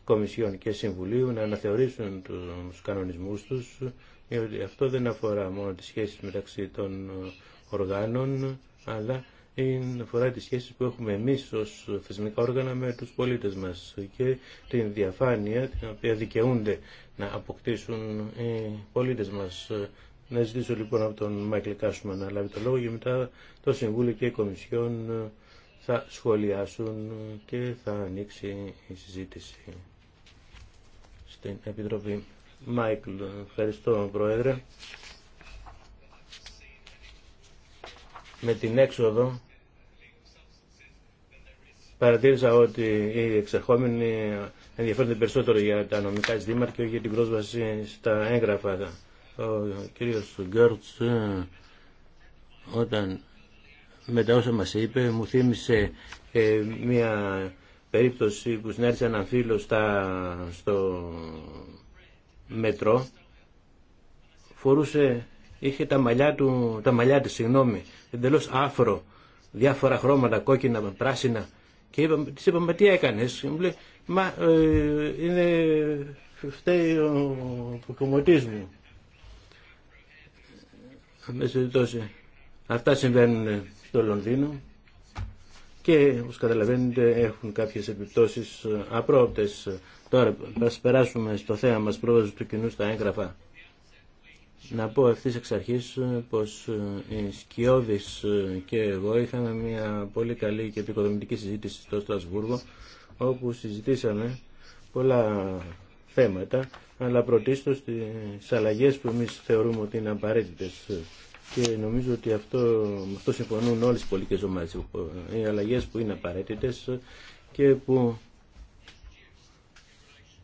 Κομισιών και Συμβουλίου να αναθεωρήσουν τους κανονισμούς τους, διότι αυτό δεν αφορά μόνο τι σχέσει μεταξύ των οργάνων, αλλά είναι αφορά τις σχέσεις που έχουμε εμείς ως θεσμικά όργανα με τους πολίτες μας και την διαφάνεια την οποία δικαιούνται να αποκτήσουν οι πολίτες μας. Να ζητήσω λοιπόν από τον Μάικλ Κάσμα να λάβει το λόγο και μετά το Συμβούλιο και η Κομισιόν θα σχολιάσουν και θα ανοίξει η συζήτηση στην Επιτροπή. Μάικλ, ευχαριστώ Πρόεδρε. με την έξοδο παρατήρησα ότι οι εξερχόμενοι ενδιαφέρονται περισσότερο για τα νομικά ζητήματα και για την πρόσβαση στα έγγραφα. Ο κύριος Γκέρτς όταν μετά όσα μας είπε μου θύμισε ε, μια περίπτωση που συνέρχεται ένα φίλο στα, στο μετρό φορούσε είχε τα μαλλιά, του, τα μαλλιά της, συγγνώμη, εντελώς άφρο, διάφορα χρώματα, κόκκινα, πράσινα. Και είπα, της είπα, μα τι έκανες. μου λέει, μα ε, είναι, φταίει ο, ο μου. Αυτά συμβαίνουν στο Λονδίνο και όπως καταλαβαίνετε έχουν κάποιες επιπτώσεις απρόπτες. Τώρα, ας περάσουμε στο θέμα μας πρόβαση του κοινού στα έγγραφα. Να πω ευθύς εξ αρχής πως ε, οι Σκιώδης ε, και εγώ είχαμε μια πολύ καλή και επικοδομητική συζήτηση στο Στρασβούργο όπου συζητήσαμε πολλά θέματα αλλά πρωτίστως τις αλλαγές που εμείς θεωρούμε ότι είναι απαραίτητες και νομίζω ότι αυτό, αυτό συμφωνούν όλες οι πολιτικές ομάδες οι αλλαγές που είναι απαραίτητες και που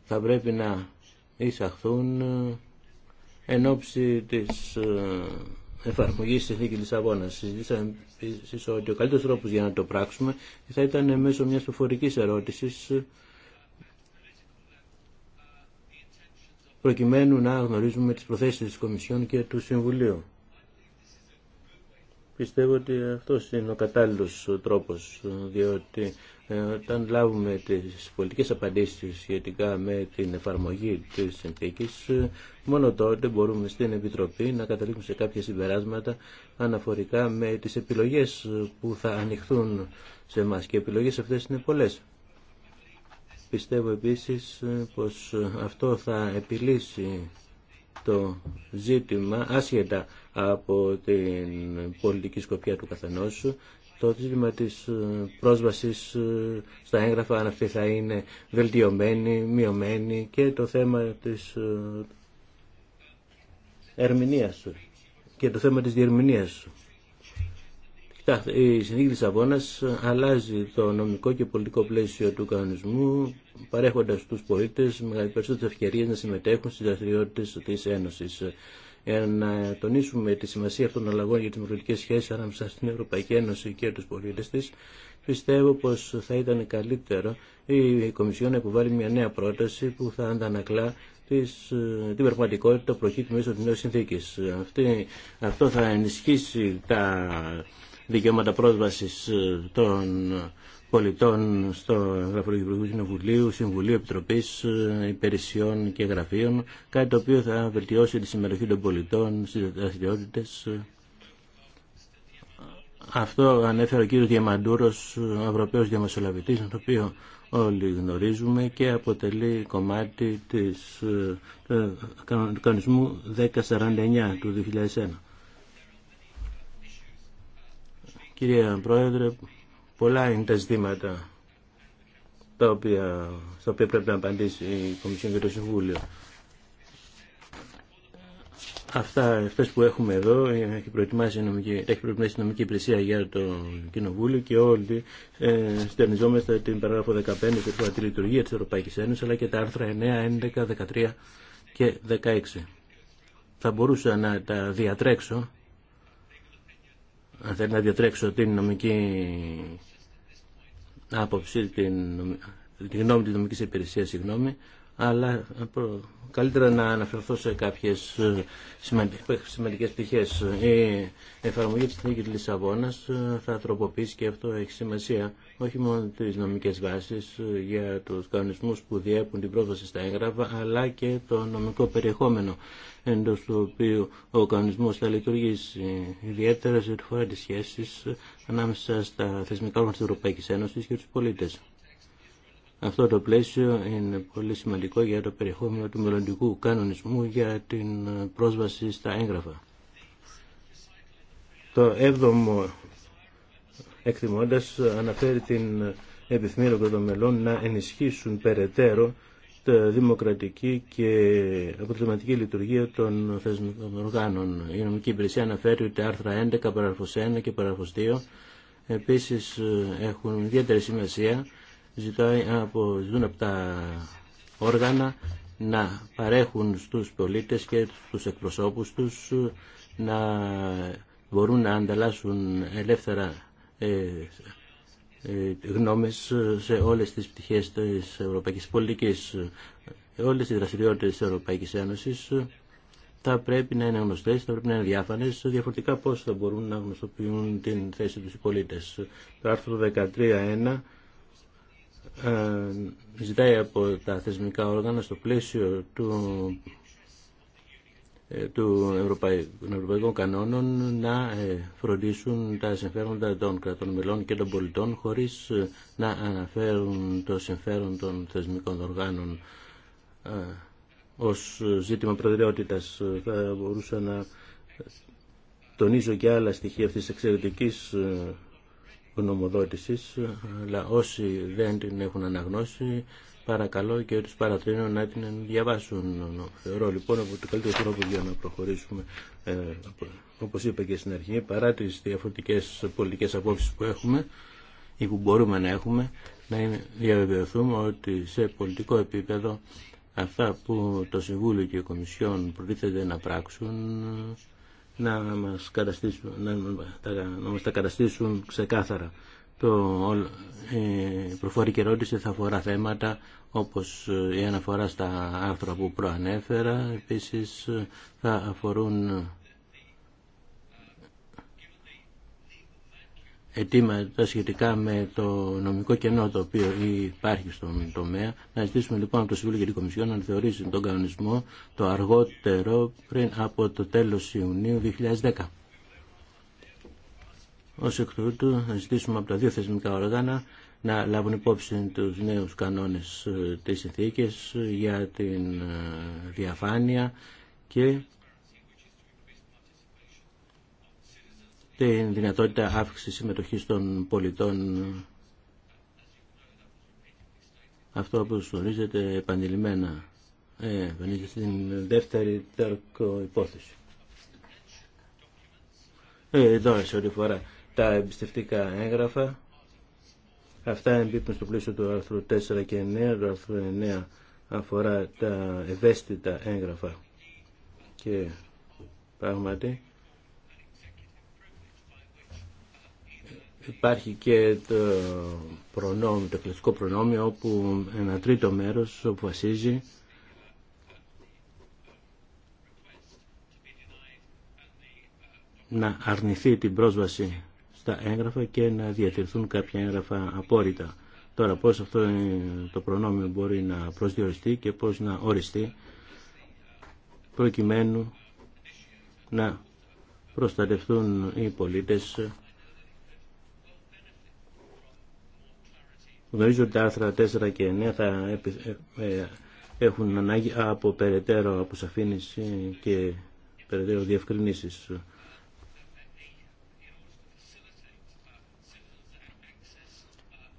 θα πρέπει να εισαχθούν εν ώψη της ε, εφαρμογής της Εθνικής Λισαβόνα. Συζητήσαμε επίση ότι ο καλύτερο τρόπο για να το πράξουμε θα ήταν μέσω μιας προφορική ερώτηση. προκειμένου να γνωρίζουμε τις προθέσεις της Κομισιόν και του Συμβουλίου. Πιστεύω ότι αυτός είναι ο κατάλληλος τρόπος, διότι ε, όταν λάβουμε τις πολιτικές απαντήσεις σχετικά με την εφαρμογή της συνθήκης, ε, μόνο τότε μπορούμε στην Επιτροπή να καταλήξουμε σε κάποια συμπεράσματα αναφορικά με τις επιλογές που θα ανοιχθούν σε εμά και οι επιλογές αυτές είναι πολλές. Πιστεύω επίσης ε, πως αυτό θα επιλύσει το ζήτημα άσχετα από την πολιτική σκοπιά του καθενός το ζήτημα της ε, πρόσβασης ε, στα έγγραφα αν αυτή θα είναι βελτιωμένη, μειωμένη και το θέμα της ε, ερμηνείας και το θέμα της διερμηνείας. η συνθήκη της Αβώνας αλλάζει το νομικό και πολιτικό πλαίσιο του κανονισμού παρέχοντας στους πολίτες μεγαλύτερες ευκαιρίε να συμμετέχουν στις δραστηριότητες της Ένωσης. Ε, να τονίσουμε τη σημασία αυτών των αλλαγών για τις μορφωτικέ σχέσεις ανάμεσα στην Ευρωπαϊκή Ένωση και του πολίτε τη, πιστεύω πως θα ήταν καλύτερο η Κομισιόν να υποβάλει μια νέα πρόταση που θα αντανακλά της, ε, την πραγματικότητα προκύπτει μέσω τη νέα συνθήκης. αυτό θα ενισχύσει τα δικαιώματα πρόσβαση ε, των πολιτών στο Γραφείο Υπουργού Κοινοβουλίου, Συμβουλίου Επιτροπή ε, Υπηρεσιών και Γραφείων, κάτι το οποίο θα βελτιώσει τη συμμετοχή των πολιτών στι δραστηριότητε. Αυτό ανέφερε ο κύριο Διαμαντούρο, ο Ευρωπαίο Διαμεσολαβητή, τον οποίο όλοι γνωρίζουμε και αποτελεί κομμάτι της, ε, του κανονισμού 1049 του 2001. Κυρία Πρόεδρε, Πολλά είναι τα ζητήματα στα οποία πρέπει να απαντήσει η Κομισιόν και το Συμβούλιο. Αυτά, αυτές που έχουμε εδώ έχει προετοιμάσει η νομική, έχει προετοιμάσει η νομική υπηρεσία για το Κοινοβούλιο και όλοι ε, στερνιζόμαστε την παράγραφο 15 του τη λειτουργία της Ευρωπαϊκής Ένωσης αλλά και τα άρθρα 9, 11, 13 και 16. Θα μπορούσα να τα διατρέξω αν θέλει να διατρέξω την νομική άποψη, την, τη γνώμη της νομικής υπηρεσίας, συγγνώμη, αλλά καλύτερα να αναφερθώ σε κάποιε σημαντικέ πτυχές. Η εφαρμογή τη συνθήκη τη Λισαβόνας ε, θα τροποποιήσει και αυτό έχει σημασία όχι μόνο τι νομικές βάσει ε, για του κανονισμού που διέπουν την πρόσβαση στα έγγραφα αλλά και το νομικό περιεχόμενο εντός του οποίου ο κανονισμό θα λειτουργήσει ιδιαίτερα σε ό,τι φορά τι σχέσει ε, ανάμεσα στα θεσμικά όργανα της Ευρωπαϊκής Ένωσης και του πολίτε. Αυτό το πλαίσιο είναι πολύ σημαντικό για το περιεχόμενο του μελλοντικού κανονισμού για την πρόσβαση στα έγγραφα. Το έβδομο εκτιμώντας αναφέρει την επιθυμία των μελών να ενισχύσουν περαιτέρω τη δημοκρατική και αποτελεσματική λειτουργία των θεσμικών οργάνων. Η νομική υπηρεσία αναφέρει ότι άρθρα 11, παράγραφος 1 και παράγραφος 2 επίσης έχουν ιδιαίτερη σημασία ζητάει από, ζητούν από τα όργανα να παρέχουν στους πολίτες και στους εκπροσώπους τους να μπορούν να ανταλλάσσουν ελεύθερα ε, ε, γνώμες σε όλες τις πτυχές της ευρωπαϊκής πολιτικής. Όλες οι δραστηριότητες της Ευρωπαϊκής Ένωσης θα πρέπει να είναι γνωστές, θα πρέπει να είναι διάφανες, διαφορετικά πώς θα μπορούν να γνωστοποιούν την θέση τους οι πολίτες. Το άρθρο 13.1 ε, ζητάει από τα θεσμικά όργανα στο πλαίσιο του, ε, του των ευρωπαϊκών κανόνων να ε, φροντίσουν τα συμφέροντα των κρατών μελών και των πολιτών χωρίς να αναφέρουν το συμφέρον των θεσμικών οργάνων ως ζήτημα προτεραιότητας. Θα μπορούσα να τονίζω και άλλα στοιχεία αυτής της εξαιρετικής γνωμοδότησης, αλλά όσοι δεν την έχουν αναγνώσει, παρακαλώ και του παρατρύνω να την διαβάσουν. Θεωρώ λοιπόν από το καλύτερο τρόπο για να προχωρήσουμε, ε, όπως είπα και στην αρχή, παρά τις διαφορετικές πολιτικές απόψεις που έχουμε ή που μπορούμε να έχουμε, να διαβεβαιωθούμε ότι σε πολιτικό επίπεδο αυτά που το Συμβούλιο και η Κομισιόν προτίθεται να πράξουν να μας, καταστήσουν, να, τα καταστήσουν ξεκάθαρα. Το, η προφορική ερώτηση θα αφορά θέματα όπως ε, η αναφορά στα άρθρα που προανέφερα, επίσης ε, θα αφορούν αιτήματα σχετικά με το νομικό κενό το οποίο υπάρχει στον τομέα. Να ζητήσουμε λοιπόν από το Συμβούλιο και την Κομισιό να θεωρήσει τον κανονισμό το αργότερο πριν από το τέλος Ιουνίου 2010. Ως εκ τούτου να ζητήσουμε από τα δύο θεσμικά οργάνα να λάβουν υπόψη τους νέους κανόνες ε, της συνθήκη για την ε, διαφάνεια και την δυνατότητα αύξησης συμμετοχής των πολιτών. Αυτό που γνωρίζετε επανειλημμένα ε, στην δεύτερη τέρκο υπόθεση. Ε, εδώ σε ό,τι φορά τα εμπιστευτικά έγγραφα. Αυτά εμπίπτουν στο πλήσιο του άρθρου 4 και 9. Το άρθρο 9 αφορά τα ευαίσθητα έγγραφα. Και πράγματι υπάρχει και το, προνόμιο, το προνόμιο όπου ένα τρίτο μέρος αποφασίζει να αρνηθεί την πρόσβαση στα έγγραφα και να διατηρηθούν κάποια έγγραφα απόρριτα. Τώρα πώς αυτό το προνόμιο μπορεί να προσδιοριστεί και πώς να οριστεί προκειμένου να προστατευτούν οι πολίτες Γνωρίζω ότι τα άρθρα 4 και 9 θα ε, ε, έχουν ανάγκη από περαιτέρω αποσαφήνιση και περαιτέρω διευκρινήσεις.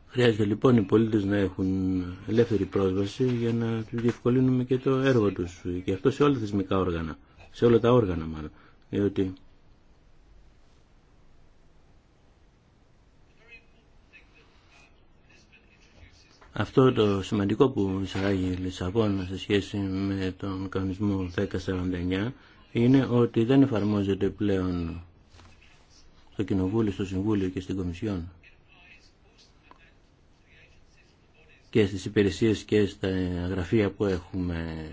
Χρειάζεται λοιπόν οι πολίτες να έχουν ελεύθερη πρόσβαση για να τους διευκολύνουμε και το έργο τους. Και αυτό σε όλα τα θεσμικά όργανα, σε όλα τα όργανα μάλλον. Διότι Αυτό το σημαντικό που εισαγάγει η Λισαβόνα σε σχέση με τον κανονισμό 1049 είναι ότι δεν εφαρμόζεται πλέον στο Κοινοβούλιο, στο Συμβούλιο και στην Κομισιόν και στις υπηρεσίες και στα γραφεία που έχουμε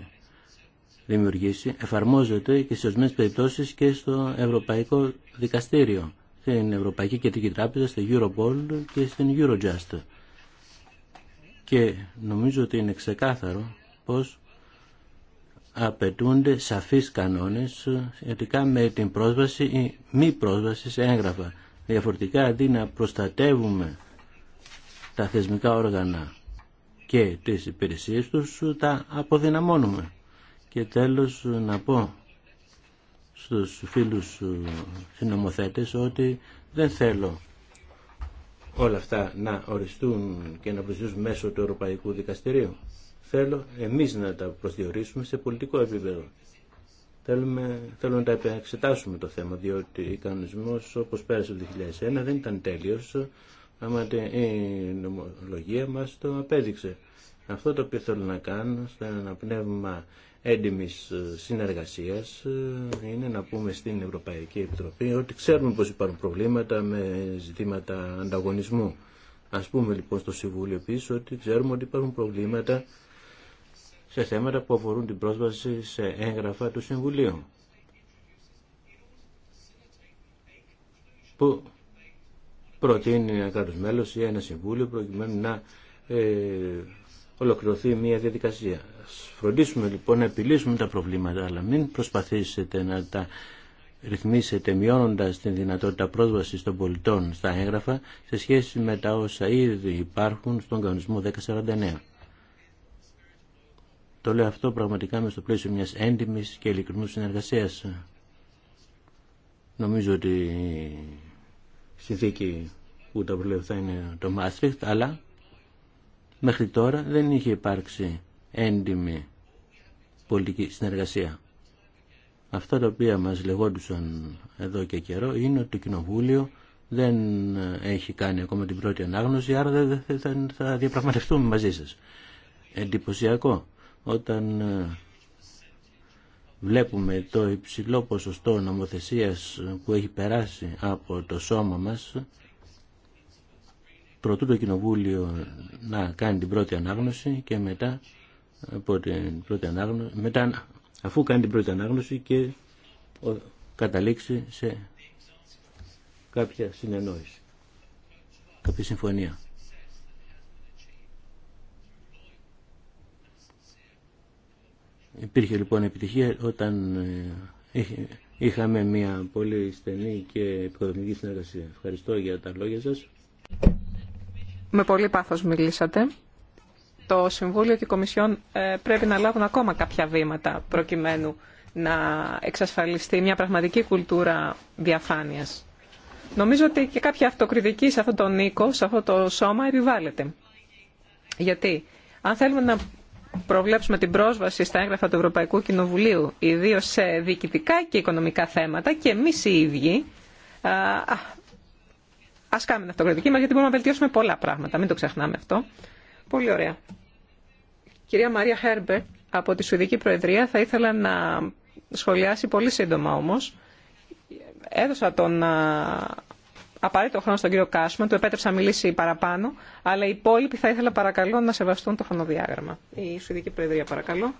δημιουργήσει εφαρμόζεται και σε ορισμένε περιπτώσεις και στο Ευρωπαϊκό Δικαστήριο στην Ευρωπαϊκή Κεντρική Τράπεζα, στην Europol και στην Eurojust και νομίζω ότι είναι ξεκάθαρο πως απαιτούνται σαφείς κανόνες ειδικά με την πρόσβαση ή μη πρόσβαση σε έγγραφα. Διαφορετικά αντί να προστατεύουμε τα θεσμικά όργανα και τις υπηρεσίες τους τα αποδυναμώνουμε. Και τέλος να πω στους φίλους συνομοθέτες ότι δεν θέλω όλα αυτά να οριστούν και να προσδιορίσουν μέσω του Ευρωπαϊκού Δικαστηρίου. Θέλω εμείς να τα προσδιορίσουμε σε πολιτικό επίπεδο. Θέλουμε, θέλω να τα εξετάσουμε το θέμα, διότι ο κανονισμό όπως πέρασε το 2001 δεν ήταν τέλειος, άμα η νομολογία μας το απέδειξε. Αυτό το οποίο θέλω να κάνω, στο ένα πνεύμα έντιμης ε, συνεργασίας ε, είναι να πούμε στην Ευρωπαϊκή Επιτροπή ότι ξέρουμε πως υπάρχουν προβλήματα με ζητήματα ανταγωνισμού. Ας πούμε λοιπόν στο Συμβούλιο επίσης ότι ξέρουμε ότι υπάρχουν προβλήματα σε θέματα που αφορούν την πρόσβαση σε έγγραφα του Συμβουλίου. Που προτείνει ένα κράτος μέλος ή ένα Συμβούλιο προκειμένου να ε, ολοκληρωθεί μια διαδικασία. Φροντίσουμε λοιπόν να επιλύσουμε τα προβλήματα, αλλά μην προσπαθήσετε να τα ρυθμίσετε μειώνοντας την δυνατότητα πρόσβασης των πολιτών στα έγγραφα σε σχέση με τα όσα ήδη υπάρχουν στον κανονισμό 1049. Το λέω αυτό πραγματικά με στο πλαίσιο μιας έντιμης και ειλικρινούς συνεργασίας. Νομίζω ότι η συνθήκη που τα θα είναι το Μάστριχτ, αλλά μέχρι τώρα δεν είχε υπάρξει έντιμη πολιτική συνεργασία. Αυτά τα οποία μας λεγόντουσαν εδώ και καιρό είναι ότι το Κοινοβούλιο δεν έχει κάνει ακόμα την πρώτη ανάγνωση, άρα δεν θα διαπραγματευτούμε μαζί σας. Εντυπωσιακό. Όταν ε, βλέπουμε το υψηλό ποσοστό νομοθεσίας που έχει περάσει από το σώμα μας, προτού το Κοινοβούλιο να κάνει την πρώτη ανάγνωση και μετά, από την πρώτη ανάγνωση, μετά αφού κάνει την πρώτη ανάγνωση και καταλήξει σε κάποια συνεννόηση, κάποια συμφωνία. Υπήρχε λοιπόν επιτυχία όταν ε, είχαμε μια πολύ στενή και οικοδομική συνεργασία. Ευχαριστώ για τα λόγια σας με πολύ πάθος μιλήσατε. Το Συμβούλιο και η Κομισιόν ε, πρέπει να λάβουν ακόμα κάποια βήματα προκειμένου να εξασφαλιστεί μια πραγματική κουλτούρα διαφάνειας. Νομίζω ότι και κάποια αυτοκριτική σε αυτό το νίκο, σε αυτό το σώμα επιβάλλεται. Γιατί αν θέλουμε να προβλέψουμε την πρόσβαση στα έγγραφα του Ευρωπαϊκού Κοινοβουλίου, ιδίω σε διοικητικά και οικονομικά θέματα, και εμεί οι ίδιοι, Α κάνουμε την αυτοκριτική μα, γιατί μπορούμε να βελτιώσουμε πολλά πράγματα. Μην το ξεχνάμε αυτό. Πολύ ωραία. Κυρία Μαρία Χέρμπε από τη Σουηδική Προεδρία θα ήθελα να σχολιάσει πολύ σύντομα όμω. Έδωσα τον απαραίτητο χρόνο στον κύριο Κάσμα, του επέτρεψα να μιλήσει παραπάνω, αλλά οι υπόλοιποι θα ήθελα παρακαλώ να σεβαστούν το χρονοδιάγραμμα. Η Σουηδική Προεδρία παρακαλώ.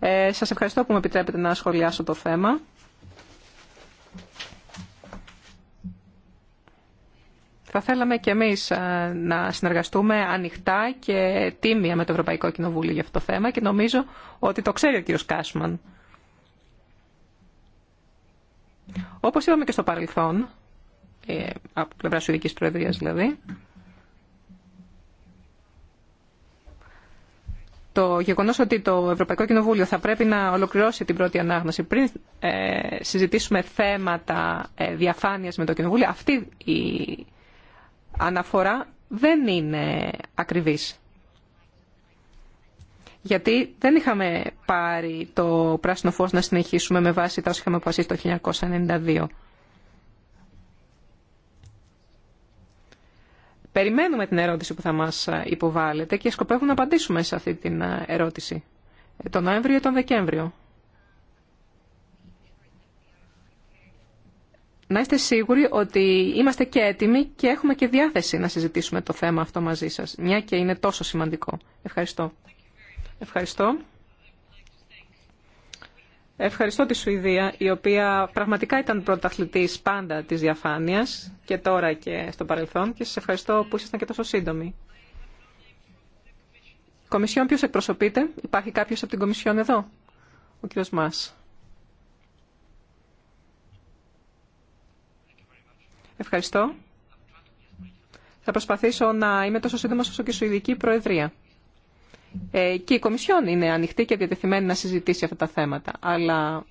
Ε, σας ευχαριστώ που με επιτρέπετε να σχολιάσω το θέμα. Θα θέλαμε και εμείς ε, να συνεργαστούμε ανοιχτά και τίμια με το Ευρωπαϊκό Κοινοβούλιο για αυτό το θέμα και νομίζω ότι το ξέρει ο κύριος Κάσμαν. Όπως είπαμε και στο παρελθόν, ε, από πλευρά Σουηδικής Προεδρίας δηλαδή, το γεγονός ότι το Ευρωπαϊκό Κοινοβούλιο θα πρέπει να ολοκληρώσει την πρώτη ανάγνωση πριν ε, συζητήσουμε θέματα διαφάνειας με το Κοινοβούλιο, αυτή η αναφορά δεν είναι ακριβής. Γιατί δεν είχαμε πάρει το πράσινο φως να συνεχίσουμε με βάση τα όσα είχαμε αποφασίσει το 1992. Περιμένουμε την ερώτηση που θα μας υποβάλλετε και σκοπεύουμε να απαντήσουμε σε αυτή την ε, ερώτηση. Ε, τον Νοέμβριο ή τον Δεκέμβριο. να είστε σίγουροι ότι είμαστε και έτοιμοι και έχουμε και διάθεση να συζητήσουμε το θέμα αυτό μαζί σας, μια και είναι τόσο σημαντικό. Ευχαριστώ. Ευχαριστώ. Ευχαριστώ τη Σουηδία, η οποία πραγματικά ήταν πρωταθλητής πάντα της διαφάνειας και τώρα και στο παρελθόν και σας ευχαριστώ που ήσασταν και τόσο σύντομοι. Κομισιόν ποιος εκπροσωπείται, υπάρχει κάποιος από την Κομισιόν εδώ, ο κύριος Μάς. Ευχαριστώ. Θα προσπαθήσω να είμαι τόσο σύντομο όσο και η Σουηδική Προεδρία. Ε, και η Κομισιόν είναι ανοιχτή και διατεθειμένη να συζητήσει αυτά τα θέματα. Αλλά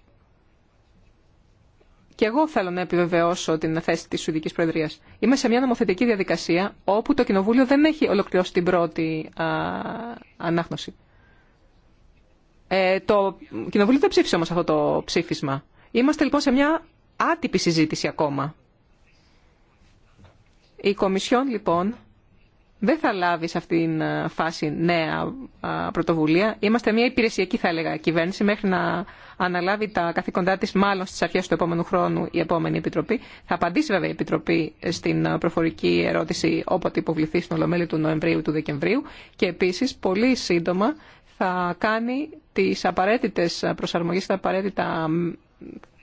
και εγώ θέλω να επιβεβαιώσω την θέση τη Σουηδική Προεδρία. Είμαι σε μια νομοθετική διαδικασία όπου το Κοινοβούλιο δεν έχει ολοκληρώσει την πρώτη α, ανάγνωση. Ε, το Κοινοβούλιο δεν ψήφισε όμω αυτό το ψήφισμα. Είμαστε λοιπόν σε μια άτυπη συζήτηση ακόμα. Η Κομισιόν λοιπόν δεν θα λάβει σε αυτήν την ε, φάση νέα ε, πρωτοβουλία. Είμαστε μια υπηρεσιακή, θα έλεγα, κυβέρνηση μέχρι να αναλάβει τα καθήκοντά τη, μάλλον στι αρχέ του επόμενου χρόνου, η επόμενη Επιτροπή. Θα απαντήσει, βέβαια, η Επιτροπή στην ε, προφορική ερώτηση όποτε υποβληθεί στην Ολομέλη του Νοεμβρίου ή του Δεκεμβρίου. Και επίση, πολύ σύντομα θα κάνει τι απαραίτητε προσαρμογέ, τα απαραίτητα.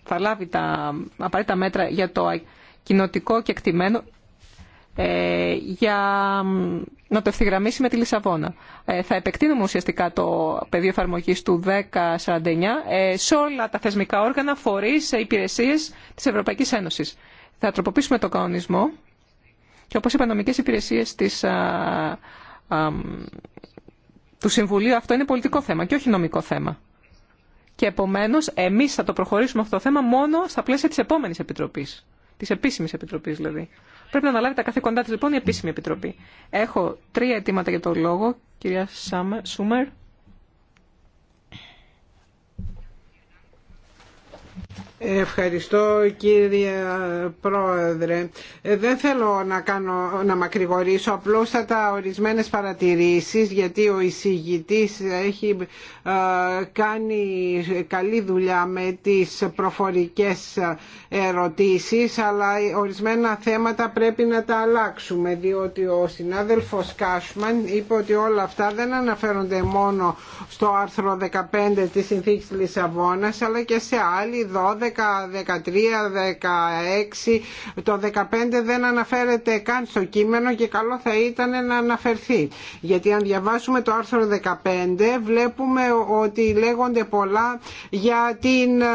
Θα λάβει τα απαραίτητα μέτρα για το κοινοτικό και εκτιμένο. Ε, για να το ευθυγραμμίσει με τη Λισαβόνα. Ε, θα επεκτείνουμε ουσιαστικά το πεδίο εφαρμογή του 1049 ε, σε όλα τα θεσμικά όργανα, φορείς, υπηρεσίε τη Ευρωπαϊκή Ένωση. Θα τροποποιήσουμε το κανονισμό και όπω είπα, νομικέ υπηρεσίε της, του Συμβουλίου αυτό είναι πολιτικό θέμα και όχι νομικό θέμα. Και επομένω, εμεί θα το προχωρήσουμε αυτό το θέμα μόνο στα πλαίσια τη επόμενη επιτροπή, τη επίσημη επιτροπή, δηλαδή. Πρέπει να αναλάβει τα καθήκοντά τη λοιπόν η επίσημη επιτροπή. Έχω τρία αιτήματα για το λόγο, κυρία Σούμερ. Ευχαριστώ κύριε Πρόεδρε. Ε, δεν θέλω να, κάνω, να μακρηγορήσω, απλώς τα ορισμένες παρατηρήσεις γιατί ο εισηγητής έχει ε, κάνει καλή δουλειά με τις προφορικές ερωτήσεις αλλά ορισμένα θέματα πρέπει να τα αλλάξουμε διότι ο συνάδελφος Κάσμαν είπε ότι όλα αυτά δεν αναφέρονται μόνο στο άρθρο 15 της Συνθήκης Λισαβόνας αλλά και σε άλλη 12 13, 16, το 15 δεν αναφέρεται καν στο κείμενο και καλό θα ήταν να αναφερθεί. Γιατί αν διαβάσουμε το άρθρο 15 βλέπουμε ότι λέγονται πολλά για, την, ε,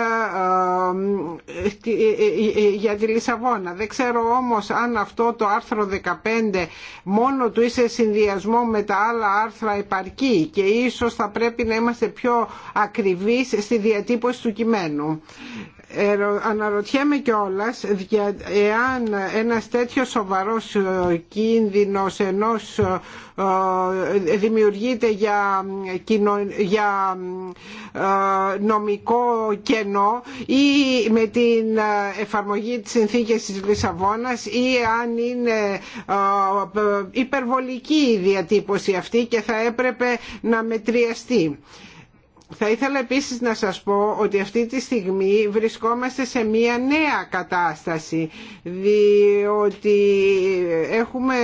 ε, ε, για τη Λισαβόνα. Δεν ξέρω όμως αν αυτό το άρθρο 15 μόνο του είσαι συνδυασμό με τα άλλα άρθρα επαρκεί και ίσως θα πρέπει να είμαστε πιο ακριβείς στη διατύπωση του κειμένου αναρωτιέμαι κιόλας εάν ένα τέτοιο σοβαρός ε, κίνδυνος ενός ε, ε, δημιουργείται για, νομικό κενό ή με την εφαρμογή της συνθήκης της Λισαβόνας ή αν είναι υπερβολική η διατύπωση αυτή και θα έπρεπε να μετριαστεί. Θα ήθελα επίσης να σας πω ότι αυτή τη στιγμή βρισκόμαστε σε μια νέα κατάσταση διότι έχουμε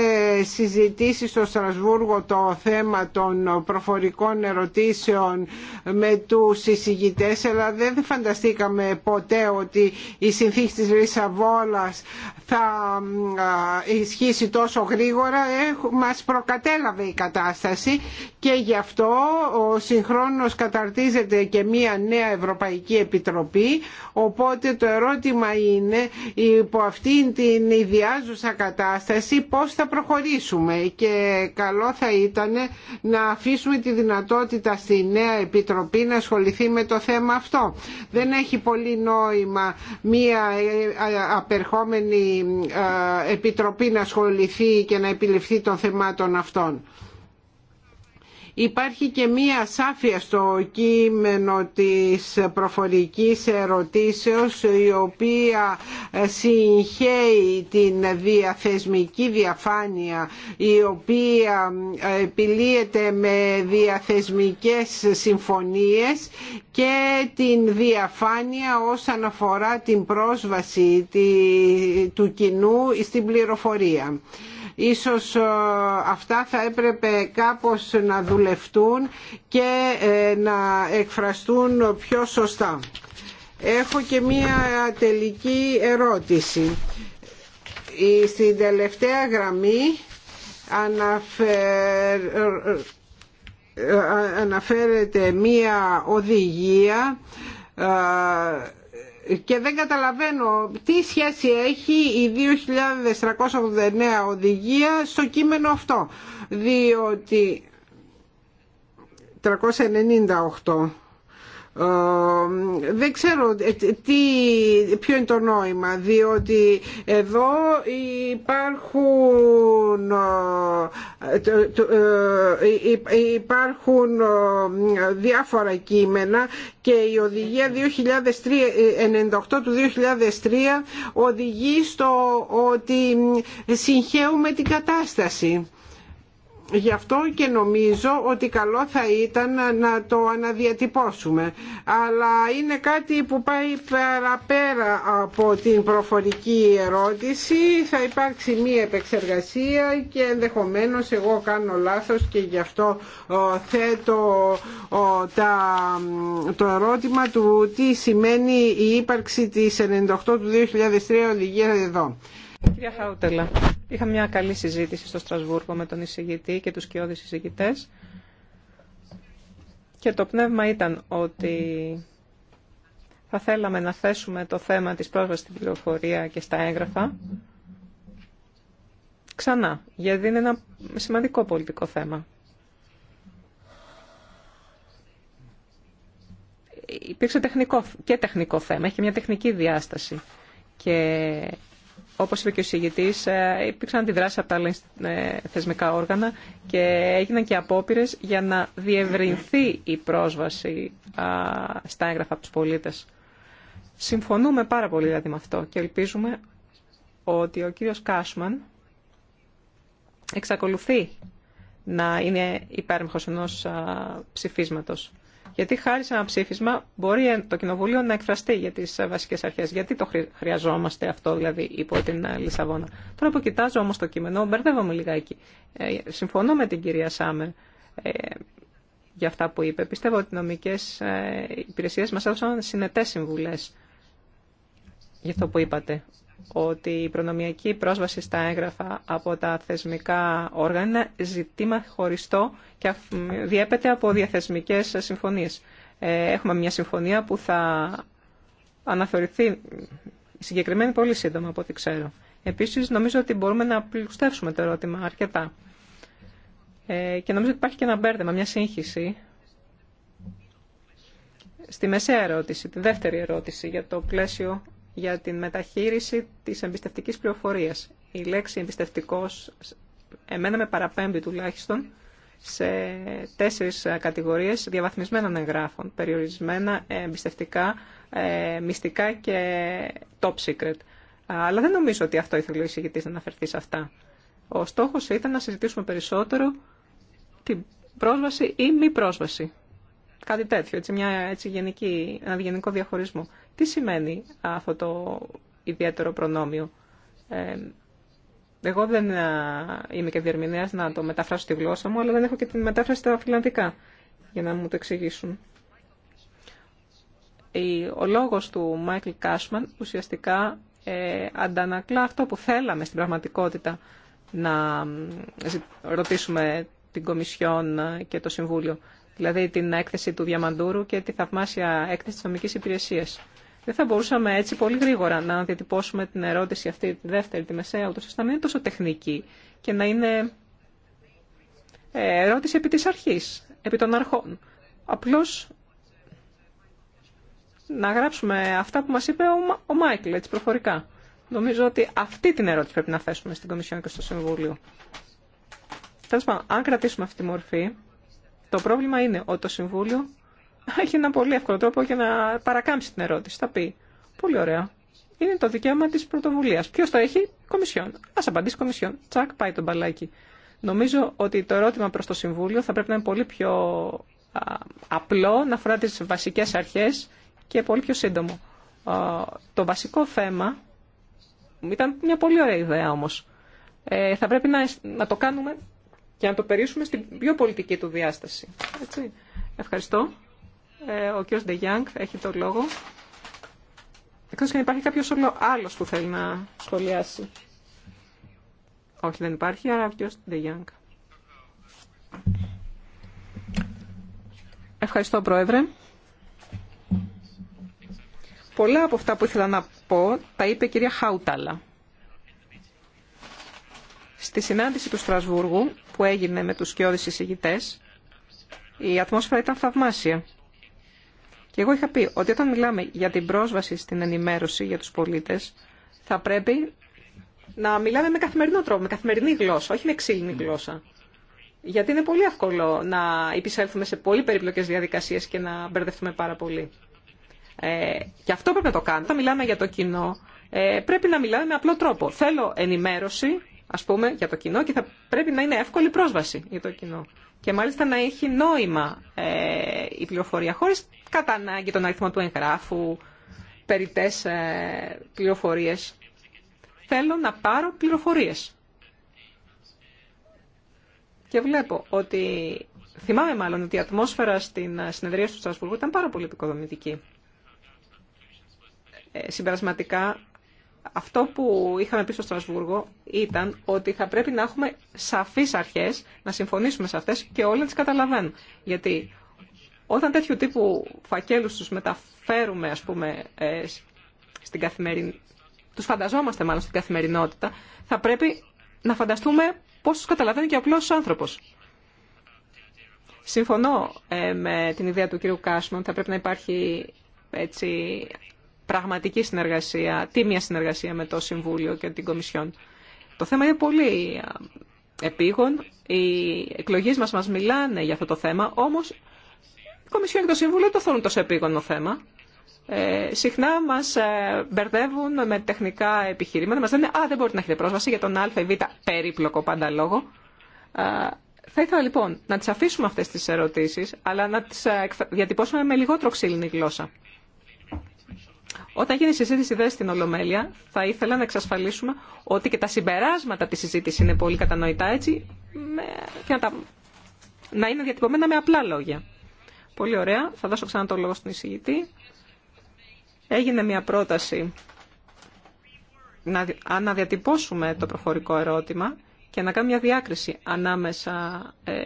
συζητήσει στο Στρασβούργο το θέμα των προφορικών ερωτήσεων με τους συζητητές αλλά δεν φανταστήκαμε ποτέ ότι η συνθήκη της Λισαβόλας θα ισχύσει τόσο γρήγορα μας προκατέλαβε η κατάσταση και γι' αυτό ο συγχρόνος και μια νέα Ευρωπαϊκή Επιτροπή οπότε το ερώτημα είναι υπό αυτήν την ιδιάζουσα κατάσταση πώς θα προχωρήσουμε και καλό θα ήταν να αφήσουμε τη δυνατότητα στη νέα Επιτροπή να ασχοληθεί με το θέμα αυτό. Δεν έχει πολύ νόημα μια ε, ε, απερχόμενη ε, Επιτροπή να ασχοληθεί και να επιληφθεί των θεμάτων αυτών. Υπάρχει και μία σάφια στο κείμενο της προφορικής ερωτήσεως η οποία συγχαίει την διαθεσμική διαφάνεια η οποία επιλύεται με διαθεσμικές συμφωνίες και την διαφάνεια όσον αφορά την πρόσβαση του κοινού στην πληροφορία. Ίσως ε, αυτά θα έπρεπε κάπως να δουλευτούν και ε, να εκφραστούν πιο σωστά. Έχω και μία τελική ερώτηση. Στην τελευταία γραμμή ε, αναφέρεται μία οδηγία και δεν καταλαβαίνω τι σχέση έχει η 2389 οδηγία στο κείμενο αυτό διότι 398 ε, δεν ξέρω ε, τι, ποιο είναι το νόημα διότι εδώ υπάρχουν ε, υπάρχουν διάφορα κείμενα και η οδηγία 2003, 98 του 2003 οδηγεί στο ότι συγχέουμε την κατάσταση Γι' αυτό και νομίζω ότι καλό θα ήταν να το αναδιατυπώσουμε. Αλλά είναι κάτι που πάει παραπέρα από την προφορική ερώτηση. Θα υπάρξει μία επεξεργασία και ενδεχομένως εγώ κάνω λάθος και γι' αυτό θέτω το ερώτημα του τι σημαίνει η ύπαρξη της 98 του 2003 οδηγία εδώ. Κυρία Χάουτελα, είχα μια καλή συζήτηση στο Στρασβούργο με τον εισηγητή και τους κοιόδης εισηγητές και το πνεύμα ήταν ότι θα θέλαμε να θέσουμε το θέμα της πρόσβασης στην πληροφορία και στα έγγραφα ξανά, γιατί είναι ένα σημαντικό πολιτικό θέμα. Υπήρξε τεχνικό, και τεχνικό θέμα, έχει μια τεχνική διάσταση και όπως είπε και ο συγητής, ε, υπήρξαν αντιδράσεις από τα άλλα ε, θεσμικά όργανα και έγιναν και απόπειρες για να διευρυνθεί η πρόσβαση στα έγγραφα από τους πολίτες. Συμφωνούμε πάρα πολύ δηλαδή με αυτό και ελπίζουμε ότι ο κύριος Κάσμαν εξακολουθεί να είναι υπέρμαχος ενός ψηφίσματος. Γιατί χάρη σε ένα ψήφισμα μπορεί το Κοινοβούλιο να εκφραστεί για τι ε, βασικές αρχές. Γιατί το χρειαζόμαστε αυτό δηλαδή υπό την ε, Λισαβόνα. Τώρα που κοιτάζω όμως το κείμενο, μπερδεύομαι λιγάκι. Ε, συμφωνώ με την κυρία Σάμερ για αυτά που είπε. Πιστεύω ότι οι νομικές υπηρεσίες μας έδωσαν συνετέ συμβουλέ. για αυτό που είπατε ότι η προνομιακή πρόσβαση στα έγγραφα από τα θεσμικά όργανα ζητήμα χωριστό και διέπεται από διαθεσμικές συμφωνίες. Ε, έχουμε μια συμφωνία που θα αναθεωρηθεί συγκεκριμένη πολύ σύντομα από ό,τι ξέρω. Επίσης, νομίζω ότι μπορούμε να πλουστεύσουμε το ερώτημα αρκετά. Ε, και νομίζω ότι υπάρχει και ένα μπέρδεμα, μια σύγχυση στη μεσαία ερώτηση, τη δεύτερη ερώτηση για το πλαίσιο για την μεταχείριση της εμπιστευτικής πληροφορίας. Η λέξη εμπιστευτικός, εμένα με παραπέμπει τουλάχιστον, σε τέσσερις κατηγορίες διαβαθμισμένων εγγράφων, περιορισμένα, ε, εμπιστευτικά, ε, μυστικά και top secret. Αλλά δεν νομίζω ότι αυτό ήθελε ο εισηγητής να αναφερθεί σε αυτά. Ο στόχος ήταν να συζητήσουμε περισσότερο την πρόσβαση ή μη πρόσβαση. Κάτι τέτοιο, έτσι, μια, έτσι ένα γενικό διαχωρισμό. Τι σημαίνει αυτό το ιδιαίτερο προνόμιο. Ε, εγώ δεν ε, είμαι και διερμηνέας να το μεταφράσω στη γλώσσα μου, αλλά δεν έχω και την μετάφραση στα φιλανδικά για να μου το εξηγήσουν. Ο λόγος του Μάικλ Κάσμαν ουσιαστικά ε, αντανακλά αυτό που θέλαμε στην πραγματικότητα να ρωτήσουμε την Κομισιόν ε, και το Συμβούλιο. Δηλαδή την έκθεση του Διαμαντούρου και τη θαυμάσια έκθεση της νομικής υπηρεσίας. Δεν θα μπορούσαμε έτσι πολύ γρήγορα να διατυπώσουμε την ερώτηση αυτή, τη δεύτερη, τη μεσαία, ούτως ώστε να είναι τόσο τεχνική και να είναι ε, ερώτηση επί της αρχής, επί των αρχών. Απλώς να γράψουμε αυτά που μας είπε ο Μάικλ, έτσι προφορικά. Νομίζω ότι αυτή την ερώτηση πρέπει να θέσουμε στην Κομισιόν και στο Συμβούλιο. Τέλος πάντων, αν κρατήσουμε αυτή τη μορφή, το πρόβλημα είναι ότι το Συμβούλιο έχει ένα πολύ εύκολο τρόπο για να παρακάμψει την ερώτηση. Θα πει, πολύ ωραία, είναι το δικαίωμα τη πρωτοβουλία. Ποιο το έχει, Κομισιόν. Α απαντήσει Κομισιόν. Τσακ, πάει το μπαλάκι. Νομίζω ότι το ερώτημα προ το Συμβούλιο θα πρέπει να είναι πολύ πιο απλό, να αφορά τι βασικέ αρχέ και πολύ πιο σύντομο. το βασικό θέμα ήταν μια πολύ ωραία ιδέα όμω. Ε, θα πρέπει να, να το κάνουμε και να το περίσουμε στην πιο πολιτική του διάσταση. Έτσι. Ευχαριστώ. Ε, ο κ. Ντεγιάνκ έχει το λόγο. Εκτός και αν υπάρχει κάποιος άλλος που θέλει να σχολιάσει. Όχι, δεν υπάρχει, άρα ο κ. Ντεγιάνκ. Ευχαριστώ, Πρόεδρε. Πολλά από αυτά που ήθελα να πω τα είπε η κυρία Χάουταλα. Στη συνάντηση του Στρασβούργου που έγινε με τους σκιώδεις εισηγητές, η ατμόσφαιρα ήταν θαυμάσια. Και εγώ είχα πει ότι όταν μιλάμε για την πρόσβαση στην ενημέρωση για τους πολίτες, θα πρέπει να μιλάμε με καθημερινό τρόπο, με καθημερινή γλώσσα, όχι με ξύλινη γλώσσα. Γιατί είναι πολύ εύκολο να επισέλθουμε σε πολύ περίπλοκες διαδικασίες και να μπερδευτούμε πάρα πολύ. Ε, και αυτό πρέπει να το κάνουμε. Όταν μιλάμε για το κοινό, ε, πρέπει να μιλάμε με απλό τρόπο. Θέλω ενημέρωση, ας πούμε, για το κοινό και θα πρέπει να είναι εύκολη πρόσβαση για το κοινό και μάλιστα να έχει νόημα ε, η πληροφορία χωρίς κατά ανάγκη τον αριθμό του εγγράφου, περιττές ε, πληροφορίες. Θέλω να πάρω πληροφορίες. Και βλέπω ότι, θυμάμαι μάλλον ότι η ατμόσφαιρα στην ε, συνεδρία του Στρασβούργου ήταν πάρα πολύ επικοδομητική. Ε, συμπερασματικά αυτό που είχαμε πει στο Στρασβούργο ήταν ότι θα πρέπει να έχουμε σαφείς αρχές, να συμφωνήσουμε σε αυτές και όλοι να τις καταλαβαίνουν. Γιατί όταν τέτοιου τύπου φακέλους τους μεταφέρουμε, ας πούμε, ε, στην τους φανταζόμαστε μάλλον στην καθημερινότητα, θα πρέπει να φανταστούμε πώς τους καταλαβαίνει και ο απλός άνθρωπος. Συμφωνώ ε, με την ιδέα του κ. Κάσμαν, θα πρέπει να υπάρχει έτσι, πραγματική συνεργασία, τίμια συνεργασία με το Συμβούλιο και την Κομισιόν. Το θέμα είναι πολύ επίγον. Οι εκλογές μας μας μιλάνε για αυτό το θέμα, όμως η Κομισιόν και το Συμβούλιο δεν το θέλουν τόσο επίγονο θέμα. Ε, συχνά μας ε, μπερδεύουν με τεχνικά επιχειρήματα, Μα λένε «Α, δεν μπορείτε να έχετε πρόσβαση για τον α ή β περίπλοκο πάντα λόγο». Ε, θα ήθελα λοιπόν να τι αφήσουμε αυτέ τι ερωτήσει, αλλά να τις ε, διατυπώσουμε με λιγότερο ξύλινη γλώσσα. Όταν γίνει η συζήτηση δε στην Ολομέλεια, θα ήθελα να εξασφαλίσουμε ότι και τα συμπεράσματα της συζήτησης είναι πολύ κατανοητά έτσι με... και να, τα... να είναι διατυπωμένα με απλά λόγια. Πολύ ωραία. Θα δώσω ξανά το λόγο στον εισηγητή. Έγινε μια πρόταση να αναδιατυπώσουμε το προφορικό ερώτημα και να κάνουμε μια διάκριση ανάμεσα ε,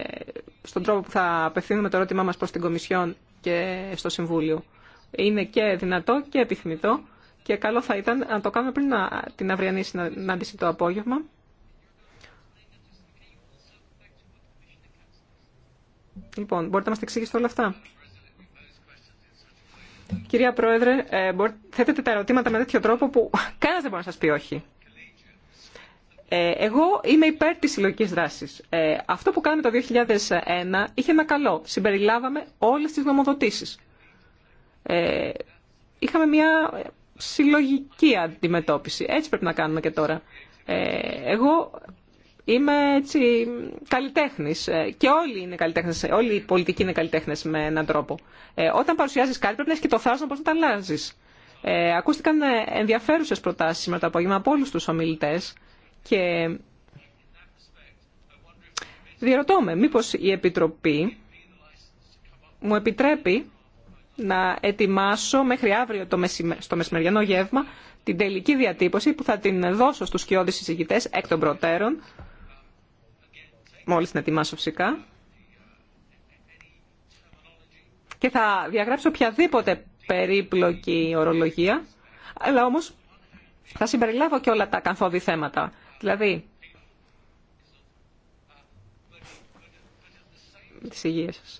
στον τρόπο που θα απευθύνουμε το ερώτημά μας προς την Κομισιόν και στο Συμβούλιο είναι και δυνατό και επιθυμητό και καλό θα ήταν να το κάνουμε πριν την αυριανή συνάντηση το απόγευμα. Λοιπόν, μπορείτε να μας εξήγησετε όλα αυτά. Κυρία Πρόεδρε, ε, θέτετε τα ερωτήματα με τέτοιο τρόπο που κανένας δεν μπορεί να σας πει όχι. Ε, εγώ είμαι υπέρ της συλλογική δράσης. Ε, αυτό που κάναμε το 2001 είχε ένα καλό. Συμπεριλάβαμε όλες τις νομοδοτήσεις. Ε, είχαμε μια συλλογική αντιμετώπιση. Έτσι πρέπει να κάνουμε και τώρα. Ε, εγώ είμαι έτσι καλλιτέχνη ε, και όλοι είναι όλοι οι πολιτικοί είναι καλλιτέχνε με έναν τρόπο. όταν παρουσιάζει κάτι πρέπει να έχει και το θάρρο να το να τα αλλάζει. Ε, ακούστηκαν ενδιαφέρουσε προτάσει σήμερα το απόγευμα από όλου του ομιλητέ και διαρωτώ με μήπω η Επιτροπή μου επιτρέπει να ετοιμάσω μέχρι αύριο το μεσημε... στο μεσημεριανό γεύμα την τελική διατύπωση που θα την δώσω στους σκιώδεις συζητητές εκ των προτέρων, μόλις την ετοιμάσω φυσικά, και θα διαγράψω οποιαδήποτε περίπλοκη ορολογία, αλλά όμως θα συμπεριλάβω και όλα τα καθόδη θέματα. Δηλαδή, της υγείας σας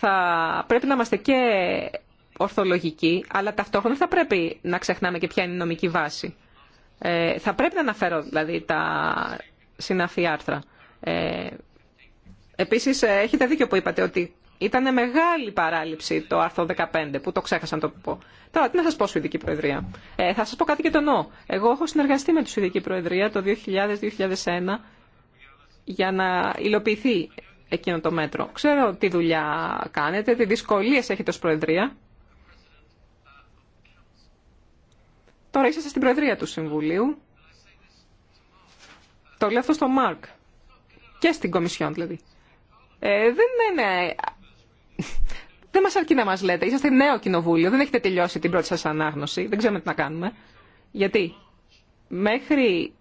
θα πρέπει να είμαστε και ορθολογικοί, αλλά ταυτόχρονα θα πρέπει να ξεχνάμε και ποια είναι η νομική βάση. Ε, θα πρέπει να αναφέρω δηλαδή τα συναφή άρθρα. Ε, επίσης, ε, έχετε δίκιο που είπατε ότι ήταν μεγάλη παράληψη το άρθρο 15, που το ξέχασα να το πω. Τώρα, τι να σας πω, Σουηδική Προεδρία. Ε, θα σας πω κάτι και το νο. Εγώ έχω συνεργαστεί με τη Σουηδική Προεδρία το 2000-2001 για να υλοποιηθεί εκείνο το μέτρο. Ξέρω τι δουλειά κάνετε, τι δυσκολίες έχετε ως Προεδρία. Τώρα είσαστε στην Προεδρία του Συμβουλίου. Το λέω αυτό στο Μάρκ. Και στην Κομισιόν δηλαδή. Ε, δεν είναι... Δεν μας αρκεί να μας λέτε. Είσαστε νέο κοινοβούλιο. Δεν έχετε τελειώσει την πρώτη σας ανάγνωση. Δεν ξέρουμε τι να κάνουμε. Γιατί μέχρι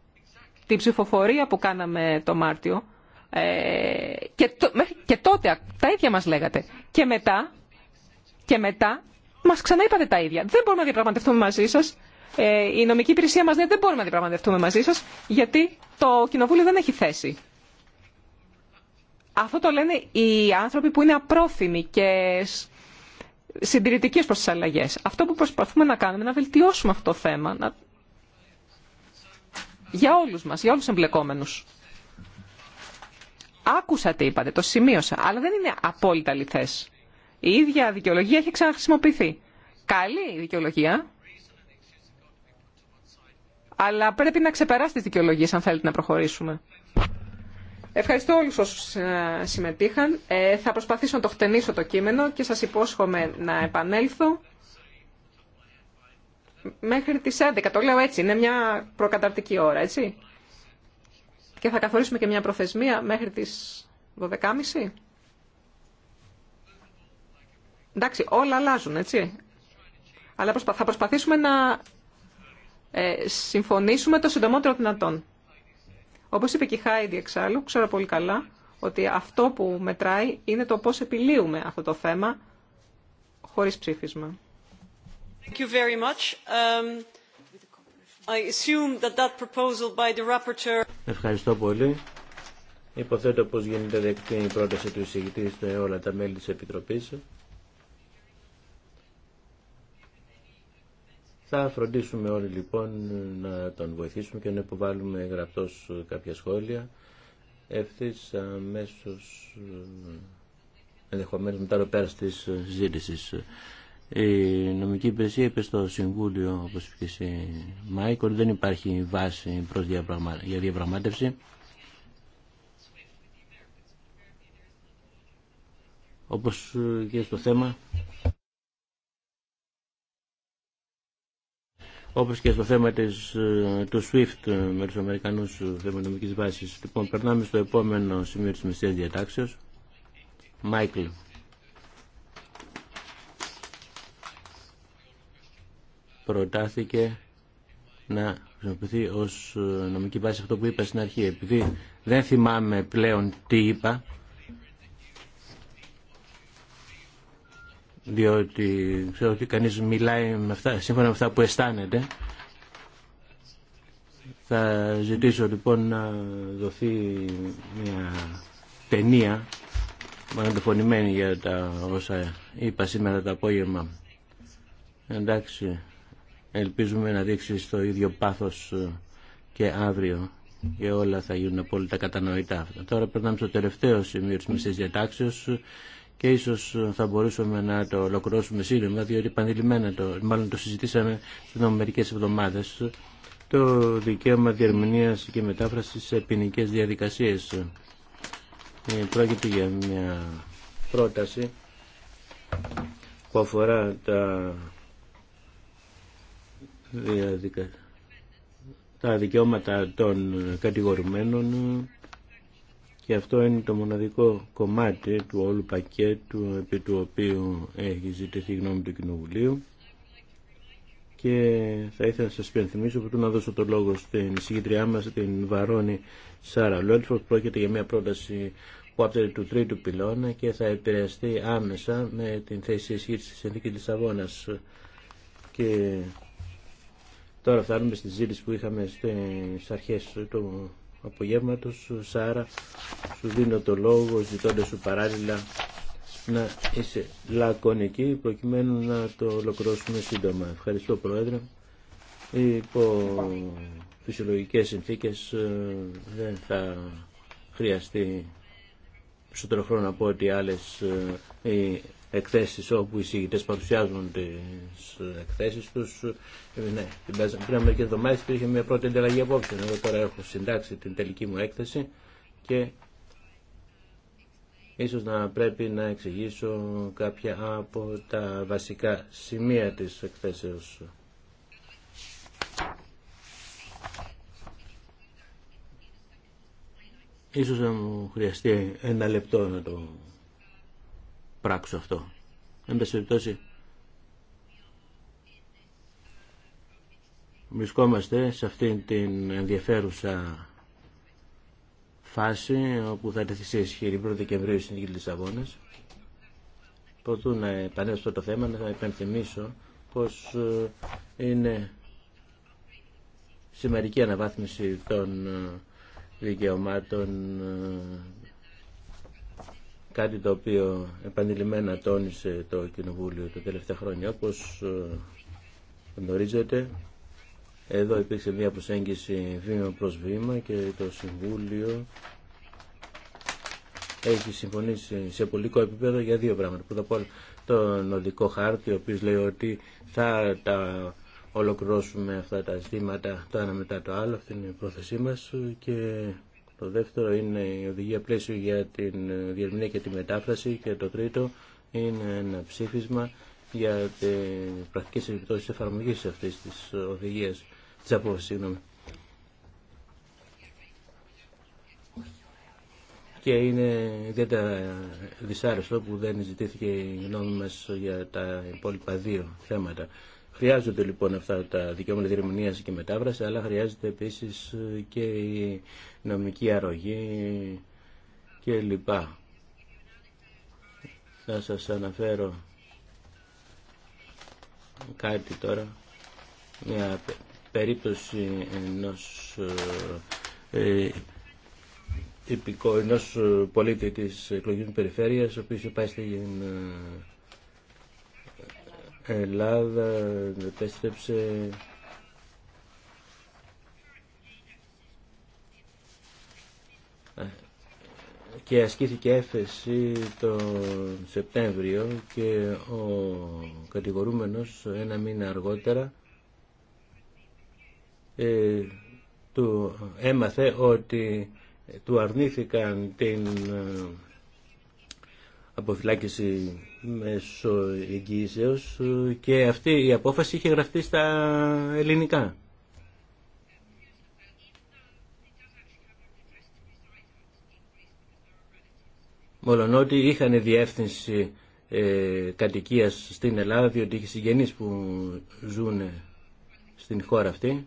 την ψηφοφορία που κάναμε το Μάρτιο ε, και, τότε τα ίδια μας λέγατε. Και μετά, και μετά μας ξαναείπατε τα ίδια. Δεν μπορούμε να διαπραγματευτούμε μαζί σας. Ε, η νομική υπηρεσία μας λέει δεν μπορούμε να διαπραγματευτούμε μαζί σας γιατί το κοινοβούλιο δεν έχει θέση. Αυτό το λένε οι άνθρωποι που είναι απρόθυμοι και συντηρητικοί προς τις αλλαγές. Αυτό που προσπαθούμε να κάνουμε είναι να βελτιώσουμε αυτό το θέμα. Να... Για όλους μας, για όλους τους εμπλεκόμενους. Άκουσα τι είπατε, το σημείωσα, αλλά δεν είναι απόλυτα αληθές. Η ίδια δικαιολογία έχει ξαναχρησιμοποιηθεί. Καλή η δικαιολογία, αλλά πρέπει να ξεπεράσει τι δικαιολογίε αν θέλετε να προχωρήσουμε. Ευχαριστώ όλου όσου ε, συμμετείχαν. Ε, θα προσπαθήσω να το χτενίσω το κείμενο και σας υπόσχομαι να επανέλθω μέχρι τις 11. Το λέω έτσι, είναι μια προκαταρτική ώρα, έτσι. Και θα καθορίσουμε και μια προθεσμία μέχρι τις 12.30. Εντάξει, όλα αλλάζουν, έτσι. Αλλά θα προσπαθήσουμε να ε, συμφωνήσουμε το συντομότερο δυνατόν. Όπως είπε και η Χάιντι εξάλλου, ξέρω πολύ καλά ότι αυτό που μετράει είναι το πώς επιλύουμε αυτό το θέμα χωρίς ψήφισμα. Um, Ευχαριστώ πολύ. Υποθέτω πως γίνεται δεκτή η πρόταση του εισηγητή σε όλα τα μέλη της Επιτροπής. Θα φροντίσουμε όλοι λοιπόν να τον βοηθήσουμε και να υποβάλουμε γραπτός κάποια σχόλια ευθύς αμέσως ενδεχομένως μετά το πέρας της η νομική υπηρεσία είπε στο Συμβούλιο, όπως είπε η ότι δεν υπάρχει βάση προς για διαπραγμάτευση. Όπως και στο θέμα... όπως και στο θέμα της, του SWIFT με τους Αμερικανούς θερμονομικής βάσης. Λοιπόν, περνάμε στο επόμενο σημείο της μεσαίας διατάξεως. Μάικλ. προτάθηκε να χρησιμοποιηθεί ως ε, νομική βάση αυτό που είπα στην αρχή. Επειδή δεν θυμάμαι πλέον τι είπα, διότι ξέρω ότι κανείς μιλάει με αυτά, σύμφωνα με αυτά που αισθάνεται, θα ζητήσω λοιπόν να δοθεί μια ταινία μαγνητοφωνημένη για τα όσα είπα σήμερα το απόγευμα. Εντάξει, ελπίζουμε να δείξει το ίδιο πάθος ε, και αύριο και όλα θα γίνουν απόλυτα κατανοητά Τώρα περνάμε στο τελευταίο σημείο της μισής διατάξεως και ίσως θα μπορούσαμε να το ολοκληρώσουμε σύντομα διότι επανειλημμένα το, μάλλον το συζητήσαμε πριν μερικές εβδομάδες το δικαίωμα διερμηνίας και μετάφρασης σε ποινικέ διαδικασίες. Ε, πρόκειται για μια πρόταση που αφορά τα τα δικαιώματα των κατηγορουμένων και αυτό είναι το μοναδικό κομμάτι του όλου πακέτου επί του οποίου έχει ζητηθεί η γνώμη του Κοινοβουλίου και θα ήθελα να σας πενθυμίσω που τού να δώσω το λόγο στην συγκεντριά μας την Βαρόνη Σάρα που πρόκειται για μια πρόταση που άπτεται του τρίτου πυλώνα και θα επηρεαστεί άμεσα με την θέση ισχύτηση της Συνθήκης Λισαβόνας και Τώρα φτάνουμε στη ζήτηση που είχαμε στις αρχές του απογεύματος. Σάρα, σου δίνω το λόγο ζητώντα σου παράλληλα να είσαι λακωνική προκειμένου να το ολοκληρώσουμε σύντομα. Ευχαριστώ Πρόεδρε. Υπό φυσιολογικές συνθήκες ε, δεν θα χρειαστεί στον να πω ότι άλλες ε, εκθέσεις όπου οι παρουσιάζουν τις εκθέσεις τους. Ε, ναι, πριν από μερικές εβδομάδες υπήρχε μια πρώτη ανταλλαγή απόψε. Εγώ τώρα έχω συντάξει την τελική μου έκθεση και ίσως να πρέπει να εξηγήσω κάποια από τα βασικά σημεία της εκθέσεως. Ίσως να μου χρειαστεί ένα λεπτό να το πράξω αυτό. Εν πάση περιπτώσει, βρισκόμαστε σε αυτήν την ενδιαφέρουσα φάση όπου θα τεθεί σε ισχυρή 1η Δεκεμβρίου η Συνθήκη Λισαβόνα. Προτού να επανέλθω στο το θέμα, να υπενθυμίσω πω ε, είναι σημαντική αναβάθμιση των ε, δικαιωμάτων ε, κάτι το οποίο επανειλημμένα τόνισε το Κοινοβούλιο τα τελευταία χρόνια. Όπως ε, γνωρίζετε, εδώ υπήρξε μια προσέγγιση βήμα προς βήμα και το Συμβούλιο έχει συμφωνήσει σε πολιτικό επίπεδο για δύο πράγματα. Πρώτα απ' όλα τον οδικό χάρτη, ο οποίος λέει ότι θα τα ολοκληρώσουμε αυτά τα ζητήματα το ένα μετά το άλλο, αυτή είναι η πρόθεσή μας και το δεύτερο είναι η οδηγία πλαίσιο για τη διερμηνία και τη μετάφραση. Και το τρίτο είναι ένα ψήφισμα για τι πρακτικέ επιπτώσει εφαρμογή αυτή τη οδηγία, τη απόφαση, και είναι ιδιαίτερα δυσάρεστο που δεν ζητήθηκε η γνώμη μα για τα υπόλοιπα δύο θέματα. Χρειάζονται λοιπόν αυτά τα δικαιώματα διερμηνία και μετάβραση, αλλά χρειάζεται επίση και η νομική αρρωγή κλπ. Θα σας αναφέρω κάτι τώρα, μια περίπτωση ενό ε, ε, πολίτη της εκλογική περιφέρειας, ο οποίο πάει στην ε, Ελλάδα επέστρεψε και ασκήθηκε έφεση το Σεπτέμβριο και ο κατηγορούμενος ένα μήνα αργότερα ε, του έμαθε ότι του αρνήθηκαν την ε, αποφυλάκηση μέσω εγγύησεως και αυτή η απόφαση είχε γραφτεί στα ελληνικά. Μολονότι είχαν διεύθυνση ε, κατοικίας στην Ελλάδα διότι είχε συγγενείς που ζουν στην χώρα αυτή.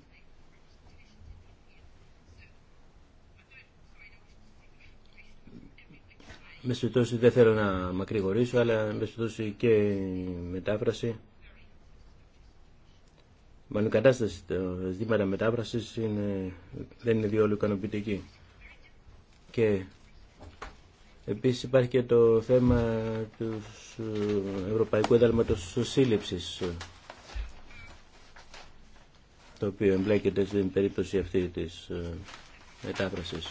Με συμπτώσει δεν θέλω να μακρηγορήσω, αλλά με συμπτώσει και η μετάφραση. Μα η κατάσταση τα ζητήματα μετάφραση δεν είναι διόλου ικανοποιητική. Και επίση υπάρχει και το θέμα του ε, Ευρωπαϊκού Εδάλματο Σύλληψης, το οποίο εμπλέκεται στην περίπτωση αυτή της ε, μετάφρασης.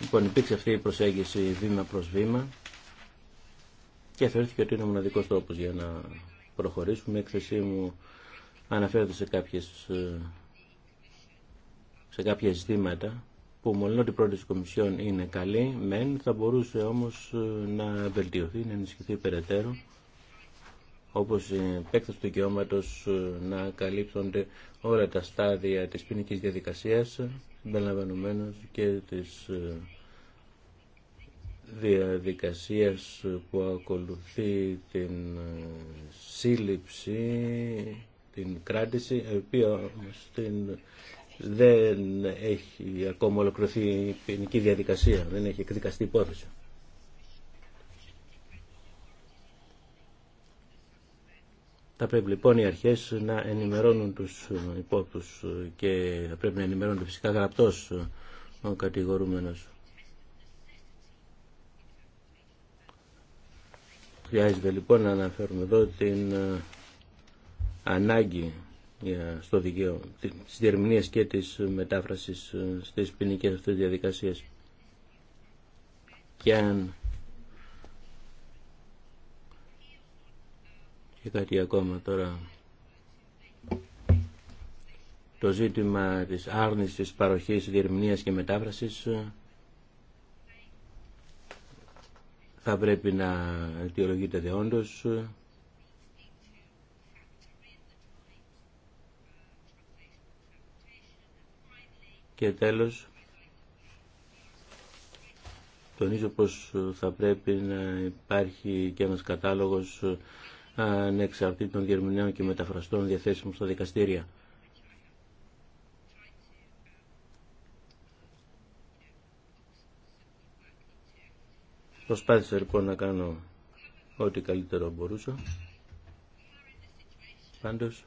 Λοιπόν, υπήρξε αυτή η προσέγγιση βήμα προς βήμα και θεωρήθηκε ότι είναι ο μοναδικός τρόπος για να προχωρήσουμε. Η έκθεσή μου αναφέρεται σε, κάποιες, ε, σε κάποια ζητήματα που μόλις ότι η πρόταση Κομισιόν είναι καλή, μεν θα μπορούσε όμως ε, να βελτιωθεί, να ενισχυθεί περαιτέρω όπως η επέκταση του δικαιώματο ε, να καλύπτονται όλα τα στάδια της ποινική διαδικασίας συμπεριλαμβανομένως και της ε, διαδικασίας που ακολουθεί την ε, σύλληψη, την κράτηση, η οποία δεν έχει ακόμα ολοκληρωθεί η ποινική διαδικασία, δεν έχει εκδικαστεί υπόθεση. Θα πρέπει λοιπόν οι αρχές να ενημερώνουν τους υπόπτου και θα πρέπει να ενημερώνονται φυσικά γραπτός ο κατηγορούμενος. Χρειάζεται λοιπόν να αναφέρουμε εδώ την ε, ανάγκη στο δικαίωμα της διερμηνίας και της μετάφρασης ε, στις ποινικέ αυτέ διαδικασίες. Και Και κάτι ακόμα τώρα. Το ζήτημα της άρνησης παροχής διερμηνίας και μετάφρασης ε, θα πρέπει να αιτιολογείται διόντως. Και τέλος, τονίζω πως θα πρέπει να υπάρχει και ένας κατάλογος ανεξαρτήτων διερμηνέων και μεταφραστών διαθέσιμων στα δικαστήρια. Προσπάθησα λοιπόν να κάνω ό,τι καλύτερο μπορούσα. Πάντως,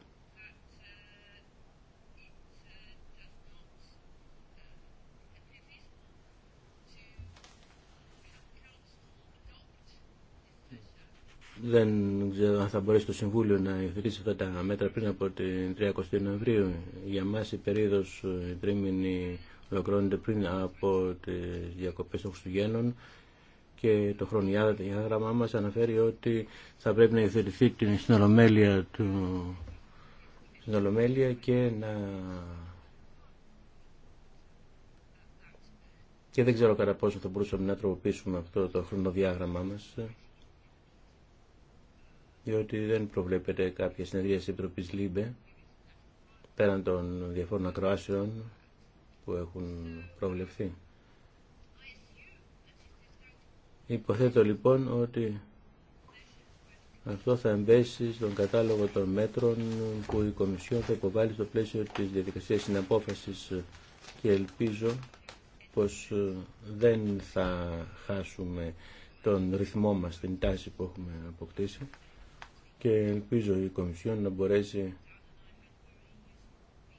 δεν ξέρω αν θα μπορέσει το Συμβούλιο να υιοθετήσει αυτά τα μέτρα πριν από την 30 Νοεμβρίου. Για μα η περίοδο ε, τρίμηνη ολοκληρώνεται πριν από τι διακοπέ των Χριστουγέννων και το χρονοδιάγραμμά μας αναφέρει ότι θα πρέπει να υιοθετηθεί την συνολομέλεια του στην και να και δεν ξέρω κατά πόσο θα μπορούσαμε να τροποποιήσουμε αυτό το χρονοδιάγραμμά μας διότι δεν προβλέπεται κάποια συνεδρία της Επιτροπής ΛΥΜΠΕ πέραν των διαφόρων ακροάσεων που έχουν προβλεφθεί. Υποθέτω λοιπόν ότι αυτό θα εμπέσει στον κατάλογο των μέτρων που η Κομισιόν θα υποβάλει στο πλαίσιο της διαδικασίας συναπόφασης και ελπίζω πως δεν θα χάσουμε τον ρυθμό μας, την τάση που έχουμε αποκτήσει και ελπίζω η Κομισιόν να μπορέσει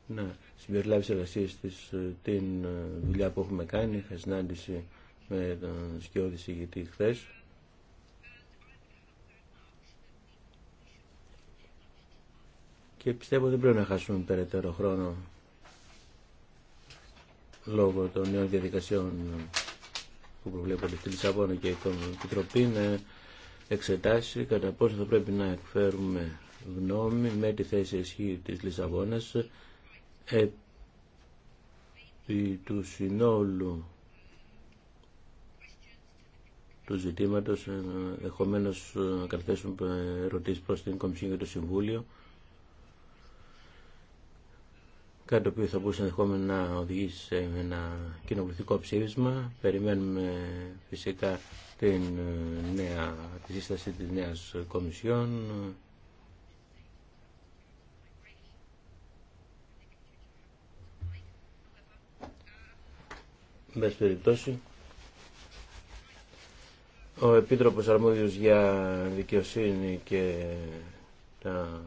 να συμπεριλάβει σε εργασίες της ε, την ε, δουλειά που έχουμε κάνει. Είχα συνάντηση με τον σκιώδη Σιγητή χθε. Και πιστεύω δεν πρέπει να χάσουμε περαιτέρω χρόνο λόγω των νέων διαδικασιών που προβλέπονται στη Λισαβόνα και η Επιτροπή εξετάσει κατά πόσο θα πρέπει να εκφέρουμε γνώμη με τη θέση ισχύ της Λισαβόνας επί του συνόλου του ζητήματος ε, εχομένως ε, να καταθέσουμε ερωτήσεις προς την Κομισιόν και το Συμβούλιο κάτι το οποίο θα μπορούσε να οδηγήσει σε ένα κοινοβουλευτικό ψήφισμα. Περιμένουμε φυσικά την ε, νέα, τη σύσταση της νέας Κομισιόν Μπες περιπτώσει ο Επίτροπος Αρμόδιος για Δικαιοσύνη και τα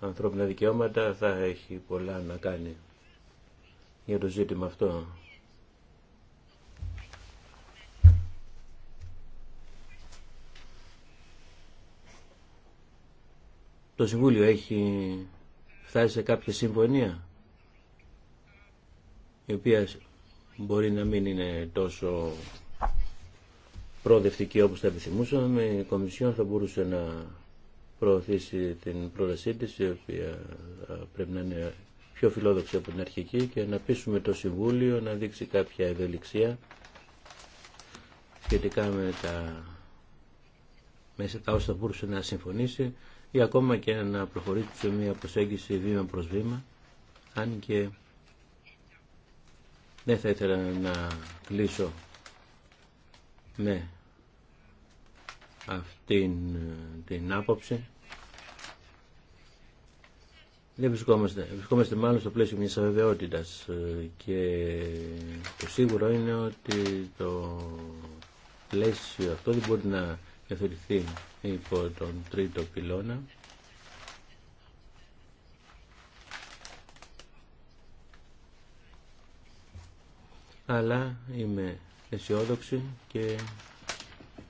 ανθρώπινα δικαιώματα θα έχει πολλά να κάνει για το ζήτημα αυτό. Το Συμβούλιο έχει φτάσει σε κάποια συμφωνία η οποία μπορεί να μην είναι τόσο προοδευτική όπως θα επιθυμούσαμε. Η Κομισιόν θα μπορούσε να προωθήσει την πρότασή της η οποία πρέπει να είναι πιο φιλόδοξη από την αρχική και να πείσουμε το Συμβούλιο να δείξει κάποια ευελιξία σχετικά με τα μέσα τα όσα μπορούσε να συμφωνήσει ή ακόμα και να προχωρήσει σε μια προσέγγιση βήμα προς βήμα, αν και δεν θα ήθελα να κλείσω με αυτήν την άποψη. Δεν βρισκόμαστε, βρισκόμαστε μάλλον στο πλαίσιο μιας αβεβαιότητας ε, και το σίγουρο είναι ότι το πλαίσιο αυτό δεν μπορεί να καθοριστεί υπό τον τρίτο πυλώνα αλλά είμαι αισιόδοξη και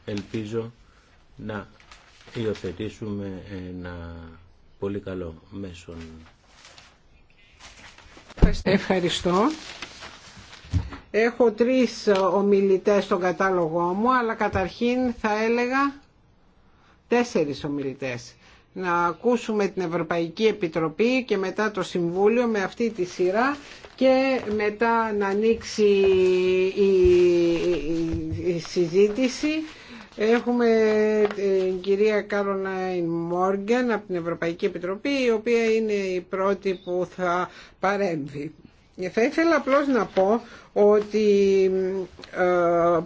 ελπίζω να υιοθετήσουμε ένα πολύ καλό μέσον. Ευχαριστώ. Έχω τρεις ομιλητές στον κατάλογό μου, αλλά καταρχήν θα έλεγα τέσσερις ομιλητές. Να ακούσουμε την Ευρωπαϊκή Επιτροπή και μετά το Συμβούλιο με αυτή τη σειρά και μετά να ανοίξει η συζήτηση. Έχουμε την κυρία Κάρονα Μόργκεν από την Ευρωπαϊκή Επιτροπή, η οποία είναι η πρώτη που θα παρέμβει. Θα ήθελα απλώς να πω ότι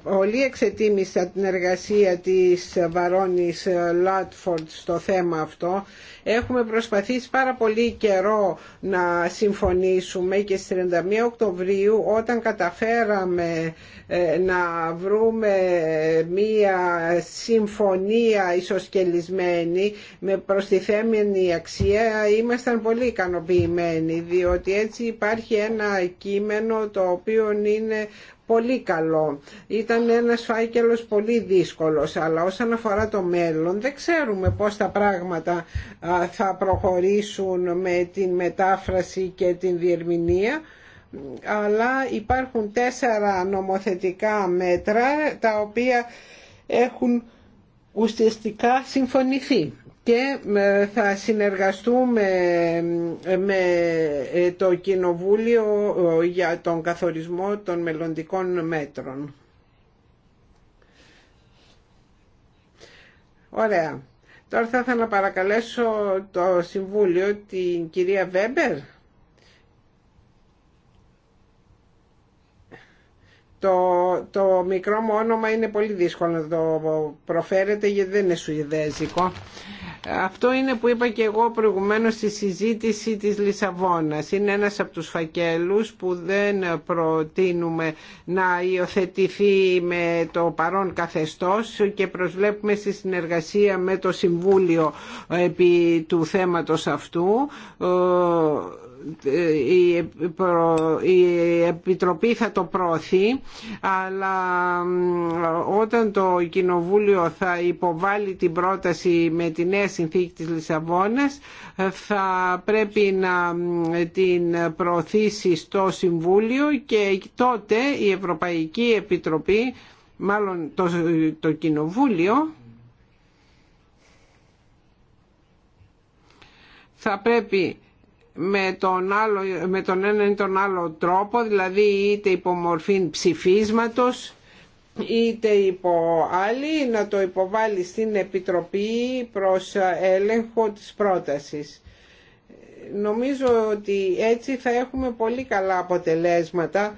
πολύ ε, εξετίμησα την εργασία της Βαρόνης Λάτφορντ στο θέμα αυτό. Έχουμε προσπαθήσει πάρα πολύ καιρό να συμφωνήσουμε και στις 31 Οκτωβρίου όταν καταφέραμε ε, να βρούμε μία συμφωνία ισοσκελισμένη με προστιθέμενη αξία ήμασταν πολύ ικανοποιημένοι διότι έτσι υπάρχει ένα κείμενο το οποίο είναι πολύ καλό. Ήταν ένας φάκελος πολύ δύσκολος, αλλά όσον αφορά το μέλλον δεν ξέρουμε πώς τα πράγματα θα προχωρήσουν με την μετάφραση και την διερμηνία αλλά υπάρχουν τέσσερα νομοθετικά μέτρα τα οποία έχουν ουσιαστικά συμφωνηθεί και ε, θα συνεργαστούμε ε, με ε, το Κοινοβούλιο για τον καθορισμό των μελλοντικών μέτρων. Ωραία. Τώρα θα ήθελα να παρακαλέσω το Συμβούλιο την κυρία Βέμπερ. Το, το μικρό μου όνομα είναι πολύ δύσκολο να το προφέρετε γιατί δεν είναι σουηδέζικο. Αυτό είναι που είπα και εγώ προηγουμένως στη συζήτηση της Λισαβόνας. Είναι ένας από τους φακέλους που δεν προτείνουμε να υιοθετηθεί με το παρόν καθεστώς και προσβλέπουμε στη συνεργασία με το Συμβούλιο επί του θέματος αυτού ε, η Επιτροπή θα το προωθεί αλλά όταν το Κοινοβούλιο θα υποβάλει την πρόταση με τη νέα συνθήκη της Λισαβόνας θα πρέπει να την προωθήσει στο Συμβούλιο και τότε η Ευρωπαϊκή Επιτροπή μάλλον το, το Κοινοβούλιο θα πρέπει με τον, άλλο, με τον ένα ή τον άλλο τρόπο, δηλαδή είτε υπό μορφή ψηφίσματος, είτε υπό άλλη, να το υποβάλει στην Επιτροπή προς έλεγχο της πρότασης. Νομίζω ότι έτσι θα έχουμε πολύ καλά αποτελέσματα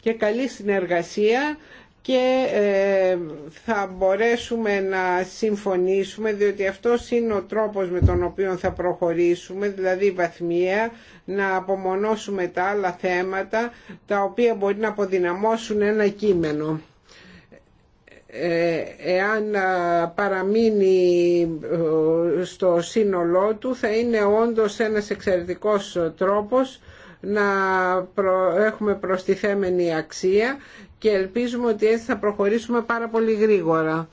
και καλή συνεργασία και ε, θα μπορέσουμε να συμφωνήσουμε διότι αυτό είναι ο τρόπος με τον οποίο θα προχωρήσουμε δηλαδή βαθμία να απομονώσουμε τα άλλα θέματα τα οποία μπορεί να αποδυναμώσουν ένα κείμενο ε, εάν παραμείνει στο σύνολό του θα είναι όντως ένας εξαιρετικός τρόπος να έχουμε προστιθέμενη αξία και ελπίζουμε ότι έτσι θα προχωρήσουμε πάρα πολύ γρήγορα.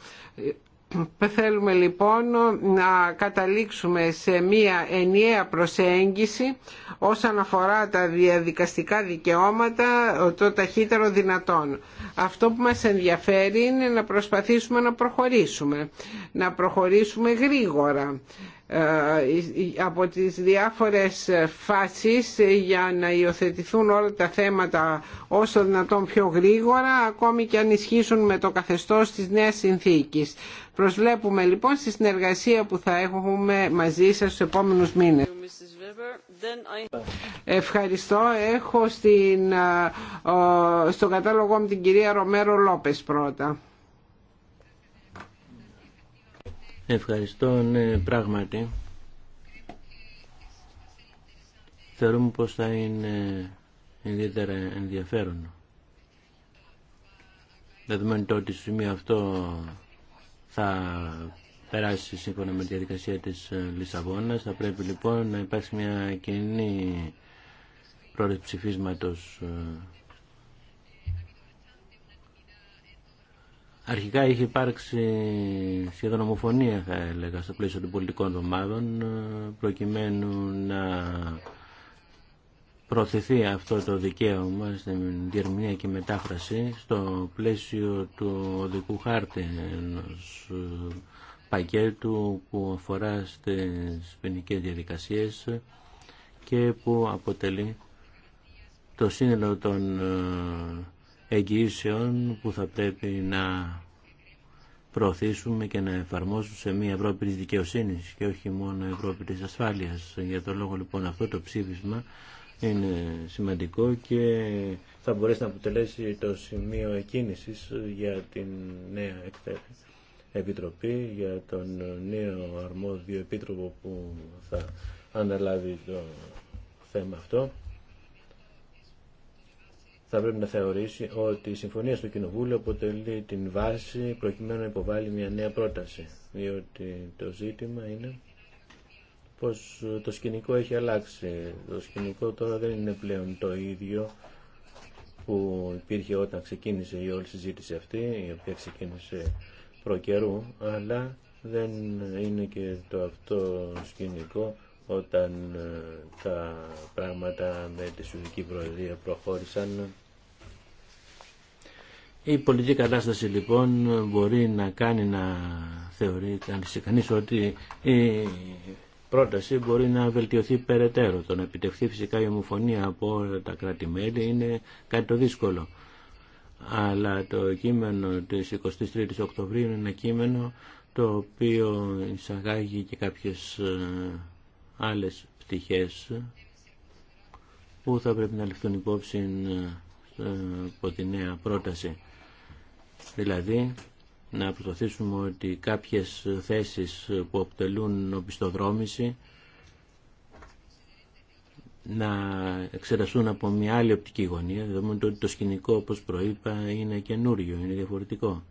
Θέλουμε λοιπόν να καταλήξουμε σε μία ενιαία προσέγγιση όσον αφορά τα διαδικαστικά δικαιώματα το ταχύτερο δυνατόν. Αυτό που μας ενδιαφέρει είναι να προσπαθήσουμε να προχωρήσουμε, να προχωρήσουμε γρήγορα ε, από τις διάφορες φάσεις για να υιοθετηθούν όλα τα θέματα όσο δυνατόν πιο γρήγορα ακόμη και αν ισχύσουν με το καθεστώς της νέας συνθήκης. Προσβλέπουμε λοιπόν στη συνεργασία που θα έχουμε μαζί σας στους επόμενους μήνες. Ευχαριστώ. Έχω στην, στο κατάλογο μου την κυρία Ρομέρο Λόπες πρώτα. Ευχαριστώ, ναι, πράγματι. Θεωρούμε πως θα είναι ιδιαίτερα ενδιαφέρον. Δεδομένου το ότι σημείο αυτό θα περάσει σύμφωνα με τη διαδικασία της ε, Λισαβόνας. Θα πρέπει λοιπόν να υπάρξει μια κοινή πρόεδρος ψηφίσματος. Ε. Αρχικά είχε υπάρξει σχεδόν ομοφωνία θα έλεγα στο πλαίσιο των πολιτικών ομάδων ε, προκειμένου να προωθηθεί αυτό το δικαίωμα στην διερμηνία και μετάφραση στο πλαίσιο του οδικού χάρτη ενό ε, πακέτου που αφορά στις ποινικέ διαδικασίε και που αποτελεί το σύνολο των ε, εγγυήσεων που θα πρέπει να προωθήσουμε και να εφαρμόσουμε σε μια Ευρώπη της δικαιοσύνης και όχι μόνο Ευρώπη της ασφάλειας. Για τον λόγο λοιπόν αυτό το ψήφισμα είναι σημαντικό και θα μπορέσει να αποτελέσει το σημείο εκκίνησης για την νέα Επιτροπή, για τον νέο αρμόδιο επίτροπο που θα αναλάβει το θέμα αυτό. Θα πρέπει να θεωρήσει ότι η συμφωνία στο Κοινοβούλιο αποτελεί την βάση προκειμένου να υποβάλει μια νέα πρόταση, διότι το ζήτημα είναι πως ε, το σκηνικό έχει αλλάξει. Το σκηνικό τώρα δεν είναι πλέον το ίδιο που υπήρχε όταν ξεκίνησε η όλη συζήτηση αυτή, η οποία ξεκίνησε προκαιρού, αλλά δεν είναι και το αυτό σκηνικό όταν ε, τα πράγματα με τη Σουδική Προεδρία προχώρησαν. Η πολιτική κατάσταση λοιπόν μπορεί να κάνει να θεωρεί κανείς ότι πρόταση μπορεί να βελτιωθεί περαιτέρω. Το να επιτευχθεί φυσικά η ομοφωνία από τα κράτη-μέλη είναι κάτι το δύσκολο. Αλλά το κείμενο της 23ης Οκτωβρίου είναι ένα κείμενο το οποίο εισαγάγει και κάποιες ε, άλλες πτυχές που θα πρέπει να ληφθούν υπόψη ε, ε, από τη νέα πρόταση. Δηλαδή να προσπαθήσουμε ότι κάποιες θέσεις που αποτελούν οπισθοδρόμηση να εξεταστούν από μια άλλη οπτική γωνία, δεδομένου ότι το σκηνικό, όπως προείπα, είναι καινούριο, είναι διαφορετικό.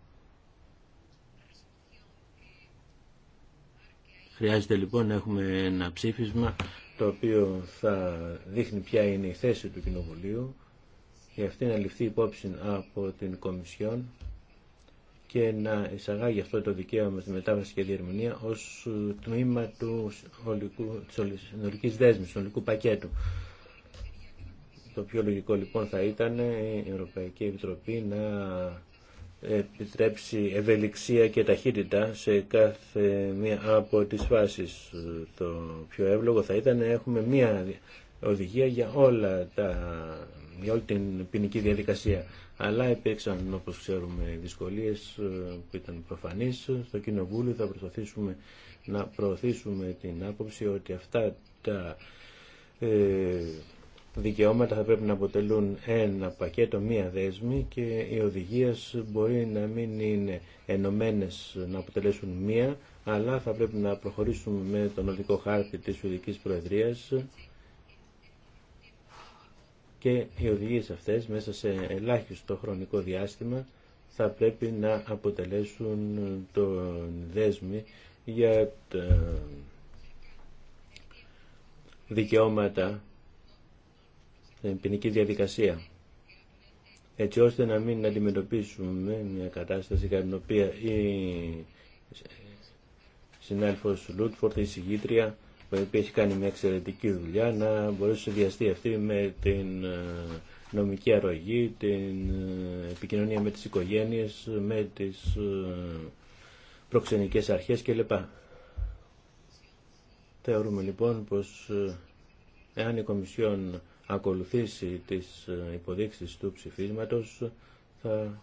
Χρειάζεται λοιπόν να έχουμε ένα ψήφισμα το οποίο θα δείχνει ποια είναι η θέση του Κοινοβουλίου και αυτή να ληφθεί υπόψη από την Κομισιόν και να εισαγάγει αυτό το δικαίωμα στη μετάβαση και διερμηνία ως ε, τμήμα του ολικού, της συνολικής δέσμης, του ολικού πακέτου. Το πιο λογικό λοιπόν θα ήταν η Ευρωπαϊκή Επιτροπή να επιτρέψει ευελιξία και ταχύτητα σε κάθε μία από τις φάσεις. Το πιο εύλογο θα ήταν να έχουμε μία οδηγία για, όλα τα, για όλη την ποινική διαδικασία αλλά υπήρξαν όπως ξέρουμε δυσκολίες ε, που ήταν προφανείς. Στο Κοινοβούλιο θα προσπαθήσουμε να προωθήσουμε την άποψη ότι αυτά τα ε, δικαιώματα θα πρέπει να αποτελούν ένα πακέτο, μία δέσμη και οι οδηγίες μπορεί να μην είναι ενωμένες να αποτελέσουν μία, αλλά θα πρέπει να προχωρήσουμε με τον οδικό χάρτη της Ουδικής Προεδρίας και οι οδηγίες αυτές μέσα σε ελάχιστο χρονικό διάστημα θα πρέπει να αποτελέσουν τον δέσμη για τα δικαιώματα στην ποινική διαδικασία έτσι ώστε να μην αντιμετωπίσουμε μια κατάσταση για την οποία η συνάλφος Λούτφορτ, η συγκήτρια, που έχει κάνει μια εξαιρετική δουλειά να μπορέσει να συνδυαστεί αυτή με την ε, νομική αρρωγή, την ε, επικοινωνία με τις οικογένειες, με τις ε, προξενικές αρχές κλπ. Θεωρούμε λοιπόν πως εάν η Κομισιόν ακολουθήσει τις υποδείξεις του ψηφίσματος θα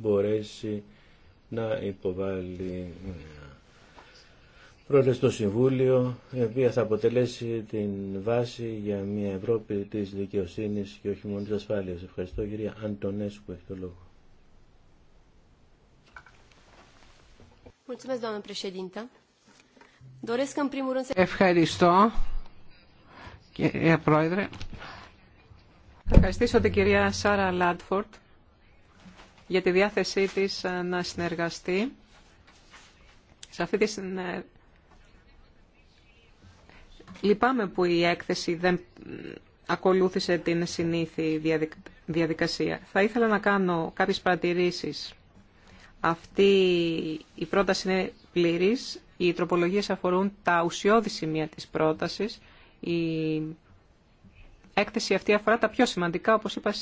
μπορέσει να υποβάλει πρόεδρε στο Συμβούλιο, η οποία θα αποτελέσει την βάση για μια Ευρώπη της δικαιοσύνης και όχι μόνο της ασφάλειας. Ευχαριστώ κυρία Αντωνέσου, που έχει το λόγο. Ευχαριστώ, κυρία Πρόεδρε. Θα ευχαριστήσω την κυρία Σάρα Λάντφορτ για τη διάθεσή της να συνεργαστεί σε αυτή τη Λυπάμαι που η έκθεση δεν ακολούθησε την συνήθη διαδικασία. Θα ήθελα να κάνω κάποιες παρατηρήσεις. Αυτή η πρόταση είναι πλήρης. Οι τροπολογίες αφορούν τα ουσιώδη σημεία της πρότασης. Η έκθεση αυτή αφορά τα πιο σημαντικά, όπως είπα,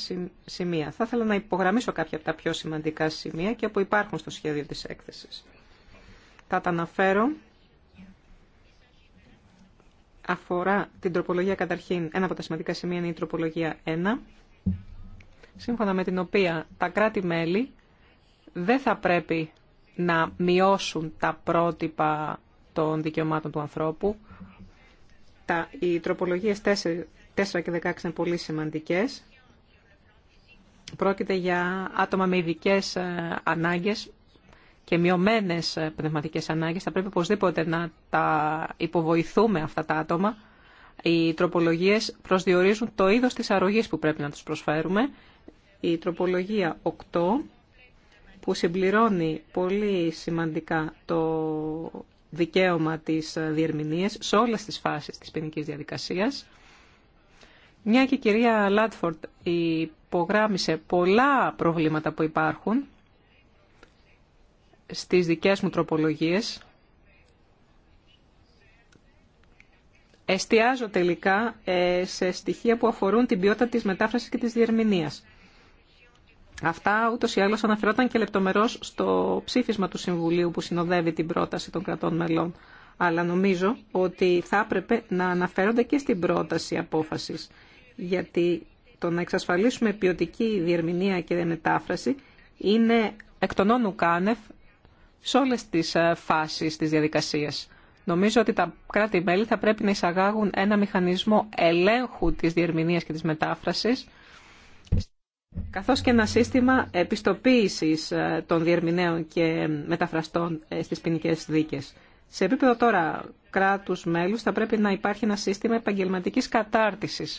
σημεία. Θα ήθελα να υπογραμμίσω κάποια από τα πιο σημαντικά σημεία και που υπάρχουν στο σχέδιο της έκθεσης. Θα τα αναφέρω αφορά την τροπολογία καταρχήν, ένα από τα σημαντικά σημεία είναι η τροπολογία 1, σύμφωνα με την οποία τα κράτη-μέλη δεν θα πρέπει να μειώσουν τα πρότυπα των δικαιωμάτων του ανθρώπου. Τα, οι τροπολογίες 4, 4 και 16 είναι πολύ σημαντικές. Πρόκειται για άτομα με ειδικέ ε, ανάγκες και μειωμένε ε, πνευματικές ανάγκες, θα πρέπει οπωσδήποτε να τα υποβοηθούμε αυτά τα άτομα. Οι τροπολογίες προσδιορίζουν το είδος της αρρωγής που πρέπει να τους προσφέρουμε. Η τροπολογία 8 που συμπληρώνει πολύ σημαντικά το δικαίωμα της ε, διερμηνίας σε όλες τις φάσεις της ποινική διαδικασίας. Μια και η κυρία Λάτφορντ υπογράμισε πολλά προβλήματα που υπάρχουν στις δικές μου τροπολογίες εστιάζω τελικά ε, σε στοιχεία που αφορούν την ποιότητα της μετάφρασης και της διερμηνίας. Αυτά ούτως ή άλλως αναφερόταν και λεπτομερώς στο ψήφισμα του Συμβουλίου που συνοδεύει την πρόταση των κρατών μελών. Αλλά νομίζω ότι θα έπρεπε να αναφέρονται και στην πρόταση απόφασης. Γιατί το να εξασφαλίσουμε ποιοτική διερμηνία και μετάφραση είναι εκ των όνου κάνευ σε όλε τι ε, φάσει τη διαδικασία. Νομίζω ότι τα κράτη-μέλη θα πρέπει να εισαγάγουν ένα μηχανισμό ελέγχου της διερμηνία και της μετάφραση, καθώ και ένα σύστημα επιστοποίηση ε, των διερμηνέων και μεταφραστών ε, στις ποινικέ δίκες. Σε επίπεδο τώρα κράτους μέλους θα πρέπει να υπάρχει ένα σύστημα επαγγελματική κατάρτιση,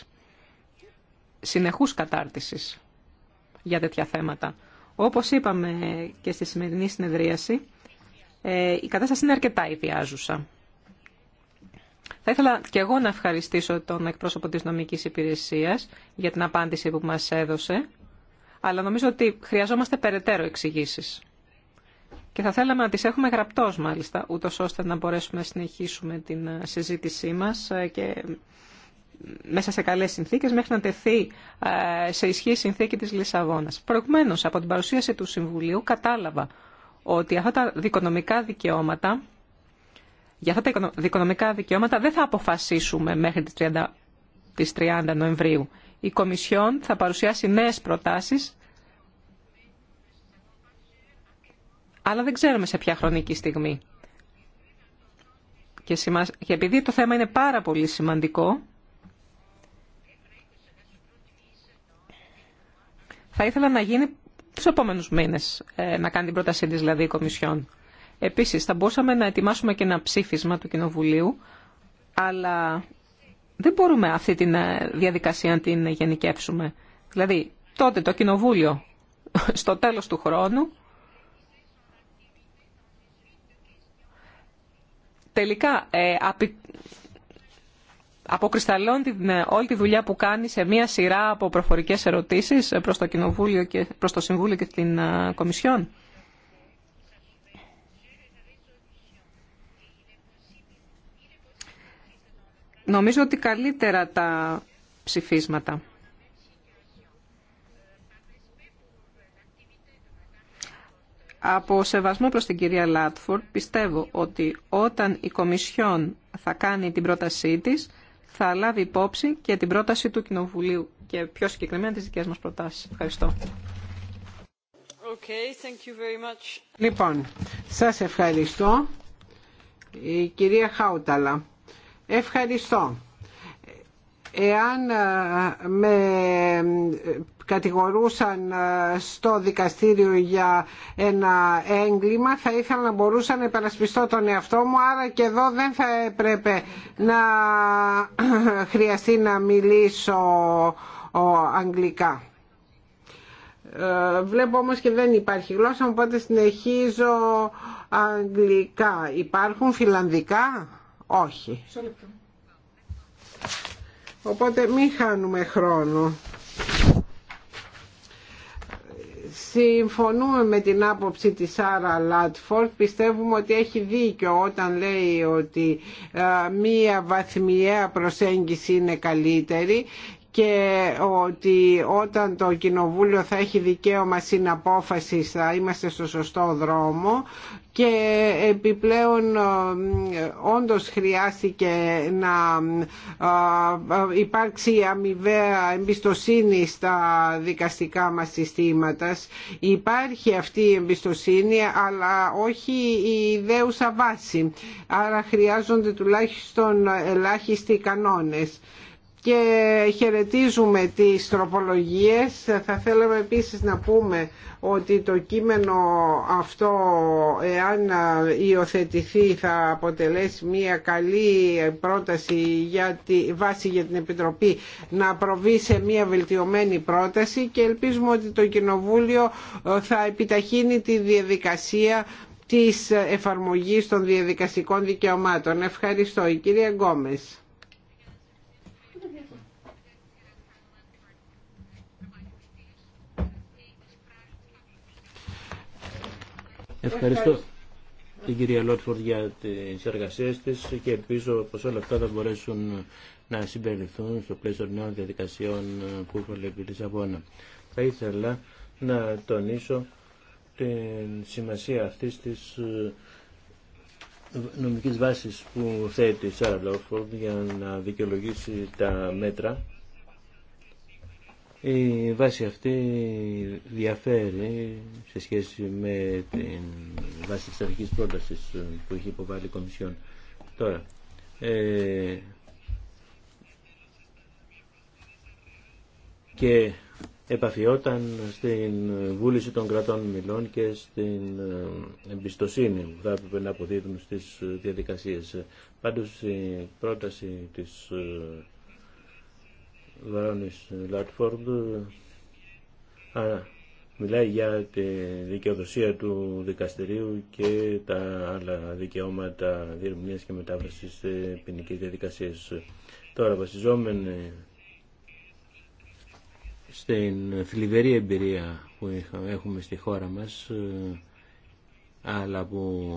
συνεχού κατάρτιση για τέτοια θέματα. Όπως είπαμε και στη σημερινή συνεδρίαση, ε, η κατάσταση είναι αρκετά ιδιάζουσα. Θα ήθελα και εγώ να ευχαριστήσω τον εκπρόσωπο της νομικής υπηρεσίας για την απάντηση που μας έδωσε, αλλά νομίζω ότι χρειαζόμαστε περαιτέρω εξηγήσεις. Και θα θέλαμε να τις έχουμε γραπτός μάλιστα, ούτω ώστε να μπορέσουμε να συνεχίσουμε την συζήτησή μας ε, και μέσα σε καλές συνθήκες μέχρι να τεθεί ε, σε ισχύ η συνθήκη της Λισαβόνας. Προηγουμένως από την παρουσίαση του Συμβουλίου κατάλαβα ότι αυτά τα δικονομικά δικαιώματα, για αυτά τα δικονομικά δικαιώματα δεν θα αποφασίσουμε μέχρι τις 30, τις 30 Νοεμβρίου. Η Κομισιόν θα παρουσιάσει νέες προτάσεις, αλλά δεν ξέρουμε σε ποια χρονική στιγμή. Και, και επειδή το θέμα είναι πάρα πολύ σημαντικό, θα ήθελα να γίνει τους επόμενους μήνες ε, να κάνει την πρότασή τη δηλαδή η Κομισιόν. Επίσης θα μπορούσαμε να ετοιμάσουμε και ένα ψήφισμα του Κοινοβουλίου, αλλά δεν μπορούμε αυτή τη ε, διαδικασία να την γενικεύσουμε. Δηλαδή τότε το Κοινοβούλιο στο τέλος του χρόνου τελικά ε, αποκρισταλώνει ε, όλη τη δουλειά που κάνει σε μία σειρά από προφορικές ερωτήσεις ε, προς το, Κοινοβούλιο και, προς το Συμβούλιο και την ε, Κομισιόν. Νομίζω ότι καλύτερα τα ψηφίσματα. Από σεβασμό προς την κυρία Λάτφορντ πιστεύω ότι όταν η Κομισιόν θα κάνει την πρότασή της θα λάβει υπόψη και την πρόταση του Κοινοβουλίου και πιο συγκεκριμένα τις δικές μας προτάσεις. Ευχαριστώ. Okay, thank you very much. Λοιπόν, σας ευχαριστώ. Η κυρία Χάουταλα. Ευχαριστώ. Εάν ε, με κατηγορούσαν ε, στο δικαστήριο για ένα έγκλημα θα ήθελα να μπορούσα να υπερασπιστώ τον εαυτό μου άρα και εδώ δεν θα έπρεπε να χρειαστεί να μιλήσω αγγλικά. Ε, βλέπω όμως και δεν υπάρχει γλώσσα οπότε συνεχίζω αγγλικά. Υπάρχουν φιλανδικά? Όχι. Οπότε μην χάνουμε χρόνο. Συμφωνούμε με την άποψη της Άρα Λάτφορτ. Πιστεύουμε ότι έχει δίκιο όταν λέει ότι ε, μία βαθμιαία προσέγγιση είναι καλύτερη και ότι όταν το Κοινοβούλιο θα έχει δικαίωμα συναπόφαση θα είμαστε στο σωστό δρόμο και επιπλέον ε, όντως χρειάστηκε να ε, ε, υπάρξει αμοιβαία εμπιστοσύνη στα δικαστικά μας συστήματα. Υπάρχει αυτή η εμπιστοσύνη αλλά όχι η ιδέουσα βάση. Άρα χρειάζονται τουλάχιστον ελάχιστοι κανόνες και χαιρετίζουμε τις τροπολογίες. Θα θέλαμε επίσης να πούμε ότι το κείμενο αυτό εάν υιοθετηθεί θα αποτελέσει μια καλή πρόταση για τη βάση για την Επιτροπή να προβεί σε μια βελτιωμένη πρόταση και ελπίζουμε ότι το Κοινοβούλιο ε, θα επιταχύνει τη διαδικασία της εφαρμογής των διαδικαστικών δικαιωμάτων. Ευχαριστώ. Η κυρία Γκόμες. Ευχαριστώ την κυρία Λότφορντ για τις εργασίες της και ελπίζω πως όλα αυτά θα μπορέσουν να συμπεριληφθούν στο πλαίσιο νέων διαδικασιών που προβλέπει η Λισαβόνα. Θα ήθελα να τονίσω την σημασία αυτής της ε, νομικής βάσης που θέτει η Σάρα Λότφορντ για να δικαιολογήσει τα μέτρα η βάση αυτή διαφέρει σε σχέση με την βάση της αρχικής πρότασης που έχει υποβάλει η Κομισιόν. Τώρα, ε, και επαφιόταν στην βούληση των κρατών μιλών και στην ε, εμπιστοσύνη που θα έπρεπε να αποδίδουν στις διαδικασίες. Πάντως η πρόταση της ε, Βαρόνης Λάτφορντ μιλάει για τη δικαιοδοσία του δικαστηρίου και τα άλλα δικαιώματα διερμηνίας και μετάβασης σε ποινικές διαδικασίες. Τώρα βασιζόμενοι στην θλιβερή εμπειρία που έχουμε στη χώρα μας αλλά που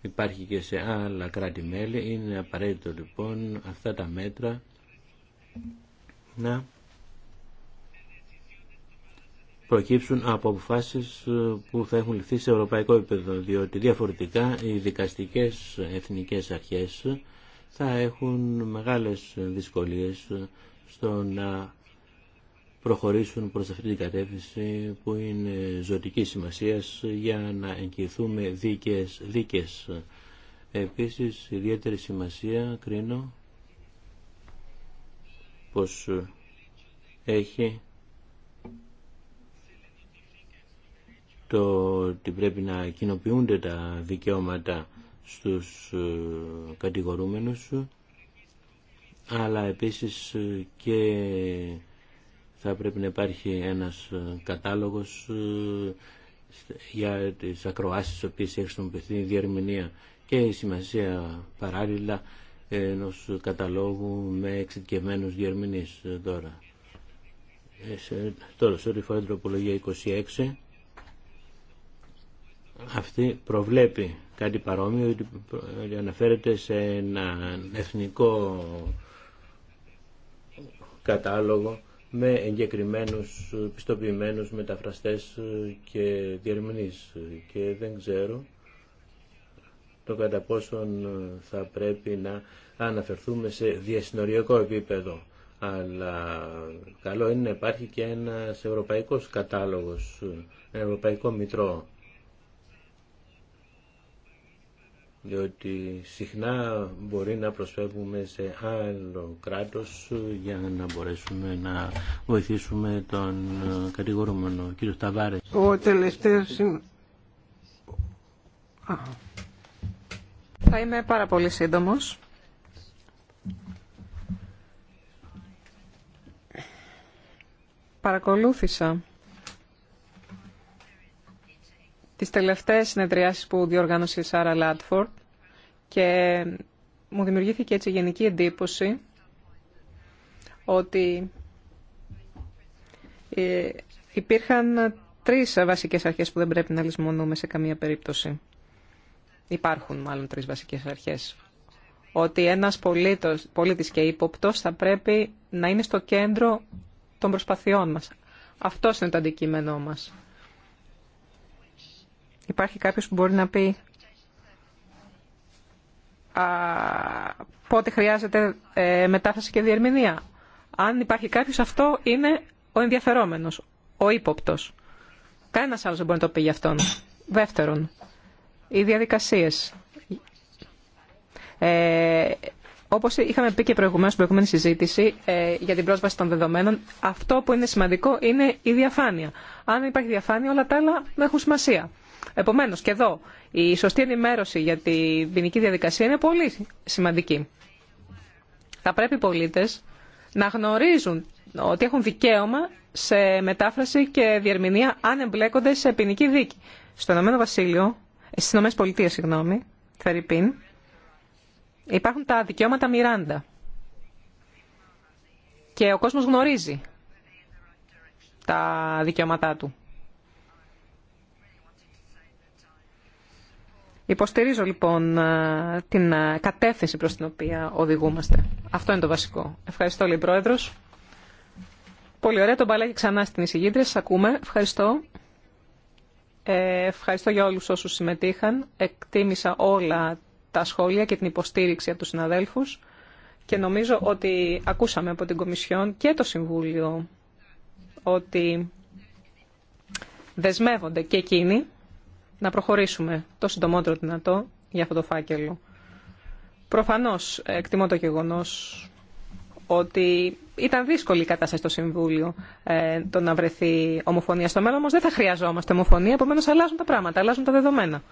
υπάρχει και σε άλλα κράτη-μέλη είναι απαραίτητο λοιπόν αυτά τα μέτρα να προκύψουν από αποφάσεις ε, που θα έχουν ληφθεί σε ευρωπαϊκό επίπεδο, διότι διαφορετικά οι δικαστικές εθνικές αρχές θα έχουν μεγάλες δυσκολίες στο να προχωρήσουν προς αυτή την κατεύθυνση που είναι ζωτική σημασίας για να εγγυηθούμε δίκες, δίκες. Επίσης, ιδιαίτερη σημασία κρίνω όπως ε, έχει το ότι πρέπει να κοινοποιούνται τα δικαιώματα στους ε, κατηγορούμενους αλλά επίσης ε, και θα πρέπει να υπάρχει ένας κατάλογος για τις ακροάσεις τις οποίες έχει στον η διερμηνία και η σημασία παράλληλα Ενό καταλόγου με εξειδικευμένου διερμηνείς τώρα. Ε, τώρα, σε ό,τι φορά 26, αυτή προβλέπει κάτι παρόμοιο, ότι αναφέρεται σε ένα εθνικό κατάλογο με εγκεκριμένους πιστοποιημένους μεταφραστές και διερμηνείς και δεν ξέρω το κατά πόσον ε, θα πρέπει να αναφερθούμε σε διασυνοριακό επίπεδο. Αλλά καλό είναι να υπάρχει και ένας ευρωπαϊκός κατάλογος, ένα ευρωπαϊκό μητρό. Διότι συχνά μπορεί να προσφεύγουμε σε άλλο κράτος για να μπορέσουμε να βοηθήσουμε τον ε, κατηγορούμενο, κύριο Σταβάρη. Ο τελευταίος... Θα είμαι πάρα πολύ σύντομος. Παρακολούθησα τις τελευταίες συνεδριάσεις που διοργάνωσε η Σάρα Λάτφορντ και μου δημιουργήθηκε έτσι η γενική εντύπωση ότι ε, υπήρχαν τρεις βασικές αρχές που δεν πρέπει να λησμονούμε σε καμία περίπτωση. Υπάρχουν μάλλον τρεις βασικές αρχές. Ότι ένας πολίτος, πολίτης και ύποπτος θα πρέπει να είναι στο κέντρο των προσπαθειών μας. Αυτό είναι το αντικείμενό μας. Υπάρχει κάποιος που μπορεί να πει α, πότε χρειάζεται ε, μετάφραση και διερμηνία. Αν υπάρχει κάποιος αυτό είναι ο ενδιαφερόμενος, ο ύποπτος. Κανένας άλλος δεν μπορεί να το πει για αυτόν. Δεύτερον, οι διαδικασίες. Ε, όπως είχαμε πει και προηγουμένως στην προηγούμενη συζήτηση ε, για την πρόσβαση των δεδομένων, αυτό που είναι σημαντικό είναι η διαφάνεια. Αν υπάρχει διαφάνεια, όλα τα άλλα δεν έχουν σημασία. Επομένως, και εδώ, η σωστή ενημέρωση για την ποινική διαδικασία είναι πολύ σημαντική. Θα πρέπει οι πολίτες να γνωρίζουν ότι έχουν δικαίωμα σε μετάφραση και διερμηνία αν εμπλέκονται σε ποινική δίκη. Στο Ηνωμένο Βασίλειο, στις νομές Πολιτείες, συγγνώμη, Φερρυπίν, υπάρχουν τα δικαιώματα Μιράντα. Και ο κόσμος γνωρίζει τα δικαιώματά του. Υποστηρίζω λοιπόν την κατεύθυνση προς την οποία οδηγούμαστε. Αυτό είναι το βασικό. Ευχαριστώ λέει Πρόεδρος. Πολύ ωραία, τον παλάκι ξανά στην εισηγήτρια. Σας ακούμε. Ευχαριστώ ευχαριστώ για όλους όσους συμμετείχαν. Εκτίμησα όλα τα σχόλια και την υποστήριξη από τους συναδέλφους και νομίζω ότι ακούσαμε από την Κομισιόν και το Συμβούλιο ότι δεσμεύονται και εκείνοι να προχωρήσουμε το συντομότερο δυνατό για αυτό το φάκελο. Προφανώς εκτιμώ το γεγονός ότι ήταν δύσκολη η κατάσταση στο Συμβούλιο ε, το να βρεθεί ομοφωνία. Στο μέλλον όμω δεν θα χρειαζόμαστε ομοφωνία, επομένω αλλάζουν τα πράγματα, αλλάζουν τα δεδομένα.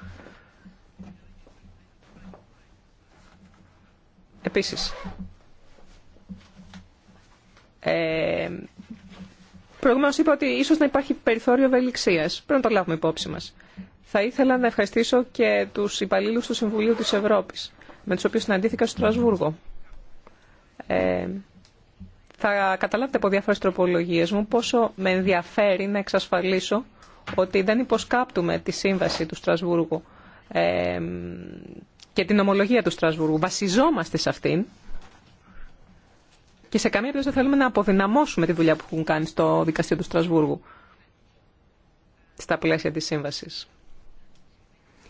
Επίσης, ε, προηγουμένως είπα ότι ίσως να υπάρχει περιθώριο ευελιξίας. Πρέπει να το λάβουμε υπόψη μας. Θα ήθελα να ευχαριστήσω και τους υπαλλήλους του Συμβουλίου της Ευρώπης, με τους οποίους συναντήθηκα στο Στρασβούργο. Ε, θα καταλάβετε από διάφορες τροπολογίες μου πόσο με ενδιαφέρει να εξασφαλίσω ότι δεν υποσκάπτουμε τη σύμβαση του Στρασβούργου και την ομολογία του Στρασβούργου. Βασιζόμαστε σε αυτήν και σε καμία περίπτωση δεν θέλουμε να αποδυναμώσουμε τη δουλειά που έχουν κάνει στο δικαστήριο του Στρασβούργου στα πλαίσια της σύμβασης.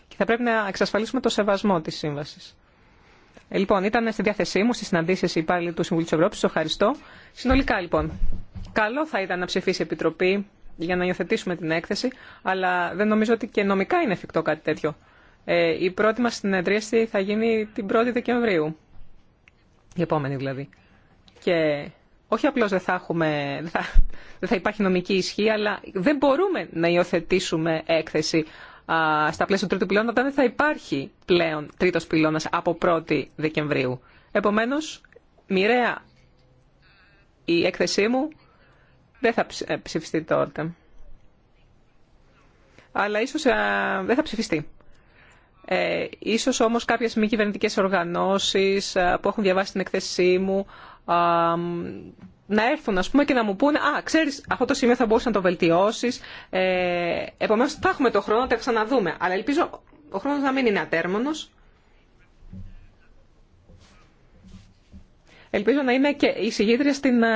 Και θα πρέπει να εξασφαλίσουμε το σεβασμό της σύμβασης. Ε, λοιπόν, ήταν στη διάθεσή μου στι συναντήσει υπάλληλοι του Συμβουλίου τη Ευρώπη. Σας ευχαριστώ. Συνολικά, λοιπόν, καλό θα ήταν να ψηφίσει η Επιτροπή για να υιοθετήσουμε την έκθεση, αλλά δεν νομίζω ότι και νομικά είναι εφικτό κάτι τέτοιο. Ε, η πρώτη μα συνεδρίαση θα γίνει την 1η Δεκεμβρίου. Η επόμενη δηλαδή. Και όχι απλώς δεν θα, δεν θα υπάρχει νομική ισχύ, αλλά δεν μπορούμε να υιοθετήσουμε έκθεση στα πλαίσια του τρίτου πυλώνα δεν θα υπάρχει πλέον τρίτος πυλώνας από 1η Δεκεμβρίου. Επομένως, μοιραία η έκθεσή μου δεν θα ε, ψηφιστεί τότε. Αλλά ίσως ε, δεν θα ψηφιστεί. Ε, ίσως όμως κάποιες μη κυβερνητικέ οργανώσεις ε, που έχουν διαβάσει την εκθέσή μου να έρθουν ας πούμε, και να μου πούνε «Α, ξέρεις, αυτό το σημείο θα μπορούσε να το βελτιώσεις». Ε, επομένως, θα έχουμε το χρόνο να τα ξαναδούμε. Αλλά ελπίζω ο χρόνος να μην είναι ατέρμονος. Ελπίζω να είμαι και η συγγήτρια στην ε,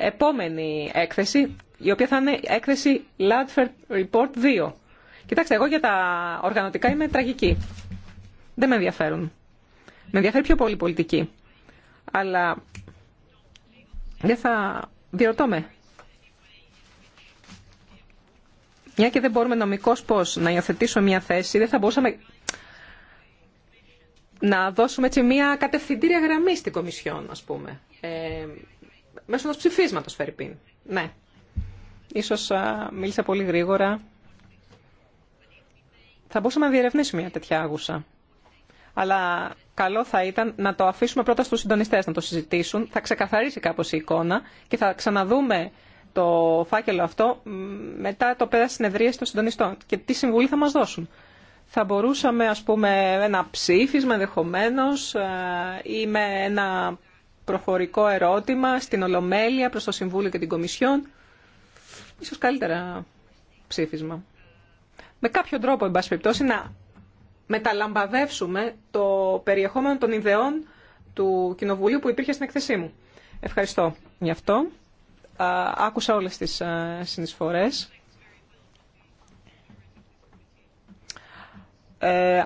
επόμενη έκθεση, η οποία θα είναι έκθεση Ladford Report 2. Κοιτάξτε, εγώ για τα οργανωτικά είμαι τραγική. Δεν με ενδιαφέρουν. Με ενδιαφέρει πιο πολύ πολιτική. Αλλά δεν θα διερωτώ Μια και δεν μπορούμε νομικώς πώς να υιοθετήσουμε μια θέση, δεν θα μπορούσαμε να δώσουμε έτσι μια κατευθυντήρια γραμμή στην Κομισιόν, ας πούμε. Ε, μέσω ενός ψηφίσματος, Φερρυπίν. Ναι. Ίσως μίλησα πολύ γρήγορα. Θα μπορούσαμε να διερευνήσουμε μια τέτοια άγουσα. Αλλά καλό θα ήταν να το αφήσουμε πρώτα στους συντονιστές να το συζητήσουν. Θα ξεκαθαρίσει κάπως η εικόνα και θα ξαναδούμε το φάκελο αυτό μετά το πέρα συνεδρίες των συντονιστών και τι συμβουλή θα μας δώσουν. Θα μπορούσαμε, ας πούμε, ένα ψήφισμα ενδεχομένω ε, ή με ένα προφορικό ερώτημα στην Ολομέλεια προς το Συμβούλιο και την Κομισιόν. Ίσως καλύτερα ψήφισμα. Με κάποιο τρόπο, εν πάση περιπτώσει, να μεταλαμπαδεύσουμε το περιεχόμενο των ιδεών του Κοινοβουλίου που υπήρχε στην εκθεσή μου. Ευχαριστώ γι' αυτό. Άκουσα όλες τις συνεισφορές. Ε,